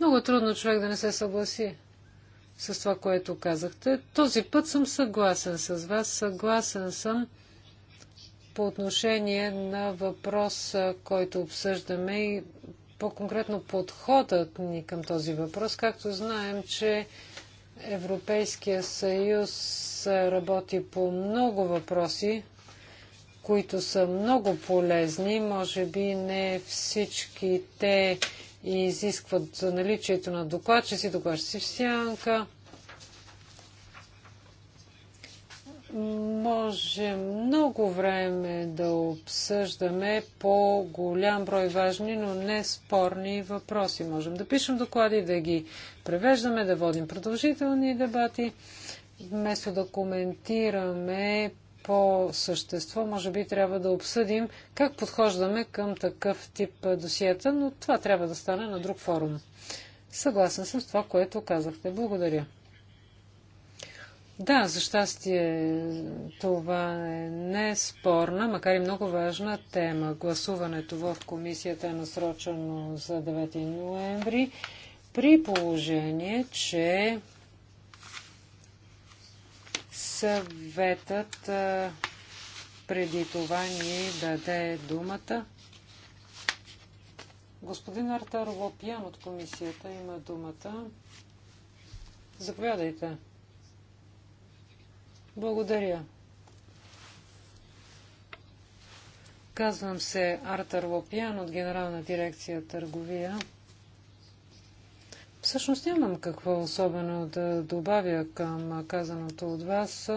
Много трудно човек да не се съгласи с това, което казахте. Този път съм съгласен с вас. Съгласен съм по отношение на въпрос, който обсъждаме и по-конкретно подходът ни към този въпрос. Както знаем, че Европейския съюз работи по много въпроси, които са много полезни. Може би не всички те и изискват наличието на докладчици, докладчици в сянка. Може много време да обсъждаме по голям брой важни, но не спорни въпроси. Можем да пишем доклади, да ги превеждаме, да водим продължителни дебати, вместо да коментираме по същество, може би трябва да обсъдим как подхождаме към такъв тип досиета, но това трябва да стане на друг форум. Съгласен съм с това, което казахте. Благодаря. Да, за щастие това е неспорна, макар и много важна тема. Гласуването в комисията е насрочено за 9 ноември, при положение, че Съветът преди това ни даде думата. Господин Артар Лопиан от комисията има думата. Заповядайте. Благодаря. Казвам се Артар Лопиян от Генерална дирекция търговия. Всъщност нямам какво особено да добавя към казаното от вас.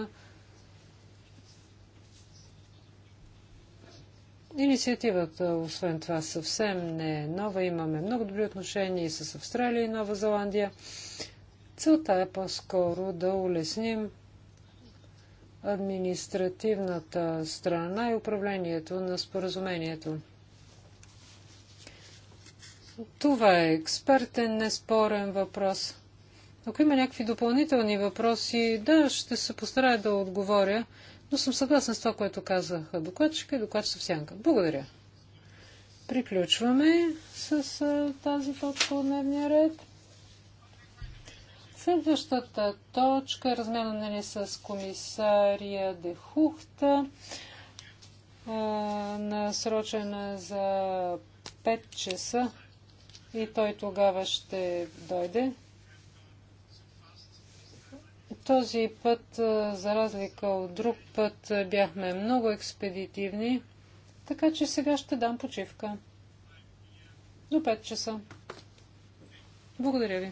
Инициативата, освен това, съвсем не е нова. Имаме много добри отношения и с Австралия и Нова Зеландия. Целта е по-скоро да улесним административната страна и управлението на споразумението. Това е експертен, неспорен въпрос. Ако има някакви допълнителни въпроси, да, ще се постарая да отговоря, но съм съгласна с това, което казаха докладчика и докладчица в сянка. Благодаря. Приключваме с а, тази точка от дневния ред. Следващата точка, е размяна ни с комисария Дехухта, насрочена за 5 часа и той тогава ще дойде. Този път, за разлика от друг път, бяхме много експедитивни, така че сега ще дам почивка. До 5 часа. Благодаря ви.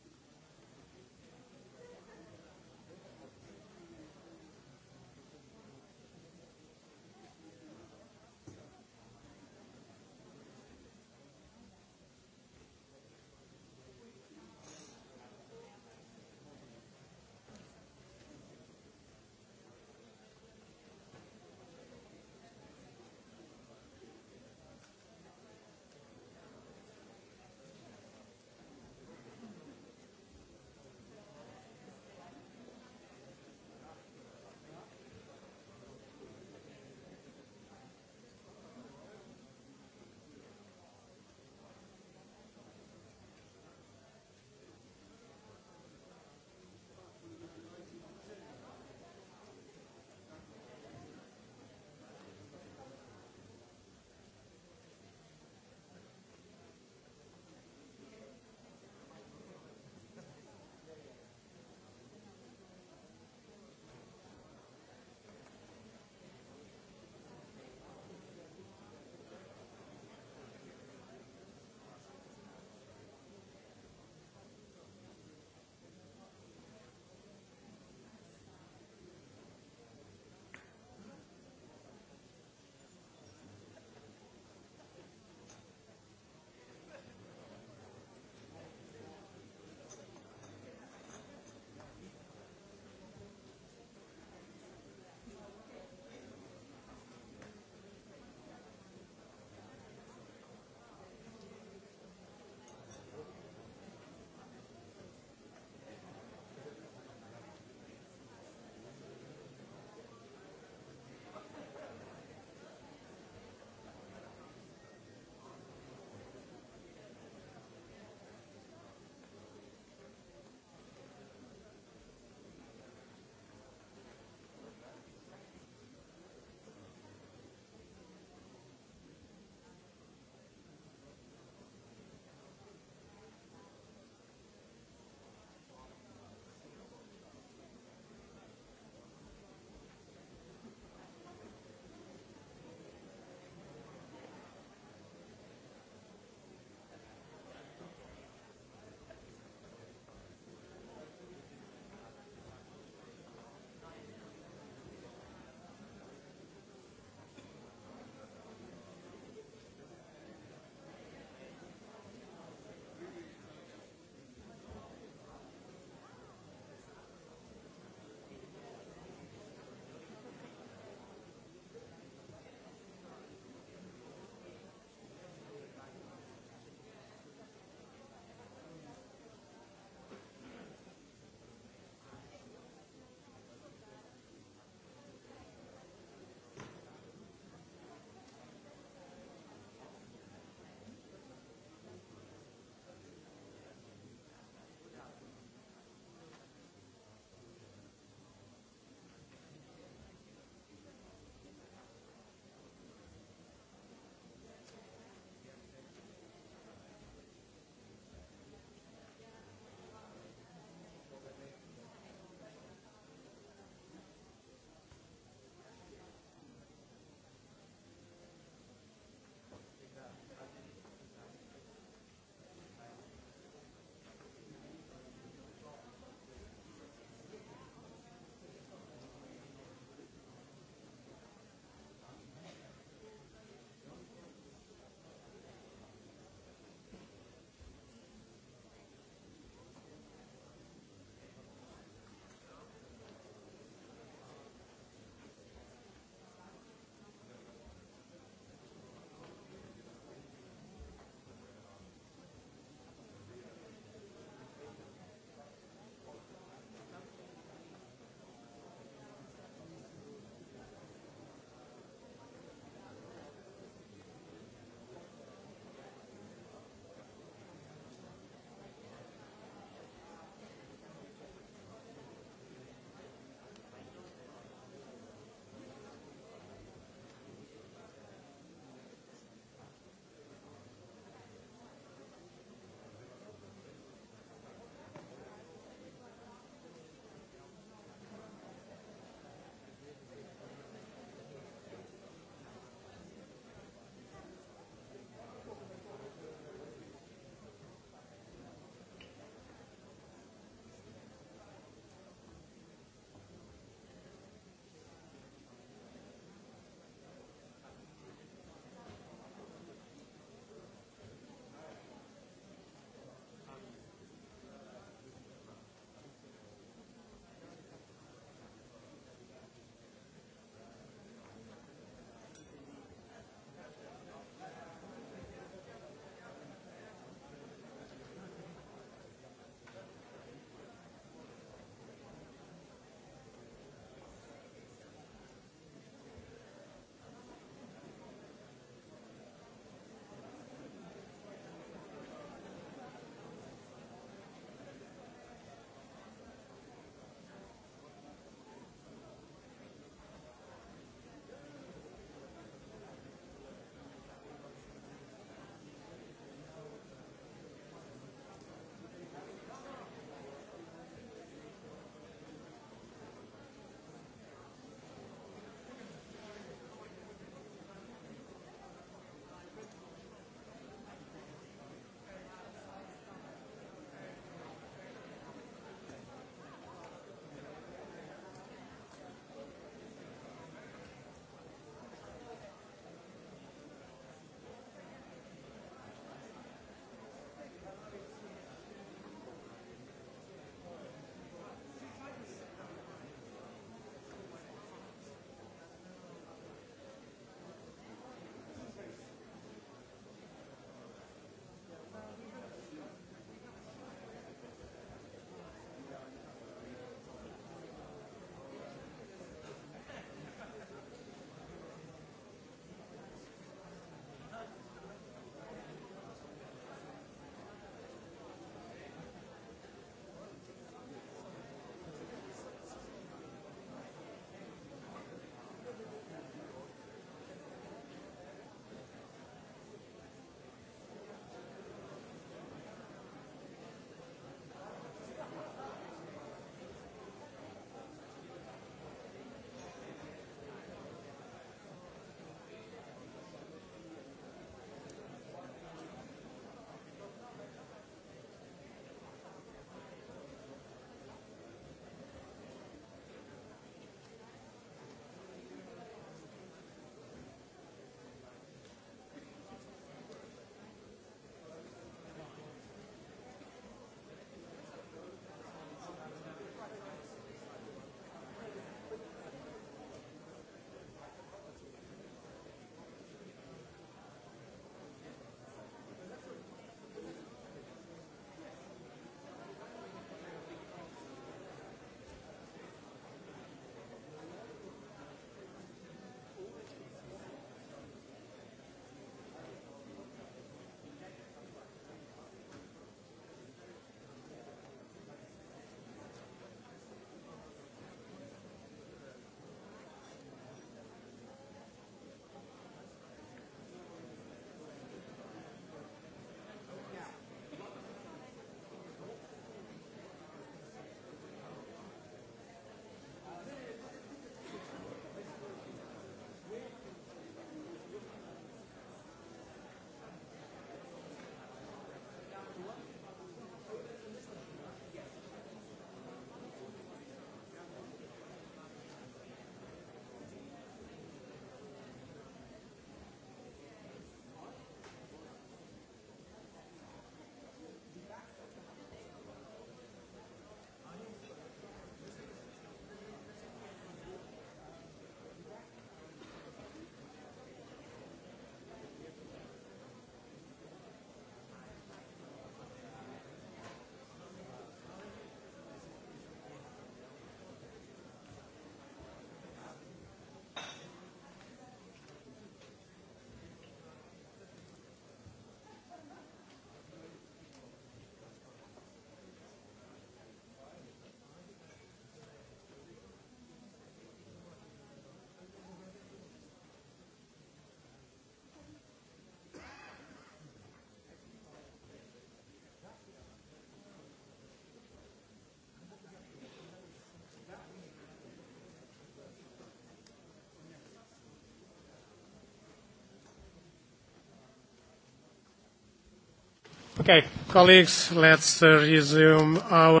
Okay, colleagues, let's uh, resume our...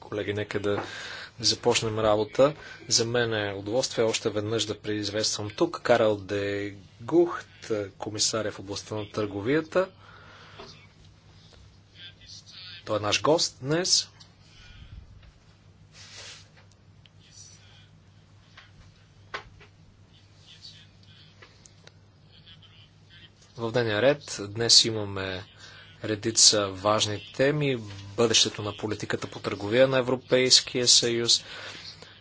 Колеги, нека да започнем работа. За мен е удоволствие още веднъж да призвествам тук Карл Де Гухт, комисаря в областта на търговията. Той е наш гост днес. В деня ред днес имаме редица важни теми, бъдещето на политиката по търговия на Европейския съюз,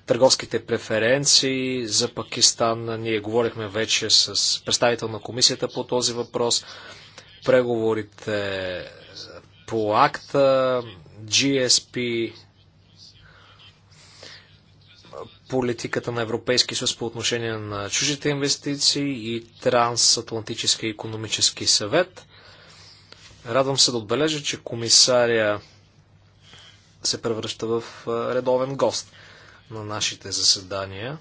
търговските преференции за Пакистан. Ние говорихме вече с представител на комисията по този въпрос, преговорите по акта, GSP, политиката на Европейския съюз по отношение на чужите инвестиции и Трансатлантически економически съвет. Радвам се да отбележа, че комисаря се превръща в редовен гост на нашите заседания.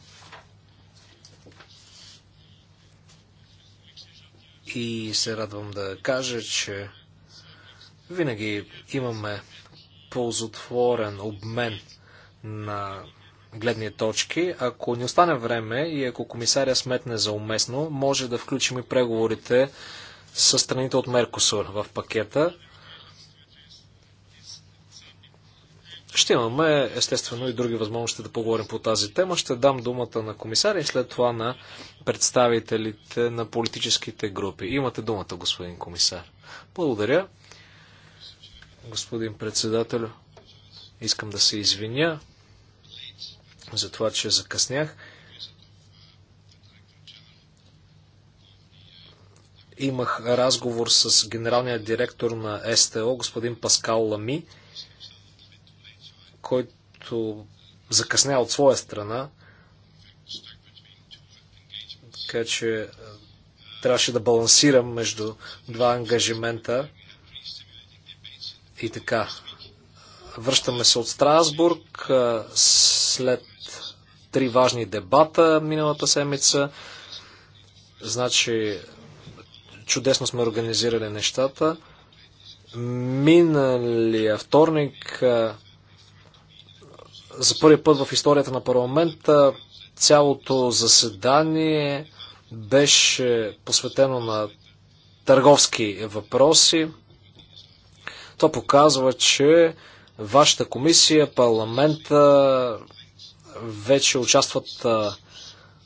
И се радвам да кажа, че винаги имаме ползотворен обмен на гледни точки. Ако ни остане време и ако комисаря сметне за уместно, може да включим и преговорите с страните от Меркосур в пакета. Ще имаме, естествено, и други възможности да поговорим по тази тема. Ще дам думата на комисаря и след това на представителите на политическите групи. Имате думата, господин комисар. Благодаря. Господин председател, искам да се извиня за това, че закъснях. Имах разговор с генералния директор на СТО, господин Паскал Лами, който закъсня от своя страна, така че е, трябваше да балансирам между два ангажимента и така. Връщаме се от Страсбург е, след три важни дебата миналата седмица. Значи Чудесно сме организирали нещата. Миналия вторник за първи път в историята на парламента цялото заседание беше посветено на търговски въпроси. То показва, че вашата комисия, парламента вече участват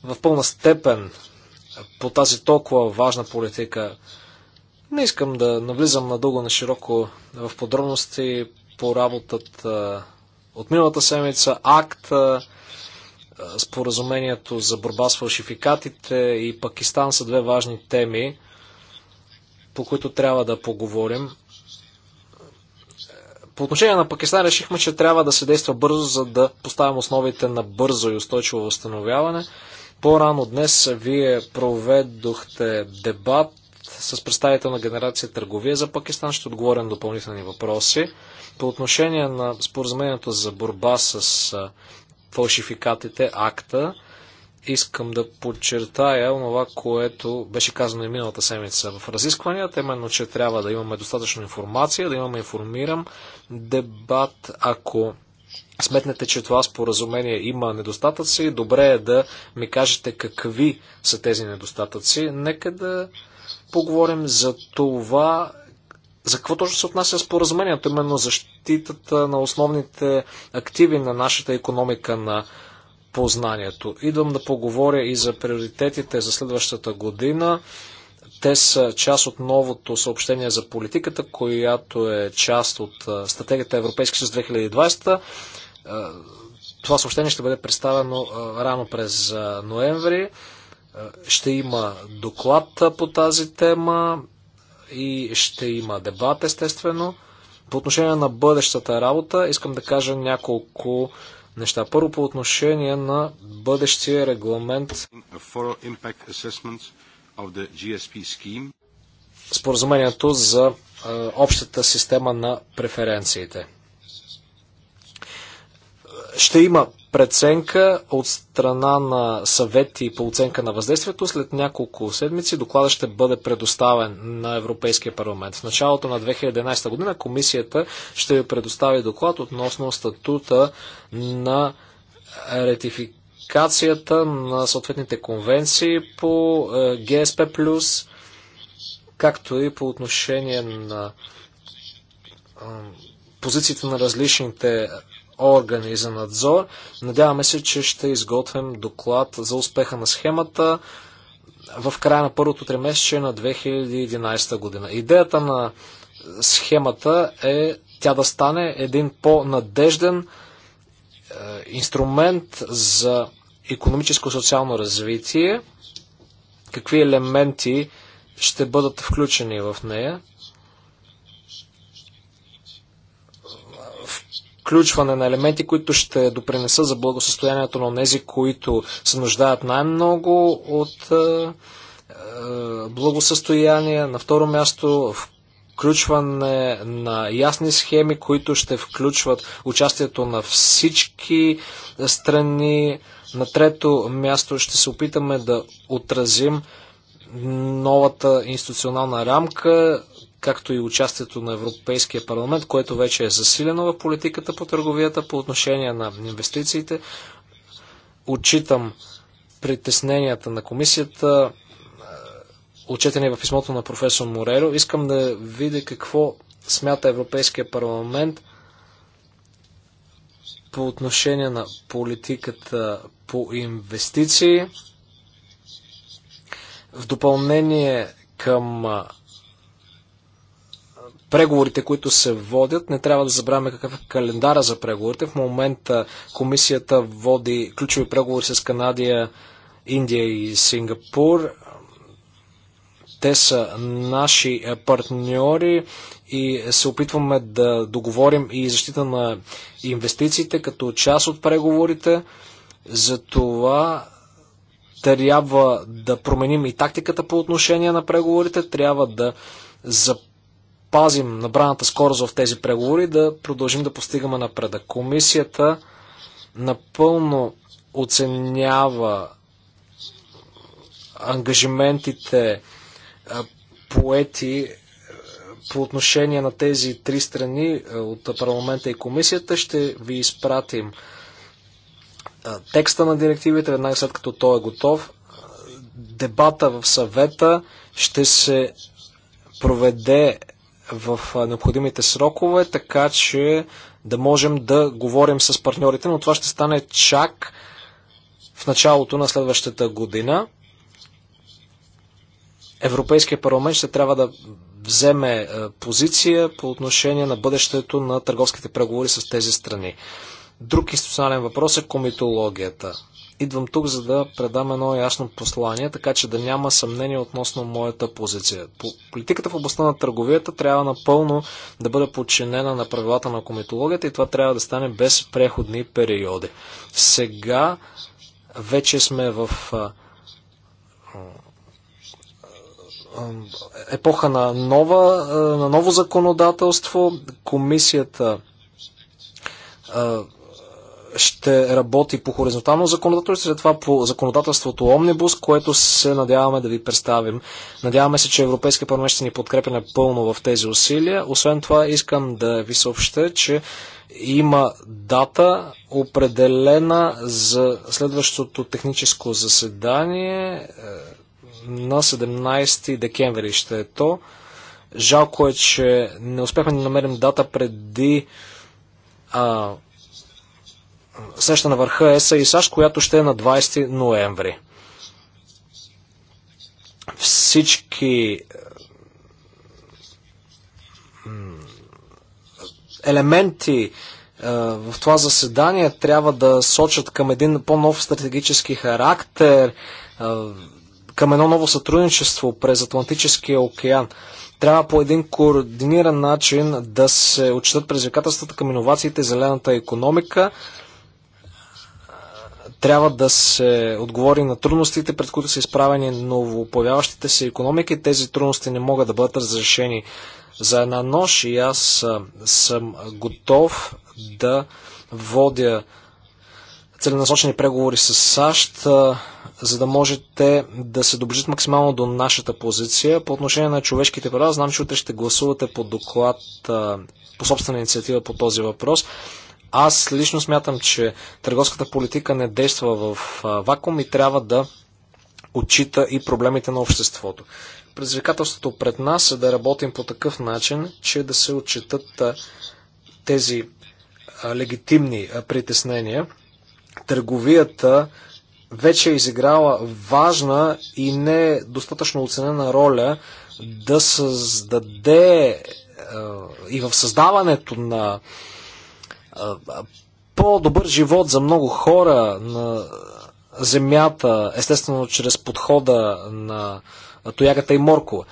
в пълна степен по тази толкова важна политика. Не искам да навлизам надълго на широко в подробности по работата от миналата седмица, акт, споразумението за борба с фалшификатите и Пакистан са две важни теми, по които трябва да поговорим. По отношение на Пакистан решихме, че трябва да се действа бързо, за да поставим основите на бързо и устойчиво възстановяване. По-рано днес вие проведохте дебат с представител на генерация търговия за Пакистан. Ще отговоря на допълнителни въпроси. По отношение на споразумението за борба с фалшификатите, акта, искам да подчертая онова, което беше казано и миналата седмица в разискванията, именно, че трябва да имаме достатъчно информация, да имаме информиран дебат, ако сметнете, че това споразумение има недостатъци, добре е да ми кажете какви са тези недостатъци. Нека да поговорим за това, за какво точно се отнася споразумението, именно защитата на основните активи на нашата економика на познанието. Идвам да поговоря и за приоритетите за следващата година. Те са част от новото съобщение за политиката, която е част от стратегията Европейски съюз 2020. Е, това съобщение ще бъде представено е, рано през е, ноември. Ще има доклад по тази тема и ще има дебат, естествено. По отношение на бъдещата работа, искам да кажа няколко неща. Първо по отношение на бъдещия регламент. Споразумението за общата система на преференциите ще има преценка от страна на съвети по оценка на въздействието. След няколко седмици докладът ще бъде предоставен на Европейския парламент. В началото на 2011 година комисията ще ви предостави доклад относно статута на ретификацията на съответните конвенции по е, ГСП+, както и по отношение на е, позициите на различните органи за надзор. Надяваме се, че ще изготвим доклад за успеха на схемата в края на първото тримесечие на 2011 година. Идеята на схемата е тя да стане един по-надежден е, инструмент за економическо-социално развитие, какви елементи ще бъдат включени в нея. включване на елементи, които ще допринесат за благосъстоянието на тези, които се нуждаят най-много от е, е, благосъстояние. На второ място включване на ясни схеми, които ще включват участието на всички страни. На трето място ще се опитаме да отразим новата институционална рамка както и участието на Европейския парламент, което вече е засилено в политиката по търговията по отношение на инвестициите. Отчитам притесненията на комисията, е, отчетени в писмото на професор Морело. Искам да видя какво смята Европейския парламент по отношение на политиката по инвестиции. В допълнение към е, преговорите, които се водят. Не трябва да забравяме какъв е календара за преговорите. В момента комисията води ключови преговори с Канадия, Индия и Сингапур. Те са наши е, партньори и се опитваме да договорим и защита на инвестициите като част от преговорите. Затова трябва да променим и тактиката по отношение на преговорите. Трябва да запазим запазим набраната скорост в тези преговори, да продължим да постигаме напредък. Комисията напълно оценява ангажиментите поети по отношение на тези три страни от парламента и комисията. Ще ви изпратим текста на директивите, веднага след като той е готов. Дебата в съвета ще се проведе в необходимите срокове, така че да можем да говорим с партньорите, но това ще стане чак в началото на следващата година. Европейския парламент ще трябва да вземе позиция по отношение на бъдещето на търговските преговори с тези страни. Друг институционален въпрос е комитологията. Идвам тук, за да предам едно ясно послание, така че да няма съмнение относно моята позиция. Политиката в областта на търговията трябва напълно да бъде подчинена на правилата на кометологията и това трябва да стане без преходни периоди. Сега вече сме в епоха на, нова, на ново законодателство. Комисията ще работи по хоризонтално законодателство, след това по законодателството Омнибус, което се надяваме да ви представим. Надяваме се, че Европейския парламент ще ни подкрепя напълно в тези усилия. Освен това, искам да ви съобща, че има дата определена за следващото техническо заседание е, на 17 декември ще е то. Жалко е, че не успяхме да намерим дата преди а, среща на върха ЕСА и САЩ, която ще е на 20 ноември. Всички елементи е, в това заседание трябва да сочат към един по-нов стратегически характер, е, към едно ново сътрудничество през Атлантическия океан. Трябва по един координиран начин да се отчитат предизвикателствата към иновациите и зелената економика, трябва да се отговори на трудностите, пред които са изправени новопоявяващите се економики. Тези трудности не могат да бъдат разрешени за една нощ и аз съм готов да водя целенасочени преговори с САЩ, за да можете да се доближат максимално до нашата позиция. По отношение на човешките права, знам, че утре ще гласувате по доклад по собствена инициатива по този въпрос. Аз лично смятам, че търговската политика не действа в вакуум и трябва да отчита и проблемите на обществото. Предизвикателството пред нас е да работим по такъв начин, че да се отчитат тези легитимни притеснения. Търговията вече е изиграла важна и не достатъчно оценена роля да създаде и в създаването на по-добър живот за много хора на земята, естествено чрез подхода на Тоягата и Моркова.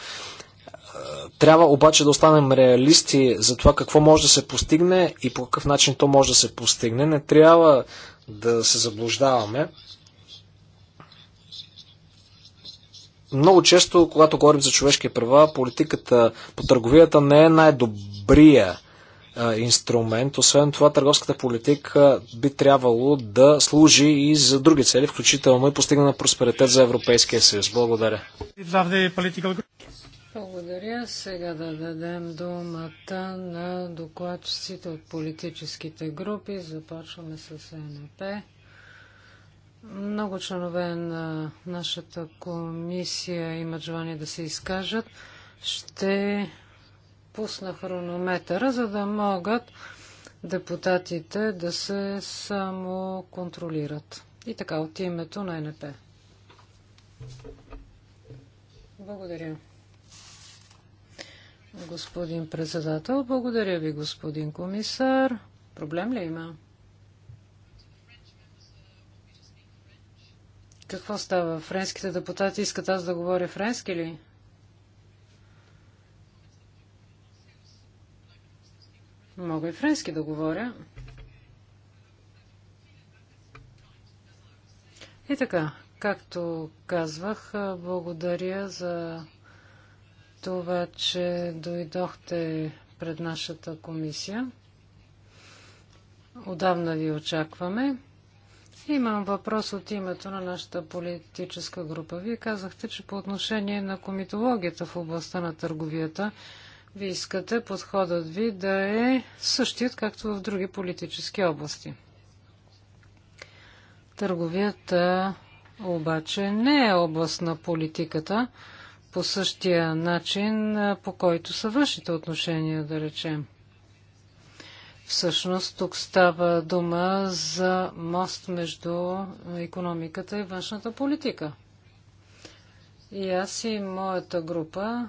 Трябва обаче да останем реалисти за това какво може да се постигне и по какъв начин то може да се постигне. Не трябва да се заблуждаваме. Много често, когато говорим за човешки права, политиката по търговията не е най-добрия инструмент. Освен това, търговската политика би трябвало да служи и за други цели, включително и постигане на просперитет за Европейския съюз. Благодаря. Благодаря. Сега да дадем думата на докладчиците от политическите групи. Започваме с НП. Много членове на нашата комисия имат желание да се изкажат. Ще пусна хронометъра, за да могат депутатите да се самоконтролират. И така, от името на НП. Благодаря. Господин председател, благодаря ви, господин комисар. Проблем ли има? Какво става? Френските депутати искат аз да говоря френски ли? Мога и френски да говоря. И така, както казвах, благодаря за това, че дойдохте пред нашата комисия. Отдавна ви очакваме. Имам въпрос от името на нашата политическа група. Вие казахте, че по отношение на комитологията в областта на търговията, вие искате подходът ви да е същият, както в други политически области. Търговията обаче не е област на политиката по същия начин, по който са вашите отношения, да речем. Всъщност тук става дума за мост между економиката и външната политика. И аз и моята група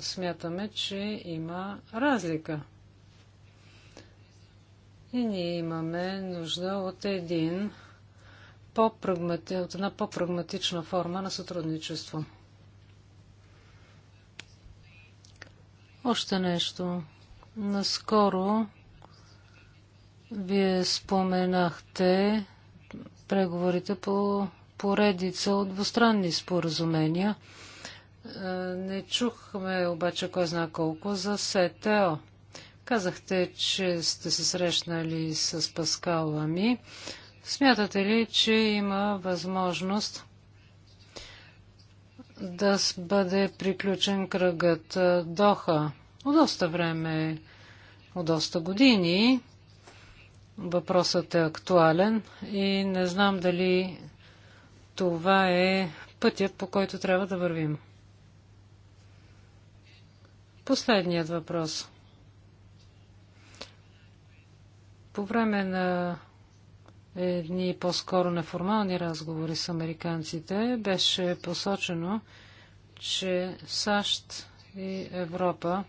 смятаме, че има разлика. И ние имаме нужда от един по от една по-прагматична форма на сътрудничество. Още нещо. Наскоро вие споменахте преговорите по поредица от двустранни споразумения – е, не чухме обаче кой знае колко за СТО. Казахте, че сте се срещнали с Паскал ми. Смятате ли, че има възможност да бъде приключен кръгът е, Доха? От доста време, от доста години въпросът е актуален и не знам дали това е пътят, по който трябва да вървим. Последният въпрос. По време на едни по-скоро неформални разговори с американците беше посочено, че САЩ и Европа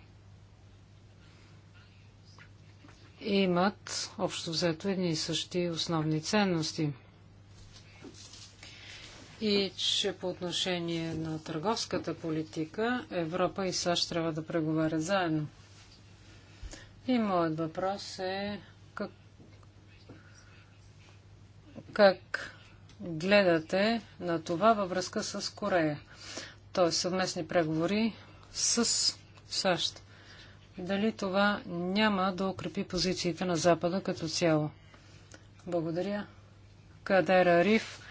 имат общо взето едни и същи основни ценности – и че по отношение на търговската политика Европа и САЩ трябва да преговарят заедно. И моят въпрос е как, как гледате на това във връзка с Корея? Т.е. съвместни преговори с САЩ. Дали това няма да укрепи позициите на Запада като цяло? Благодаря. Кадера Риф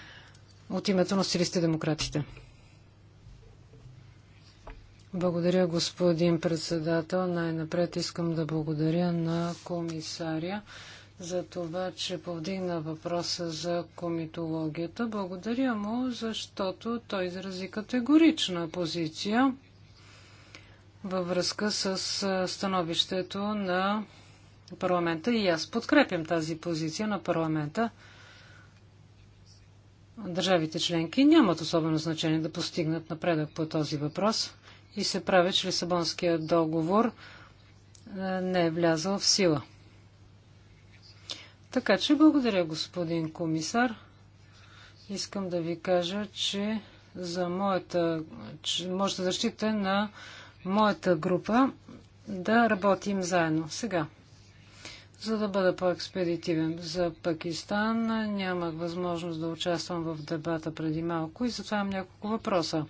от името на Сирийските демократите. Благодаря, господин председател. Най-напред искам да благодаря на комисаря за това, че повдигна въпроса за комитологията. Благодаря му, защото той изрази категорична позиция във връзка с становището на парламента и аз подкрепям тази позиция на парламента. Държавите членки нямат особено значение да постигнат напредък по този въпрос и се прави, че Лисабонския договор е, не е влязъл в сила. Така че благодаря, господин комисар. Искам да ви кажа, че за моята, че можете да защитите на моята група да работим заедно. Сега за да бъда по-експедитивен за Пакистан, нямах възможност да участвам в дебата преди малко и затова имам няколко въпроса.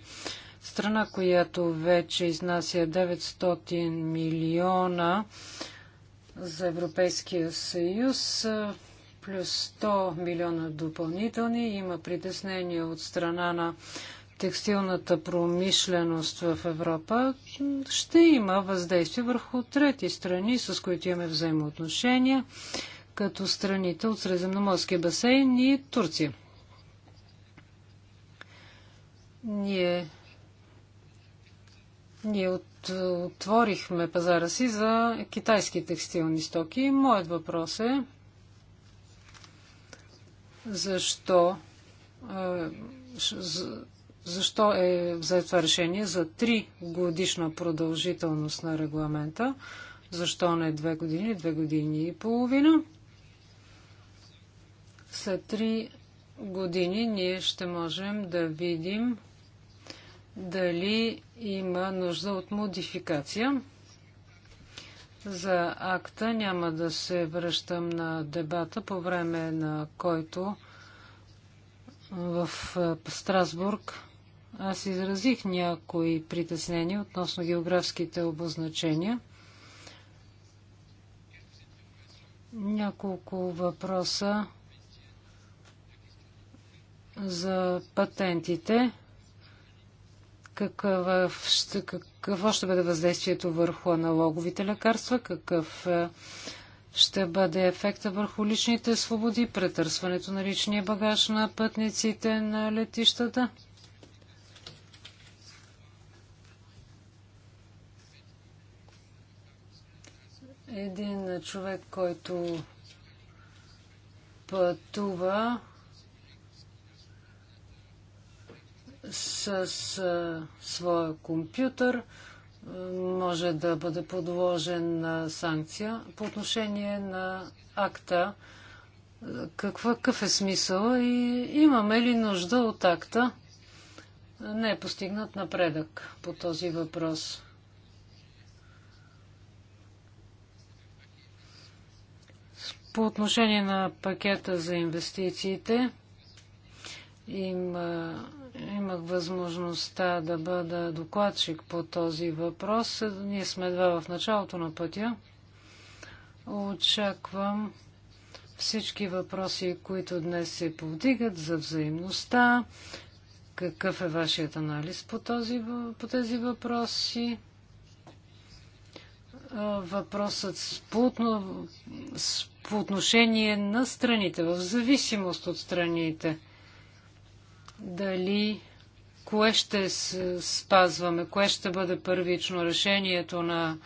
Страна, която вече изнася 900 милиона за Европейския съюз, плюс 100 милиона допълнителни. Има притеснение от страна на текстилната промишленост в Европа ще има въздействие върху трети страни, с които имаме взаимоотношения, като страните от Средиземноморския басейн и Турция. Ние, ние от, отворихме пазара си за китайски текстилни стоки. Моят въпрос е защо защо е взето това решение за 3 годишна продължителност на регламента? Защо не 2 години, 2 години и половина? След 3 години ние ще можем да видим дали има нужда от модификация. За акта няма да се връщам на дебата, по време на който в Страсбург аз изразих някои притеснения относно географските обозначения. Няколко въпроса за патентите. Какъв ще, какво ще бъде въздействието върху аналоговите лекарства? Какъв е, ще бъде ефекта върху личните свободи, претърсването на личния багаж на пътниците на летищата? Един човек, който пътува с, с своя компютър, може да бъде подложен на санкция. По отношение на акта, каква, какъв е смисъл и имаме ли нужда от акта? Не е постигнат напредък по този въпрос. По отношение на пакета за инвестициите, Има, имах възможността да бъда докладчик по този въпрос. Ние сме едва в началото на пътя. Очаквам всички въпроси, които днес се повдигат за взаимността. Какъв е вашият анализ по, този, по тези въпроси? Въпросът с, плутно, с по отношение на страните, в зависимост от страните. Дали кое ще спазваме, кое ще бъде първично решението на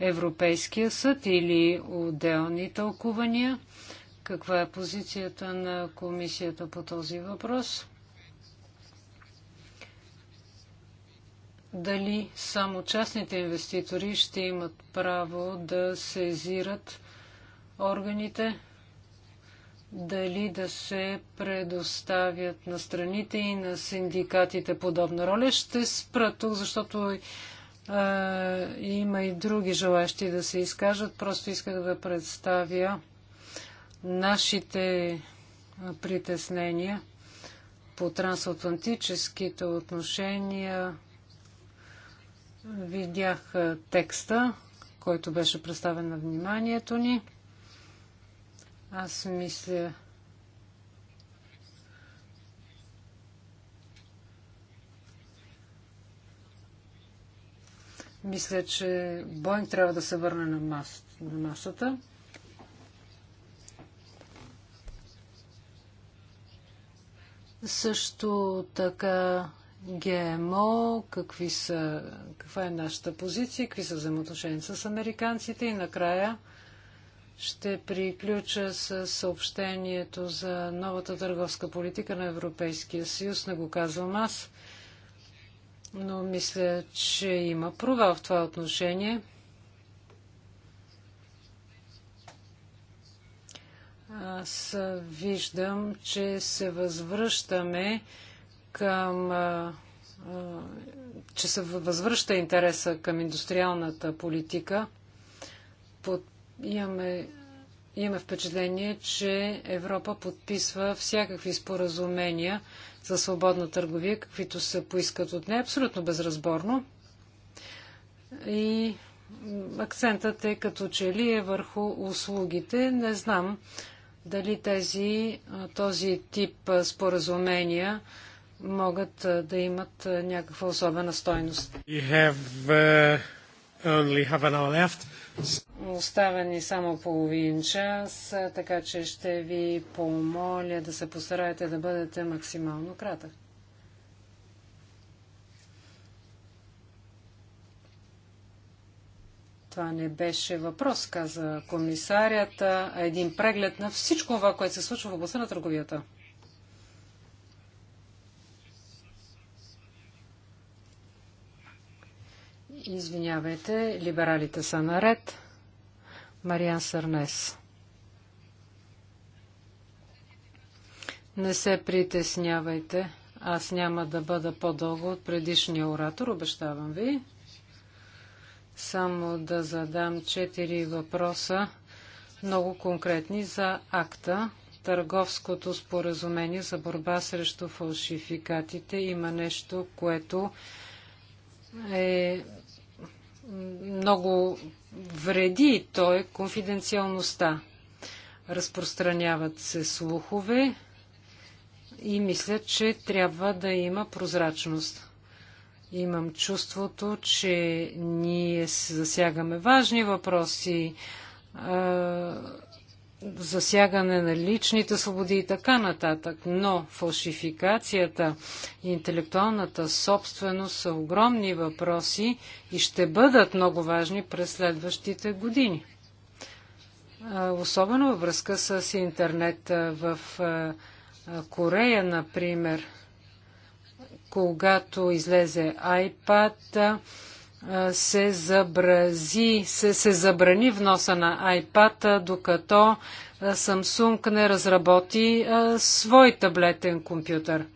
Европейския съд или отделни тълкувания? Каква е позицията на комисията по този въпрос? Дали само частните инвеститори ще имат право да сезират органите, дали да се предоставят на страните и на синдикатите подобна роля. Ще спра тук, защото а, е, има и други желащи да се изкажат. Просто исках да представя нашите притеснения по трансатлантическите отношения. Видях текста, който беше представен на вниманието ни. Аз мисля, мисля, че Боинг трябва да се върне на, мас, на масата. Също така ГМО, какви са, каква е нашата позиция, какви са взаимоотношения с американците и накрая ще приключа с съобщението за новата търговска политика на Европейския съюз. Не го казвам аз, но мисля, че има провал в това отношение. Аз виждам, че се възвръщаме към че се възвръща интереса към индустриалната политика. Под Имаме, имаме впечатление, че Европа подписва всякакви споразумения за свободна търговия, каквито се поискат от нея, абсолютно безразборно. И акцентът е като че ли е върху услугите. Не знам дали тези, този тип споразумения могат да имат някаква особена стойност. Have, uh, only have an hour left. Остава ни само половин час, така че ще ви помоля да се постараете да бъдете максимално кратък. Това не беше въпрос, каза комисарията, а един преглед на всичко това, което се случва в областта на търговията. Извинявайте, либералите са наред. Мариан Сърнес. Не се притеснявайте. Аз няма да бъда по-дълго от предишния оратор, обещавам ви. Само да задам четири въпроса, много конкретни за акта. Търговското споразумение за борба срещу фалшификатите има нещо, което е много вреди, то е конфиденциалността. Разпространяват се слухове и мисля, че трябва да има прозрачност. Имам чувството, че ние засягаме важни въпроси, засягане на личните свободи и така нататък. Но фалшификацията и интелектуалната собственост са огромни въпроси и ще бъдат много важни през следващите години. Особено във връзка с интернет в Корея, например, когато излезе iPad, се, забрази, се, се забрани вноса на iPad, докато Samsung не разработи свой таблетен компютър.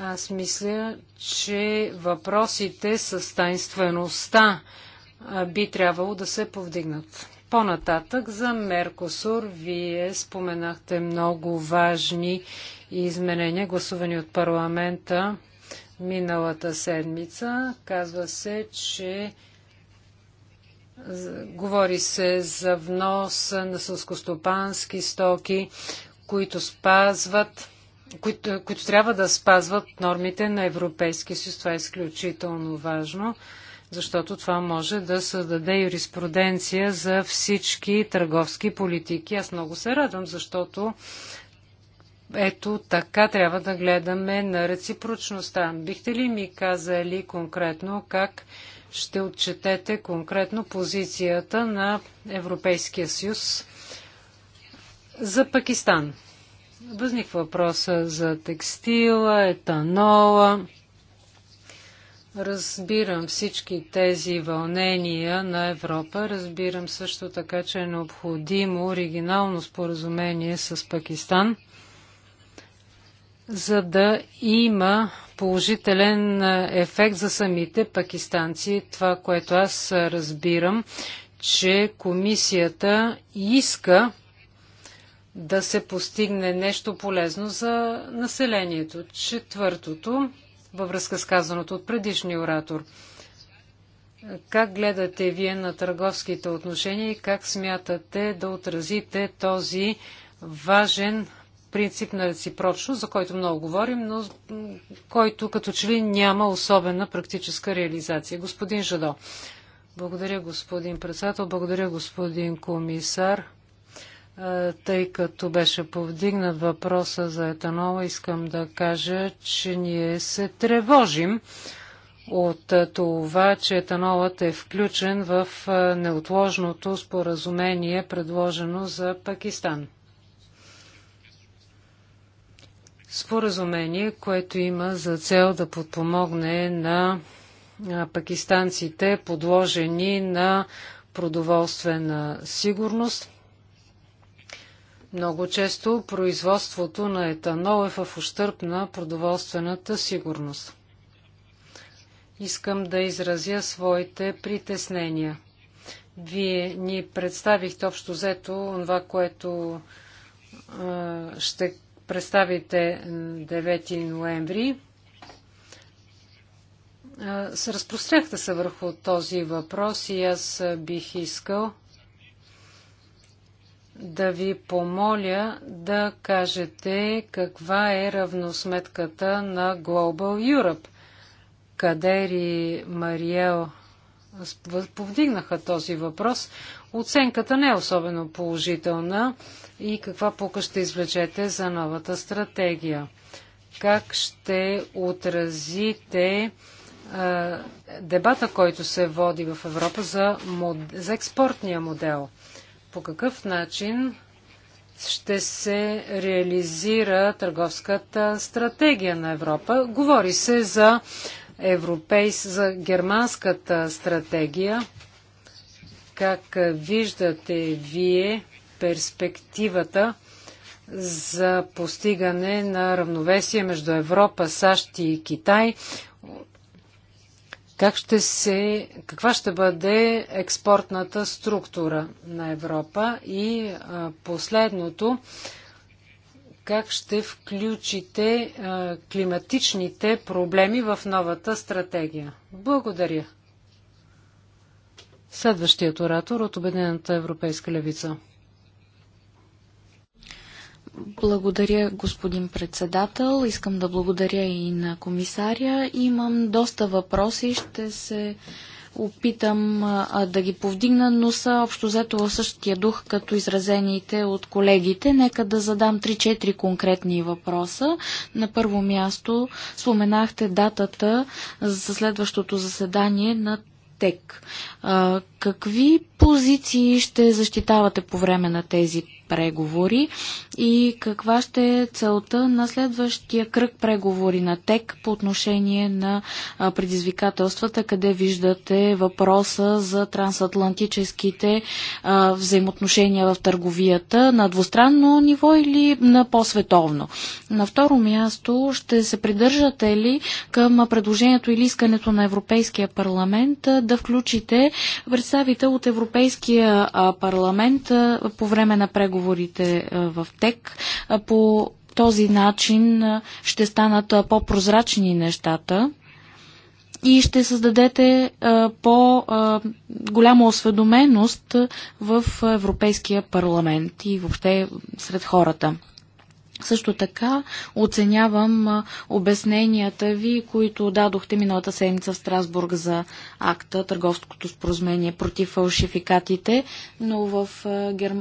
Аз мисля, че въпросите с тайнствеността би трябвало да се повдигнат. По-нататък за Меркосур вие споменахте много важни изменения, гласувани от парламента миналата седмица. Казва се, че говори се за внос на сълскостопански стоки, които спазват които, които трябва да спазват нормите на Европейския съюз. Това е изключително важно, защото това може да създаде юриспруденция за всички търговски политики. Аз много се радвам, защото ето така трябва да гледаме на реципрочността. Бихте ли ми казали конкретно как ще отчетете конкретно позицията на Европейския съюз за Пакистан? Възниква въпроса за текстила, етанола. Разбирам всички тези вълнения на Европа. Разбирам също така, че е необходимо оригинално споразумение с Пакистан – за да има положителен ефект за самите пакистанци. Това, което аз разбирам, че комисията иска да се постигне нещо полезно за населението. Четвъртото, във връзка с казаното от предишния оратор. Как гледате вие на търговските отношения и как смятате да отразите този важен принцип на реципрочност, за който много говорим, но който като че ли няма особена практическа реализация. Господин Жадо. Благодаря, господин председател. Благодаря, господин комисар. Тъй като беше повдигнат въпроса за етанола, искам да кажа, че ние се тревожим от това, че етанолът е включен в неотложното споразумение, предложено за Пакистан. споразумение, което има за цел да подпомогне на пакистанците, подложени на продоволствена сигурност. Много често производството на етанол е в ущърп на продоволствената сигурност. Искам да изразя своите притеснения. Вие ни представихте общо взето това, което ще представите 9 ноември, се разпростряхте се върху този въпрос и аз бих искал да ви помоля да кажете каква е равносметката на Global Europe. Кадери Мариел повдигнаха този въпрос. Оценката не е особено положителна и каква пука ще извлечете за новата стратегия? Как ще отразите а, дебата, който се води в Европа за, мод... за експортния модел? По какъв начин ще се реализира търговската стратегия на Европа? Говори се за, европейс... за германската стратегия как виждате вие перспективата за постигане на равновесие между Европа, САЩ и Китай? Как ще се, каква ще бъде експортната структура на Европа? И последното, как ще включите климатичните проблеми в новата стратегия? Благодаря. Следващият оратор от Обединената европейска левица. Благодаря, господин председател. Искам да благодаря и на комисаря. Имам доста въпроси. Ще се опитам а, да ги повдигна, но са общо взето в същия дух, като изразените от колегите. Нека да задам 3-4 конкретни въпроса. На първо място споменахте датата за следващото заседание на ТЕК. Какви позиции ще защитавате по време на тези преговори и каква ще е целта на следващия кръг преговори на ТЕК по отношение на предизвикателствата, къде виждате въпроса за трансатлантическите взаимоотношения в търговията на двустранно ниво или на по-световно. На второ място ще се придържате ли към предложението или искането на Европейския парламент да включите представител от Европейския парламент по време на преговори преговорите в ТЕК. По този начин ще станат по-прозрачни нещата и ще създадете по-голяма осведоменост в Европейския парламент и въобще сред хората. Също така оценявам обясненията ви, които дадохте миналата седмица в Страсбург за акта, търговското споразумение против фалшификатите, но в гер...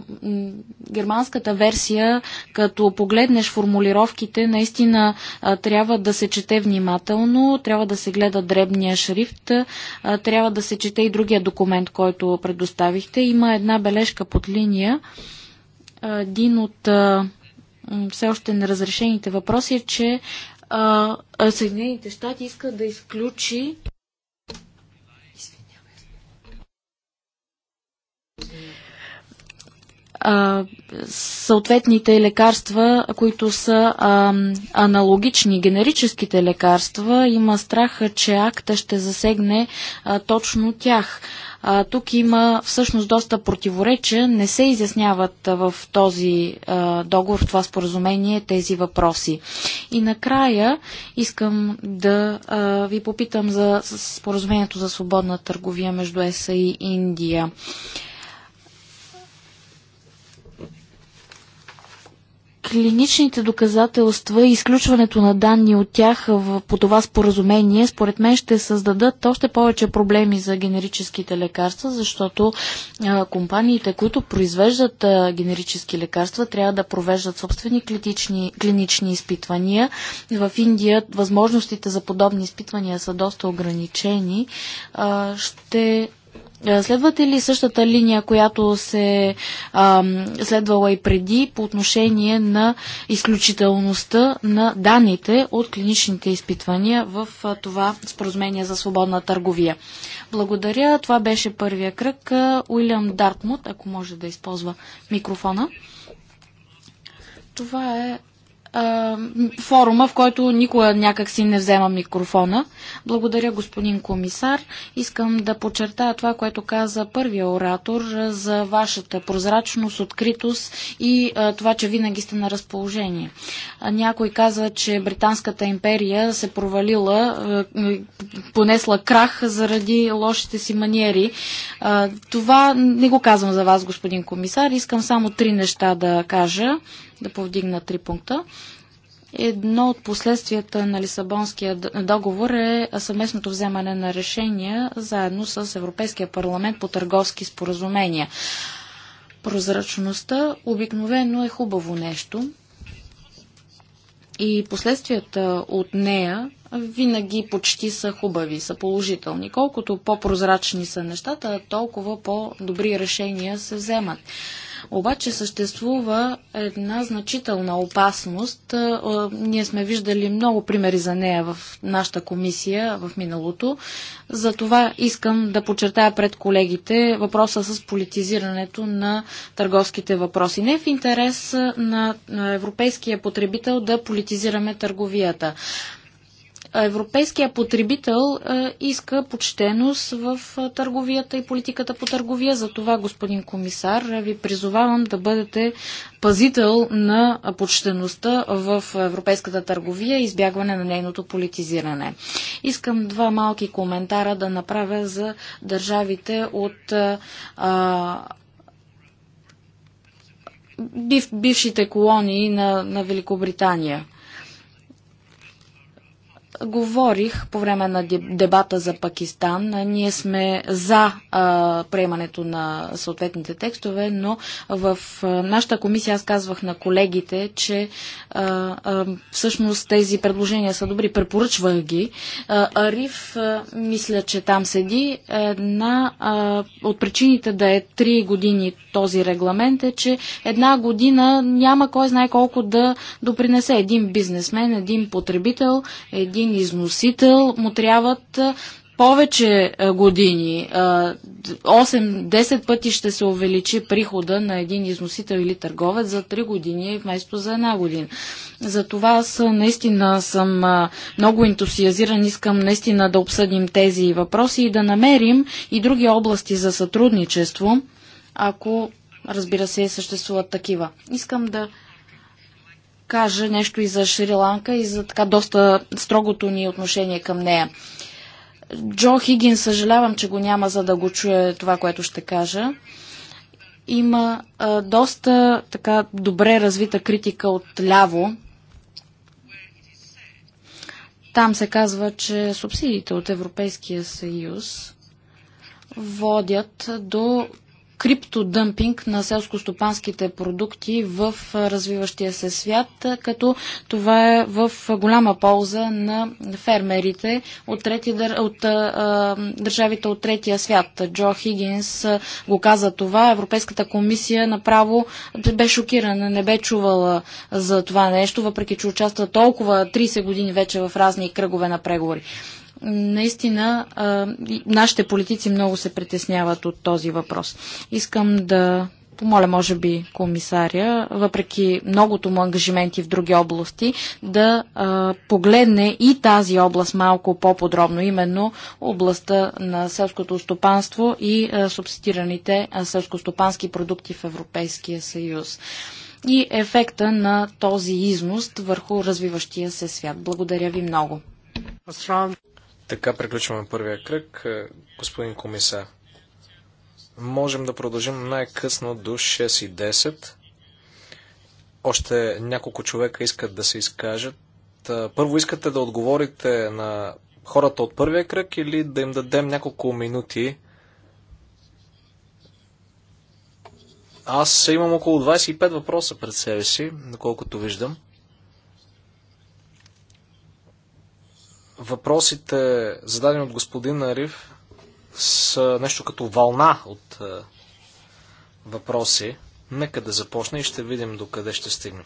германската версия, като погледнеш формулировките, наистина трябва да се чете внимателно, трябва да се гледа дребния шрифт, трябва да се чете и другия документ, който предоставихте. Има една бележка под линия. Един от все още неразрешените въпроси е, че а, Съединените щати искат да изключи Извинявай а, съответните лекарства, които са а, аналогични, генерическите лекарства, има страх, че акта ще засегне а, точно тях. А, тук има всъщност доста противоречия. Не се изясняват а, в този а, договор, в това споразумение тези въпроси. И накрая искам да а, ви попитам за споразумението за свободна търговия между ЕСА и Индия. А, клиничните доказателства и изключването на данни от тях по това споразумение, според мен ще създадат още повече проблеми за генерическите лекарства, защото а, компаниите, които произвеждат а, генерически лекарства, трябва да провеждат собствени клинични, клинични изпитвания. В Индия възможностите за подобни изпитвания са доста ограничени. А, ще е, следвате ли същата линия, която се а, следвала и преди по отношение на изключителността на данните от клиничните изпитвания в а, това споразумение за свободна търговия? Благодаря. Това беше първия кръг. Уилям Дартмут, ако може да използва микрофона. Това е форума, в който никога някакси не взема микрофона. Благодаря, господин комисар. Искам да подчертая това, което каза първия оратор за вашата прозрачност, откритост и това, че винаги сте на разположение. Някой каза, че Британската империя се провалила, понесла крах заради лошите си маниери. Това не го казвам за вас, господин комисар. Искам само три неща да кажа да повдигна три пункта. Едно от последствията на Лисабонския договор е съвместното вземане на решения заедно с Европейския парламент по търговски споразумения. Прозрачността обикновено е хубаво нещо и последствията от нея винаги почти са хубави, са положителни. Колкото по-прозрачни са нещата, толкова по-добри решения се вземат. Обаче съществува една значителна опасност. Ние сме виждали много примери за нея в нашата комисия в миналото. За това искам да подчертая пред колегите въпроса с политизирането на търговските въпроси. Не е в интерес на европейския потребител да политизираме търговията. Европейския потребител иска почтеност в търговията и политиката по търговия. За това, господин комисар, ви призовавам да бъдете пазител на почтеността в европейската търговия и избягване на нейното политизиране. Искам два малки коментара да направя за държавите от а, бив, бившите колонии на, на Великобритания – Говорих по време на дебата за Пакистан. Ние сме за а, приемането на съответните текстове, но в а, нашата комисия аз казвах на колегите, че а, а, всъщност тези предложения са добри. Препоръчвах ги. А, Ариф, а, мисля, че там седи. Една а, от причините да е 3 години този регламент е, че една година няма кой знае колко да допринесе един бизнесмен, един потребител, един един износител му трябват повече години. 8-10 пъти ще се увеличи прихода на един износител или търговец за 3 години вместо за една година. Затова аз наистина съм много ентусиазиран. Искам наистина да обсъдим тези въпроси и да намерим и други области за сътрудничество, ако разбира се съществуват такива. Искам да кажа нещо и за Шри-Ланка и за така доста строгото ни отношение към нея. Джо Хигин, съжалявам, че го няма, за да го чуе това, което ще кажа. Има а, доста така добре развита критика от ляво. Там се казва, че субсидиите от Европейския съюз водят до криптодъмпинг на селскостопанските продукти в развиващия се свят, като това е в голяма полза на фермерите от, трети, от а, държавите от третия свят. Джо Хигинс го каза това. Европейската комисия направо бе шокирана, не бе чувала за това нещо, въпреки че участва толкова 30 години вече в разни кръгове на преговори. Наистина, нашите политици много се притесняват от този въпрос. Искам да помоля, може би, комисаря, въпреки многото му ангажименти в други области, да а, погледне и тази област малко по-подробно, именно областта на селското стопанство и а, субсидираните селскостопански продукти в Европейския съюз и ефекта на този износ върху развиващия се свят. Благодаря ви много. Така приключваме първия кръг. Е, господин комисар, можем да продължим най-късно до 6 и 10. Още няколко човека искат да се изкажат. Е, първо искате да отговорите на хората от първия кръг или да им дадем няколко минути? Аз имам около 25 въпроса пред себе си, доколкото виждам. Въпросите, зададени от господин Ариф, са нещо като вълна от е, въпроси. Нека да започне и ще видим докъде ще стигнем.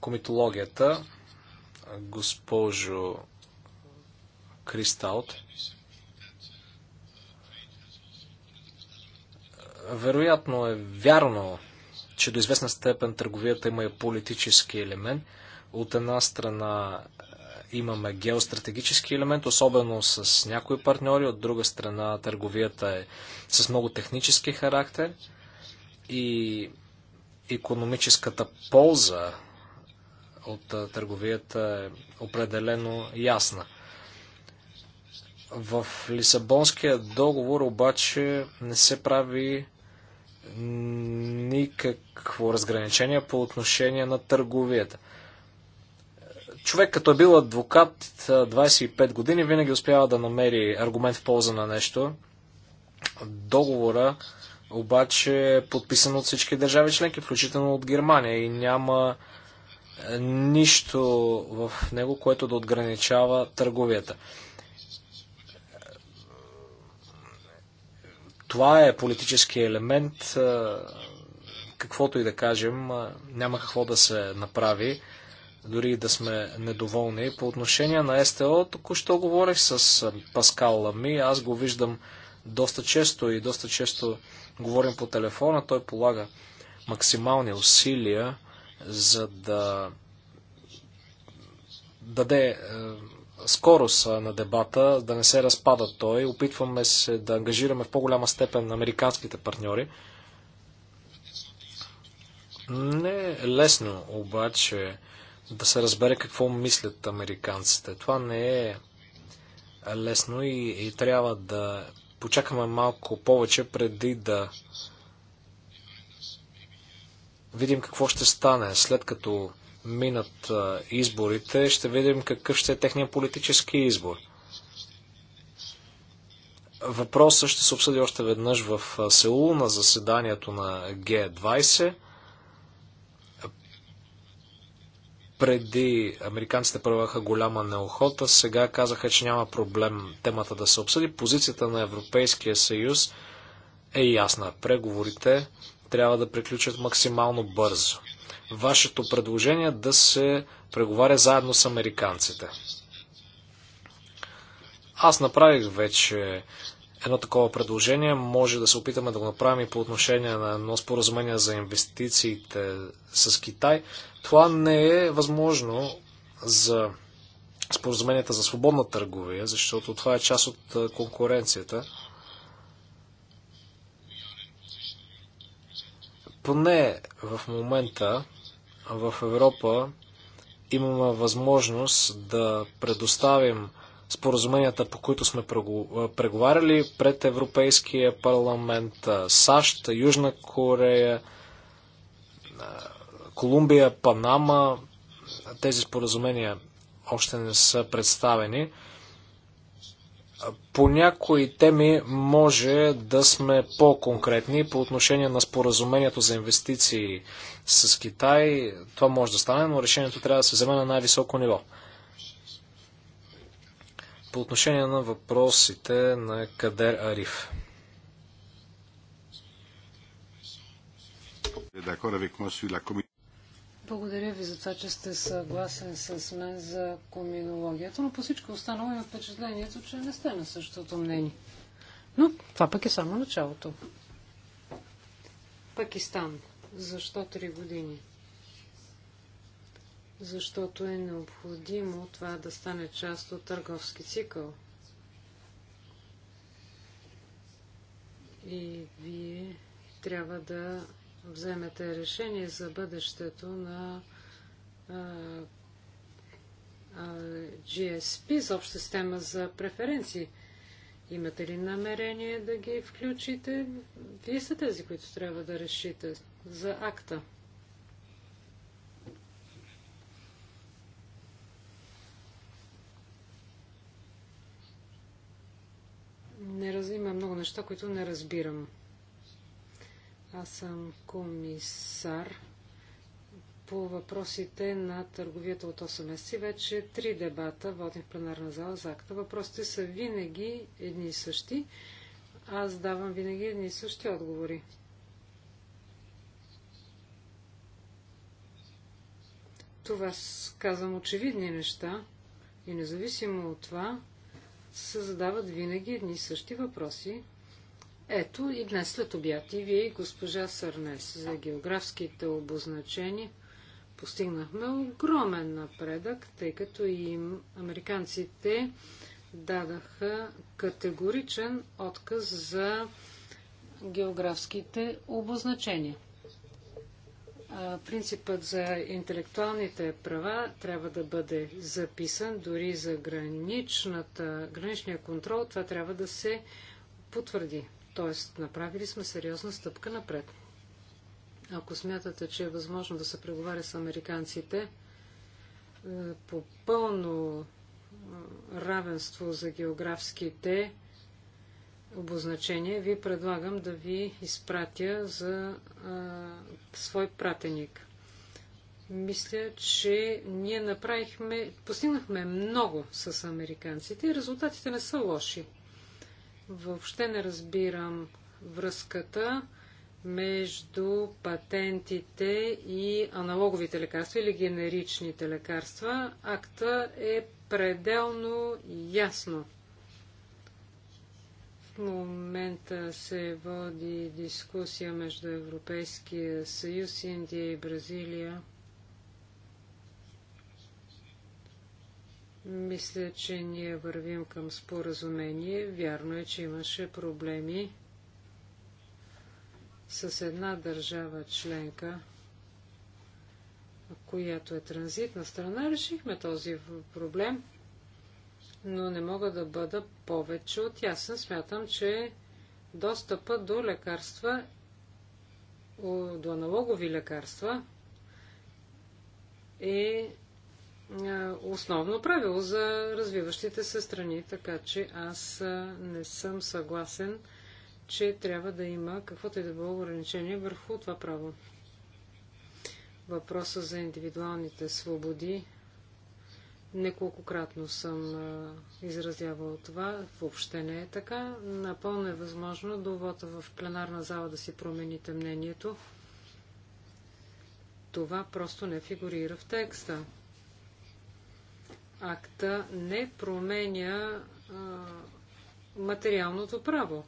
комитологията, госпожо Кристалт. Вероятно е вярно, че до известна степен търговията има и политически елемент. От една страна е, имаме геостратегически елемент, особено с някои партньори, от друга страна търговията е с много технически характер и економическата полза от е, търговията е определено ясна. В Лисабонския договор обаче не се прави никакво разграничение по отношение на търговията човек като е бил адвокат 25 години, винаги успява да намери аргумент в полза на нещо. Договора обаче е подписан от всички държави членки, включително от Германия и няма нищо в него, което да отграничава търговията. Това е политически елемент, каквото и да кажем, няма какво да се направи дори да сме недоволни. По отношение на СТО, току-що говорих с Паскал Лами, аз го виждам доста често и доста често говорим по телефона, той полага максимални усилия, за да даде е, скорост на дебата, да не се разпада той. Опитваме се да ангажираме в по-голяма степен американските партньори. Не е лесно обаче да се разбере какво мислят американците. Това не е лесно и, и трябва да почакаме малко повече преди да видим какво ще стане след като минат изборите, ще видим какъв ще е техния политически избор. Въпросът ще се обсъди още веднъж в Сеул на заседанието на Г20. преди американците проявяха голяма неохота, сега казаха, че няма проблем темата да се обсъди. Позицията на Европейския съюз е ясна. Преговорите трябва да приключат максимално бързо. Вашето предложение е да се преговаря заедно с американците. Аз направих вече едно такова предложение. Може да се опитаме да го направим и по отношение на едно споразумение за инвестициите с Китай. Това не е възможно за споразуменията за свободна търговия, защото това е част от конкуренцията. Поне в момента в Европа имаме възможност да предоставим споразуменията, по които сме преговаряли пред Европейския парламент, САЩ, Южна Корея, Колумбия, Панама. Тези споразумения още не са представени. По някои теми може да сме по-конкретни по отношение на споразумението за инвестиции с Китай. Това може да стане, но решението трябва да се вземе на най-високо ниво. По отношение на въпросите на Кадер Ариф. Благодаря ви за това, че сте съгласен с мен за коминологията, но по всичко останало има впечатлението, че не сте на същото мнение. Но това пък е само началото. Пакистан. Защо три години? защото е необходимо това да стане част от търговски цикъл. И вие трябва да вземете решение за бъдещето на а, а, GSP, за обща система за преференции. Имате ли намерение да ги включите? Вие сте тези, които трябва да решите за акта. Не раз... Има много неща, които не разбирам. Аз съм комисар по въпросите на търговията от 8 месеци. Вече три дебата водим в пленарна зала за акта. Въпросите са винаги едни и същи. Аз давам винаги едни и същи отговори. Това казвам очевидни неща и независимо от това, се задават винаги едни същи въпроси. Ето и днес след обяд и вие госпожа Сърнес за географските обозначения постигнахме огромен напредък, тъй като и американците дадаха категоричен отказ за географските обозначения принципът за интелектуалните права трябва да бъде записан, дори за граничната, граничния контрол това трябва да се потвърди. Тоест, направили сме сериозна стъпка напред. Ако смятате, че е възможно да се преговаря с американците е, по пълно равенство за географските обозначение, ви предлагам да ви изпратя за а, свой пратеник. Мисля, че ние направихме, постигнахме много с американците и резултатите не са лоши. Въобще не разбирам връзката между патентите и аналоговите лекарства или генеричните лекарства. Акта е пределно ясно момента се води дискусия между Европейския съюз, Индия и Бразилия. Мисля, че ние вървим към споразумение. Вярно е, че имаше проблеми с една държава членка, която е транзитна страна. Решихме този проблем но не мога да бъда повече от ясен. Смятам, че достъпа до лекарства, до аналогови лекарства е основно правило за развиващите се страни, така че аз не съм съгласен, че трябва да има каквото и да било ограничение върху това право. Въпроса за индивидуалните свободи Неколкократно съм изразявала това. Въобще не е така. Напълно е възможно до вота в пленарна зала да си промените мнението. Това просто не фигурира в текста. Акта не променя а, материалното право.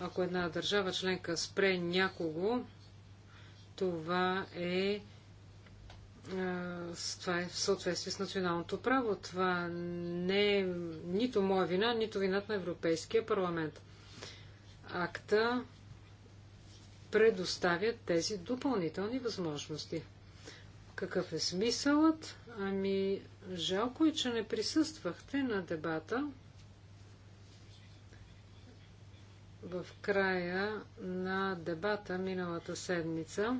Ако една държава членка спре някого, това е това е в съответствие с националното право. Това не е нито моя вина, нито вината на Европейския парламент. Акта предоставя тези допълнителни възможности. Какъв е смисълът? Ами, жалко е, че не присъствахте на дебата в края на дебата миналата седмица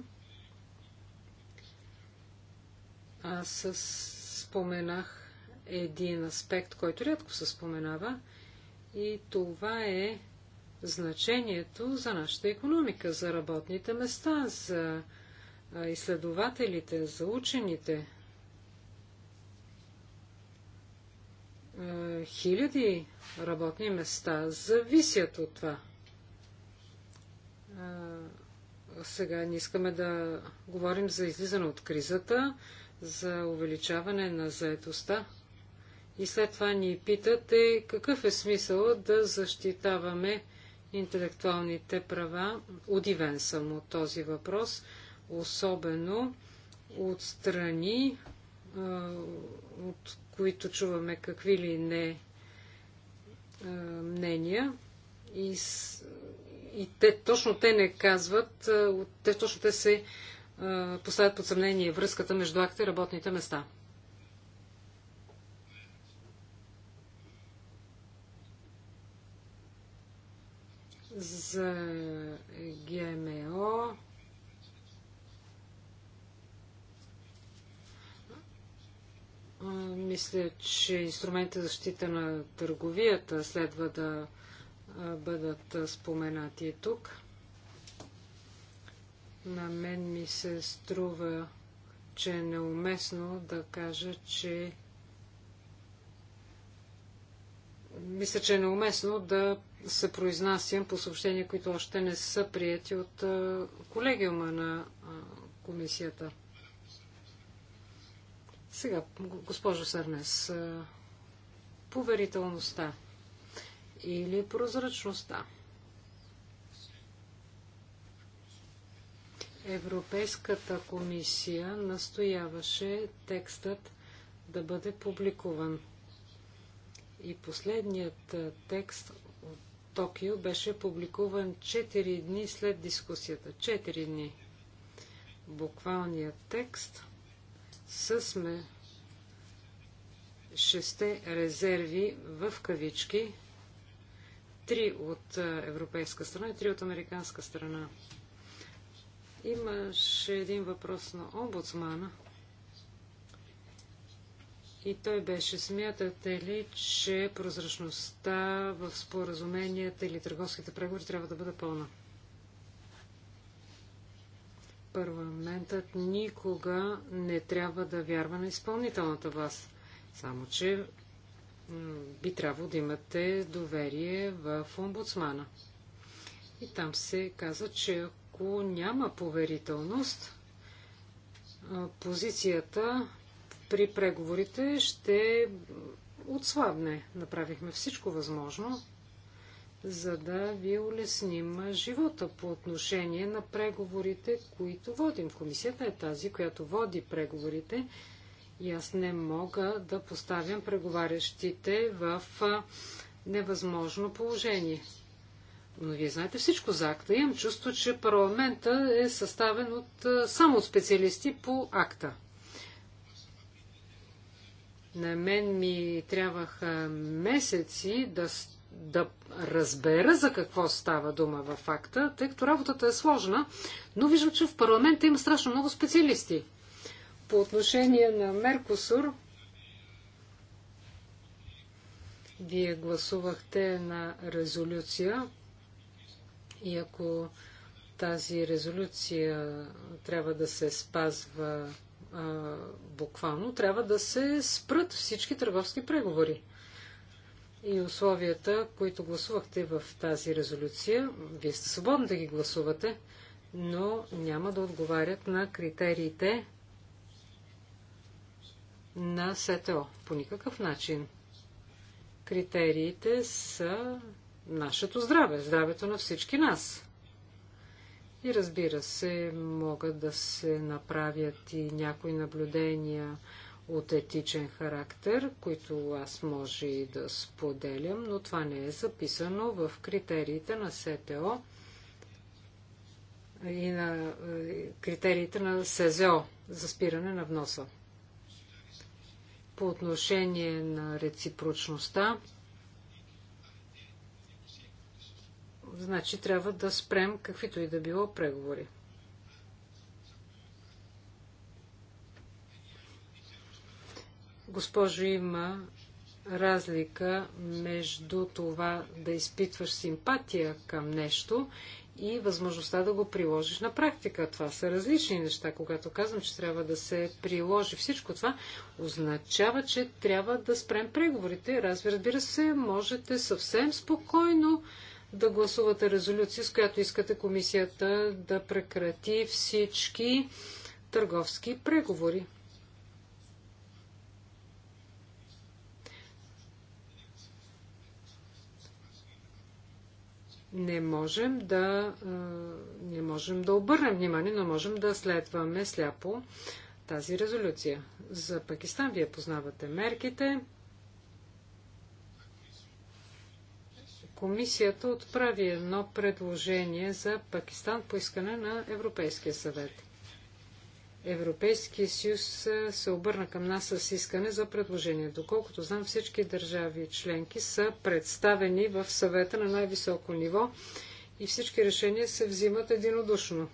аз споменах един аспект, който рядко се споменава, и това е значението за нашата економика, за работните места, за изследователите, за учените. Хиляди работни места зависят от това. Сега не искаме да говорим за излизане от кризата, за увеличаване на заетостта. И след това ни питате какъв е смисъл да защитаваме интелектуалните права. Удивен съм от този въпрос, особено от страни, от които чуваме какви ли не мнения. И, и те, точно те не казват, те точно те се е, поставят под съмнение връзката между акта и работните места. За ГМО мисля, че инструментите за защита на търговията следва да бъдат споменати тук. На мен ми се струва, че е неуместно да кажа, че мисля, че е неуместно да се произнасям по съобщения, които още не са прияти от колегиума на комисията. Сега, госпожо Сърнес, поверителността или прозрачността. Европейската комисия настояваше текстът да бъде публикуван. И последният е, текст от Токио беше публикуван 4 дни след дискусията. 4 дни. Буквалният текст с ме шесте резерви в кавички, три от е, европейска страна и три от американска страна. Имаше един въпрос на омбудсмана. И той беше, смятате ли, че прозрачността в споразуменията или търговските преговори трябва да бъде пълна? Парламентът никога не трябва да вярва на изпълнителната власт. Само, че би трябвало да имате доверие в омбудсмана. И там се каза, че ако няма поверителност, позицията при преговорите ще отслабне. Направихме всичко възможно, за да ви улесним живота по отношение на преговорите, които водим. Комисията е тази, която води преговорите и аз не мога да поставям преговарящите в невъзможно положение. Но вие знаете всичко за акта. Имам чувство, че парламента е съставен от, само от специалисти по акта. На мен ми трябваха месеци да, да разбера за какво става дума в акта, тъй като работата е сложна, но виждам, че в парламента има страшно много специалисти. По отношение на Меркосур, вие гласувахте на резолюция, и ако тази резолюция трябва да се спазва а, буквално, трябва да се спрат всички търговски преговори. И условията, които гласувахте в тази резолюция, вие сте свободни да ги гласувате, но няма да отговарят на критериите на СТО. По никакъв начин. Критериите са нашето здраве, здравето на всички нас. И разбира се, могат да се направят и някои наблюдения от етичен характер, които аз може и да споделям, но това не е записано в критериите на СТО и на е, критериите на СЗО за спиране на вноса. По отношение на реципрочността, Значи трябва да спрем каквито и да било преговори. Госпожо, има разлика между това да изпитваш симпатия към нещо и възможността да го приложиш на практика. Това са различни неща. Когато казвам, че трябва да се приложи всичко това, означава, че трябва да спрем преговорите. разбира се, можете съвсем спокойно да гласувате резолюция, с която искате комисията да прекрати всички търговски преговори. не можем да, не можем да обърнем внимание, но можем да следваме сляпо тази резолюция. За Пакистан вие познавате мерките. комисията отправи едно предложение за Пакистан по искане на Европейския съвет. Европейския съюз се обърна към нас с искане за предложение. Доколкото знам, всички държави членки са представени в съвета на най-високо ниво и всички решения се взимат единодушно.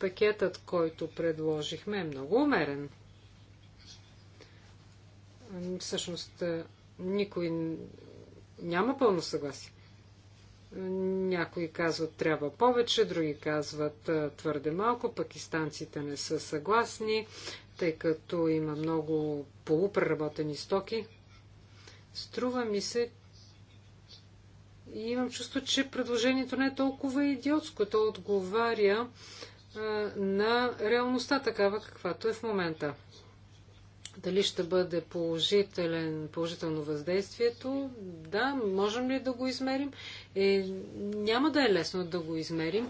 Пакетът, който предложихме, е много умерен. Всъщност, никой няма пълно съгласие. Някои казват трябва повече, други казват твърде малко, пакистанците не са съгласни, тъй като има много полупреработени стоки. Струва ми се, и имам чувство, че предложението не е толкова идиотско. То отговаря а, на реалността такава, каквато е в момента. Дали ще бъде положителен, положително въздействието? Да, можем ли да го измерим? Е, няма да е лесно да го измерим,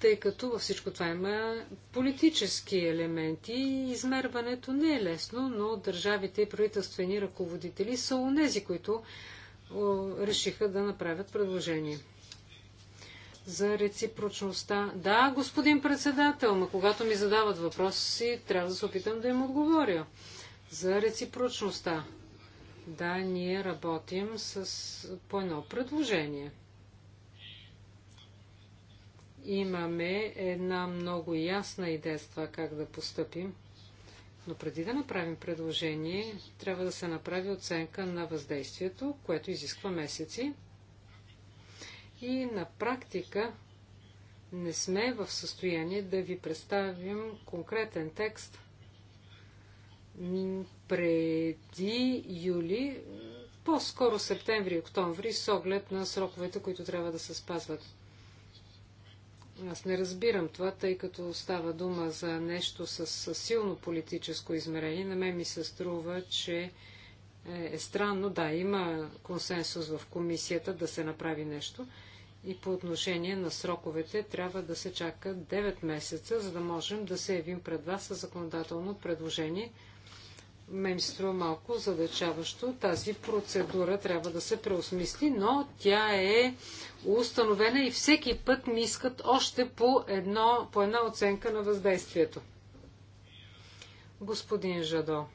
тъй като във всичко това има политически елементи измерването не е лесно, но държавите и правителствени ръководители са унези, които решиха да направят предложение за реципрочността. Да, господин председател, но когато ми задават въпроси, трябва да се опитам да им отговоря. За реципрочността. Да, ние работим с, по едно предложение. Имаме една много ясна идея с това как да поступим, но преди да направим предложение, трябва да се направи оценка на въздействието, което изисква месеци и на практика не сме в състояние да ви представим конкретен текст преди юли, по-скоро септември октомври, с оглед на сроковете, които трябва да се спазват. Аз не разбирам това, тъй като става дума за нещо с, с силно политическо измерение. На мен ми се струва, че е, е странно, да, има консенсус в комисията да се направи нещо, и по отношение на сроковете трябва да се чака 9 месеца, за да можем да се явим пред вас със законодателно предложение. Мен струва малко задачаващо. Тази процедура трябва да се преосмисли, но тя е установена и всеки път ми искат още по, едно, по една оценка на въздействието. Господин Жадо,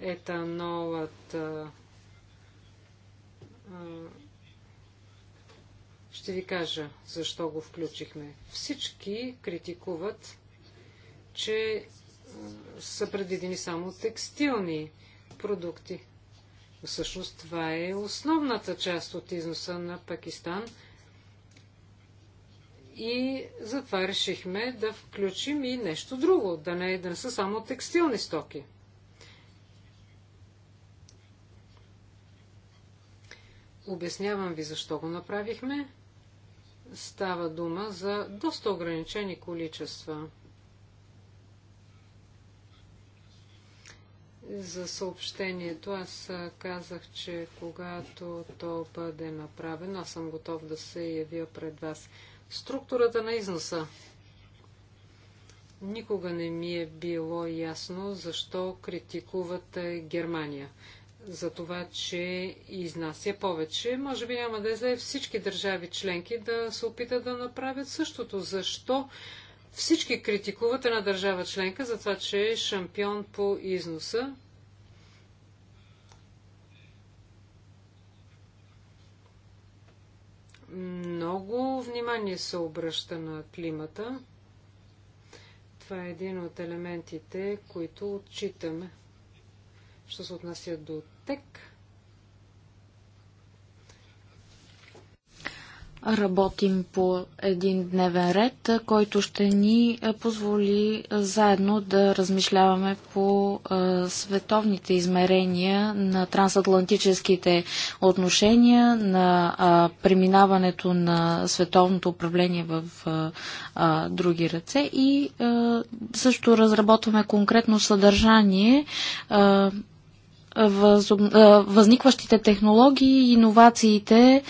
етанолът а, а, ще ви кажа защо го включихме. Всички критикуват, че е, са предвидени само текстилни продукти. Всъщност това е основната част от износа на Пакистан. И затова решихме да включим и нещо друго, да не, да не са само текстилни стоки. Обяснявам ви защо го направихме става дума за доста ограничени количества. За съобщението аз казах, че когато то бъде направено, аз съм готов да се явя пред вас. Структурата на износа. Никога не ми е било ясно защо критикувате Германия за това, че изнася повече. Може би няма да е зле всички държави членки да се опитат да направят същото. Защо всички критикуват една държава членка за това, че е шампион по износа? Много внимание се обръща на климата. Това е един от елементите, които отчитаме. Що се отнася до ТЕК, работим по един дневен ред, който ще ни е, позволи е, заедно да размишляваме по е, световните измерения на трансатлантическите отношения, на преминаването на световното управление в други ръце и също разработваме конкретно съдържание възникващите технологии и иновациите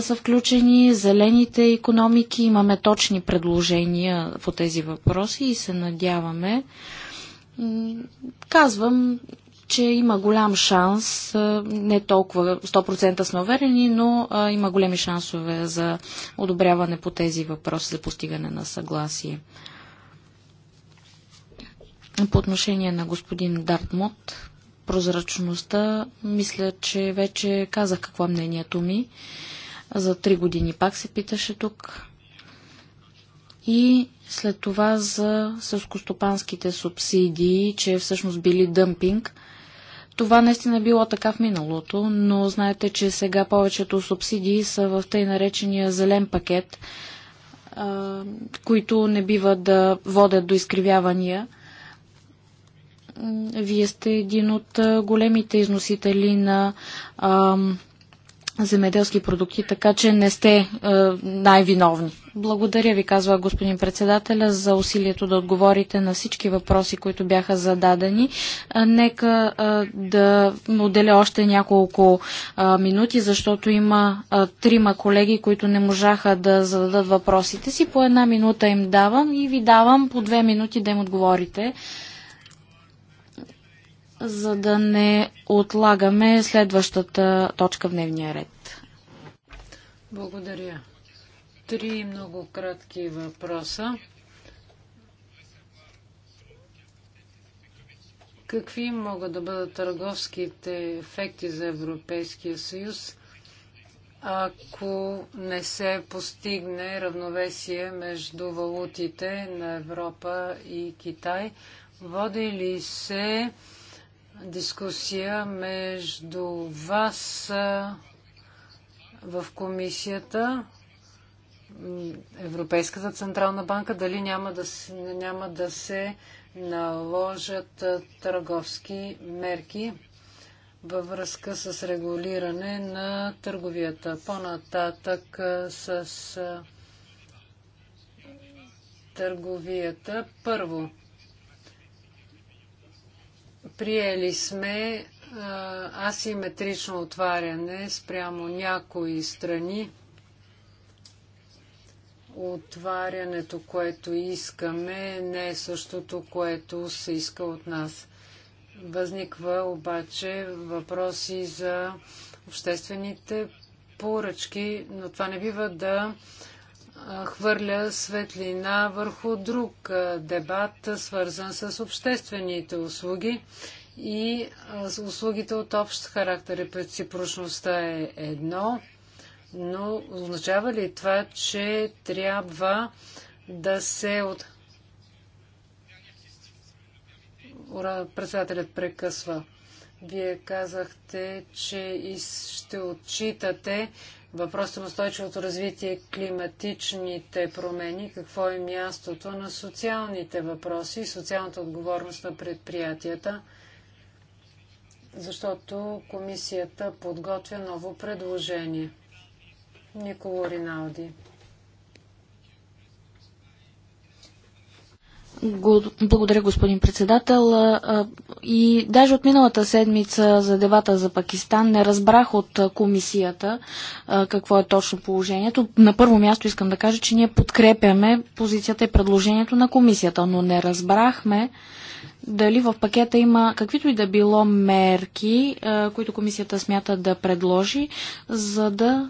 са включени, зелените економики. Имаме точни предложения по тези въпроси и се надяваме. Казвам, че има голям шанс, не толкова 100% сме уверени, но има големи шансове за одобряване по тези въпроси, за постигане на съгласие. По отношение на господин Дартмут, прозрачността, мисля, че вече казах какво е мнението ми. За три години пак се питаше тук. И след това за сълскостопанските субсидии, че всъщност били дъмпинг. Това наистина е било така в миналото, но знаете, че сега повечето субсидии са в тъй наречения зелен пакет, които не бива да водят до изкривявания вие сте един от големите износители на а, земеделски продукти, така че не сте най-виновни. Благодаря ви, казва господин председателя, за усилието да отговорите на всички въпроси, които бяха зададени. Нека да отделя още няколко минути, защото има трима колеги, които не можаха да зададат въпросите си. По една минута им давам и ви давам по две минути да им отговорите за да не отлагаме следващата точка в дневния ред. Благодаря. Три много кратки въпроса. Какви могат да бъдат търговските ефекти за Европейския съюз, ако не се постигне равновесие между валутите на Европа и Китай? Води ли се дискусия между вас в комисията, Европейската централна банка, дали няма да, няма да се наложат търговски мерки във връзка с регулиране на търговията. По-нататък с търговията. Първо, Приели сме асиметрично отваряне спрямо някои страни. Отварянето, което искаме, не е същото, което се иска от нас. Възниква обаче въпроси за обществените поръчки, но това не бива да хвърля светлина върху друг дебат, свързан с обществените услуги и услугите от общ характер. Реципрочността е едно, но означава ли това, че трябва да се от... Председателят прекъсва. Вие казахте, че ще отчитате въпросите на устойчивото развитие, климатичните промени, какво е мястото на социалните въпроси и социалната отговорност на предприятията, защото комисията подготвя ново предложение. Николо Риналди. Благодаря, господин председател. И даже от миналата седмица за дебата за Пакистан не разбрах от комисията какво е точно положението. На първо място искам да кажа, че ние подкрепяме позицията и предложението на комисията, но не разбрахме дали в пакета има каквито и да било мерки, които комисията смята да предложи, за да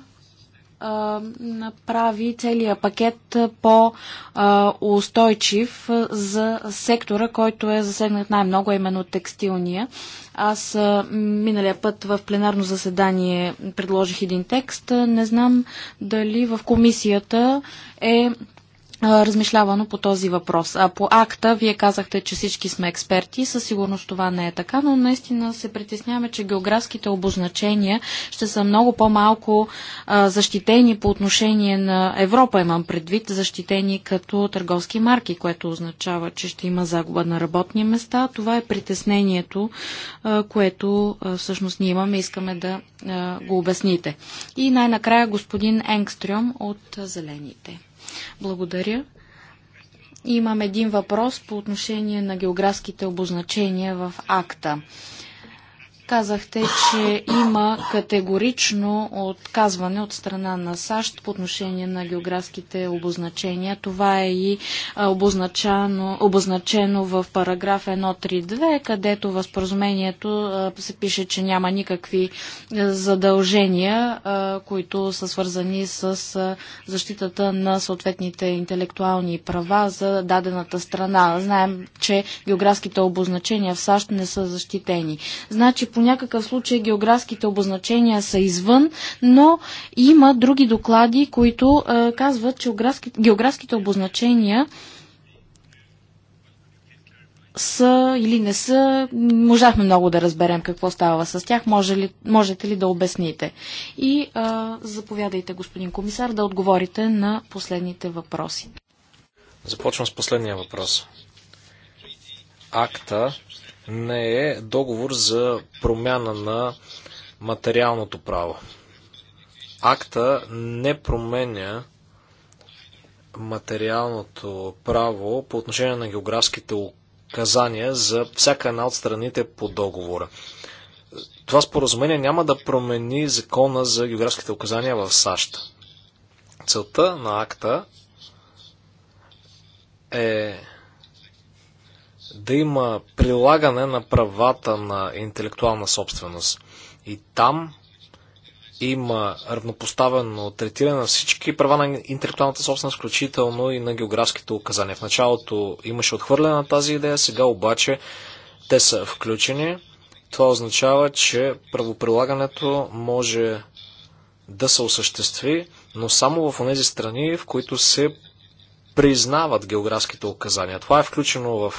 направи целият пакет по-устойчив за сектора, който е засегнат най-много, именно текстилния. Аз миналия път в пленарно заседание предложих един текст. Не знам дали в комисията е размишлявано по този въпрос. А по акта, вие казахте, че всички сме експерти, със сигурност това не е така, но наистина се притесняваме, че географските обозначения ще са много по-малко защитени по отношение на Европа, имам предвид, защитени като търговски марки, което означава, че ще има загуба на работни места. Това е притеснението, а, което а, всъщност ние имаме, искаме да а, го обясните. И най-накрая господин Енгстрюм от Зелените. Благодаря. Имам един въпрос по отношение на географските обозначения в акта. Казахте, че има категорично отказване от страна на САЩ по отношение на географските обозначения. Това е и обозначено, обозначено в параграф 132, където в споразумението се пише, че няма никакви задължения, които са свързани с защитата на съответните интелектуални права за дадената страна. Знаем, че географските обозначения в САЩ не са защитени. Значи, по някакъв случай географските обозначения са извън, но има други доклади, които е, казват, че географските обозначения са или не са, можахме много да разберем какво става с тях. Може ли, можете ли да обясните? И а, заповядайте, господин комисар, да отговорите на последните въпроси. Започвам с последния въпрос. Акта не е договор за промяна на материалното право. Акта не променя материалното право по отношение на географските указания за всяка една от страните по договора. Това споразумение няма да промени закона за географските указания в САЩ. Целта на акта е да има прилагане на правата на интелектуална собственост. И там има равнопоставено третиране на всички права на интелектуалната собственост, включително и на географските указания. В началото имаше отхвърляне на тази идея, сега обаче те са включени. Това означава, че правоприлагането може да се осъществи, но само в тези страни, в които се признават географските указания. Това е включено в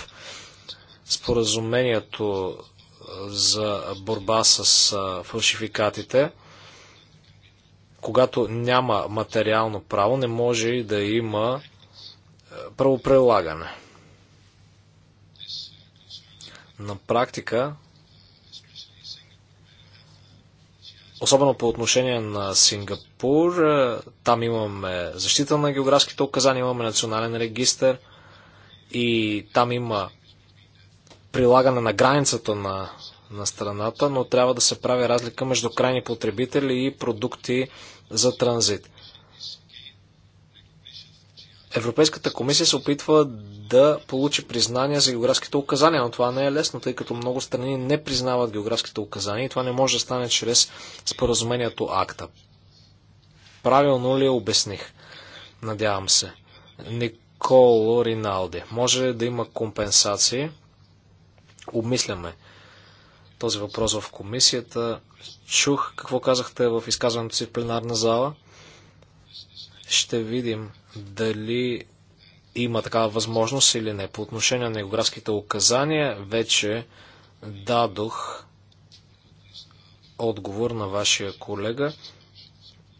споразумението за борба с фалшификатите, когато няма материално право, не може и да има правоприлагане. На практика, особено по отношение на Сингапур, там имаме защита на географските указания, имаме национален регистр и там има прилагане на границата на, на страната, но трябва да се прави разлика между крайни потребители и продукти за транзит. Европейската комисия се опитва да получи признание за географските указания, но това не е лесно, тъй като много страни не признават географските указания и това не може да стане чрез споразумението АКТА. Правилно ли е, обясних? Надявам се. Николо Риналди. Може да има компенсации обмисляме този въпрос в комисията. Чух какво казахте в изказването си в пленарна зала. Ще видим дали има такава възможност или не. По отношение на географските указания, вече дадох отговор на вашия колега.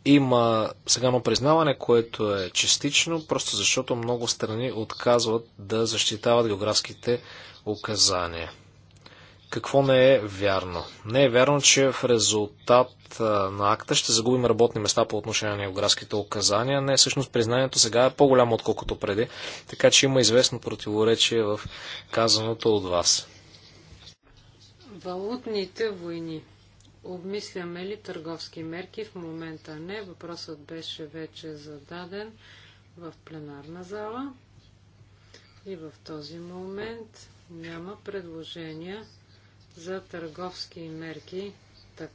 Има сега на признаване, което е частично, просто защото много страни отказват да защитават географските указания. Какво не е вярно? Не е вярно, че в резултат на акта ще загубим работни места по отношение на географските указания. Не, всъщност признанието сега е по-голямо отколкото преди, така че има известно противоречие в казаното от вас. Валутните войни. Обмисляме ли търговски мерки? В момента не. Въпросът беше вече зададен в пленарна зала. И в този момент няма предложения за търговски мерки, так,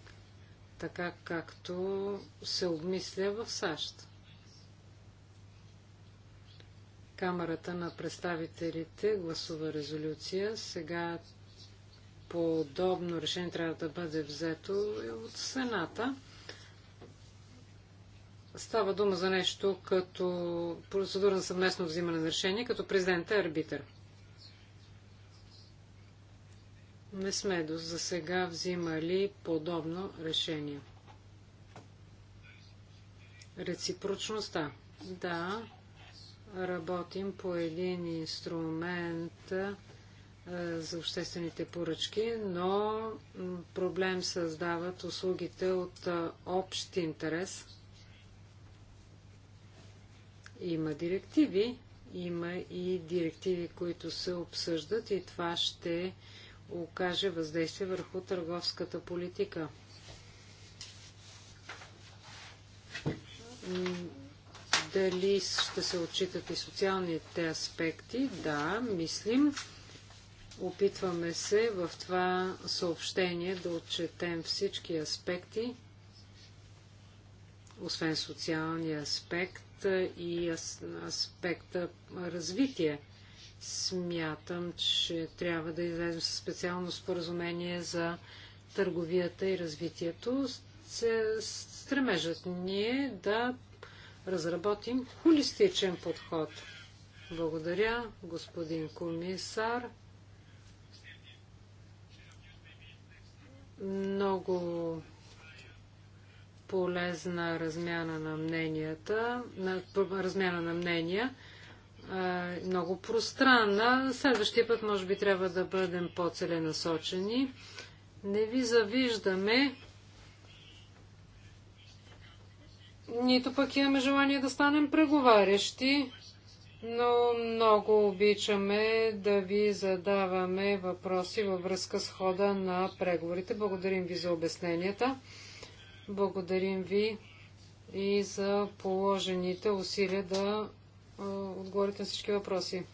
така както се обмисля в САЩ. Камерата на представителите гласува резолюция. Сега подобно решение трябва да бъде взето от Сената. Става дума за нещо като процедура на съвместно взимане на решение, като президента е арбитър. не сме до за сега взимали подобно решение. Реципрочността. Да, работим по един инструмент а, за обществените поръчки, но проблем създават услугите от а, общ интерес. Има директиви, има и директиви, които се обсъждат и това ще окаже въздействие върху търговската политика. Дали ще се отчитат и социалните аспекти? Да, мислим. Опитваме се в това съобщение да отчетем всички аспекти, освен социалния аспект и аспекта развитие – Смятам, че трябва да излезем със специално споразумение за търговията и развитието. Стремежът ни е да разработим холистичен подход. Благодаря, господин комисар. Много полезна размяна на мненията, на, размяна на мнения. Е, много пространна. Следващия път може би трябва да бъдем по-целенасочени. Не ви завиждаме. Нито пък имаме желание да станем преговарящи, но много обичаме да ви задаваме въпроси във връзка с хода на преговорите. Благодарим ви за обясненията. Благодарим ви и за положените усилия да отговорите на всички въпроси.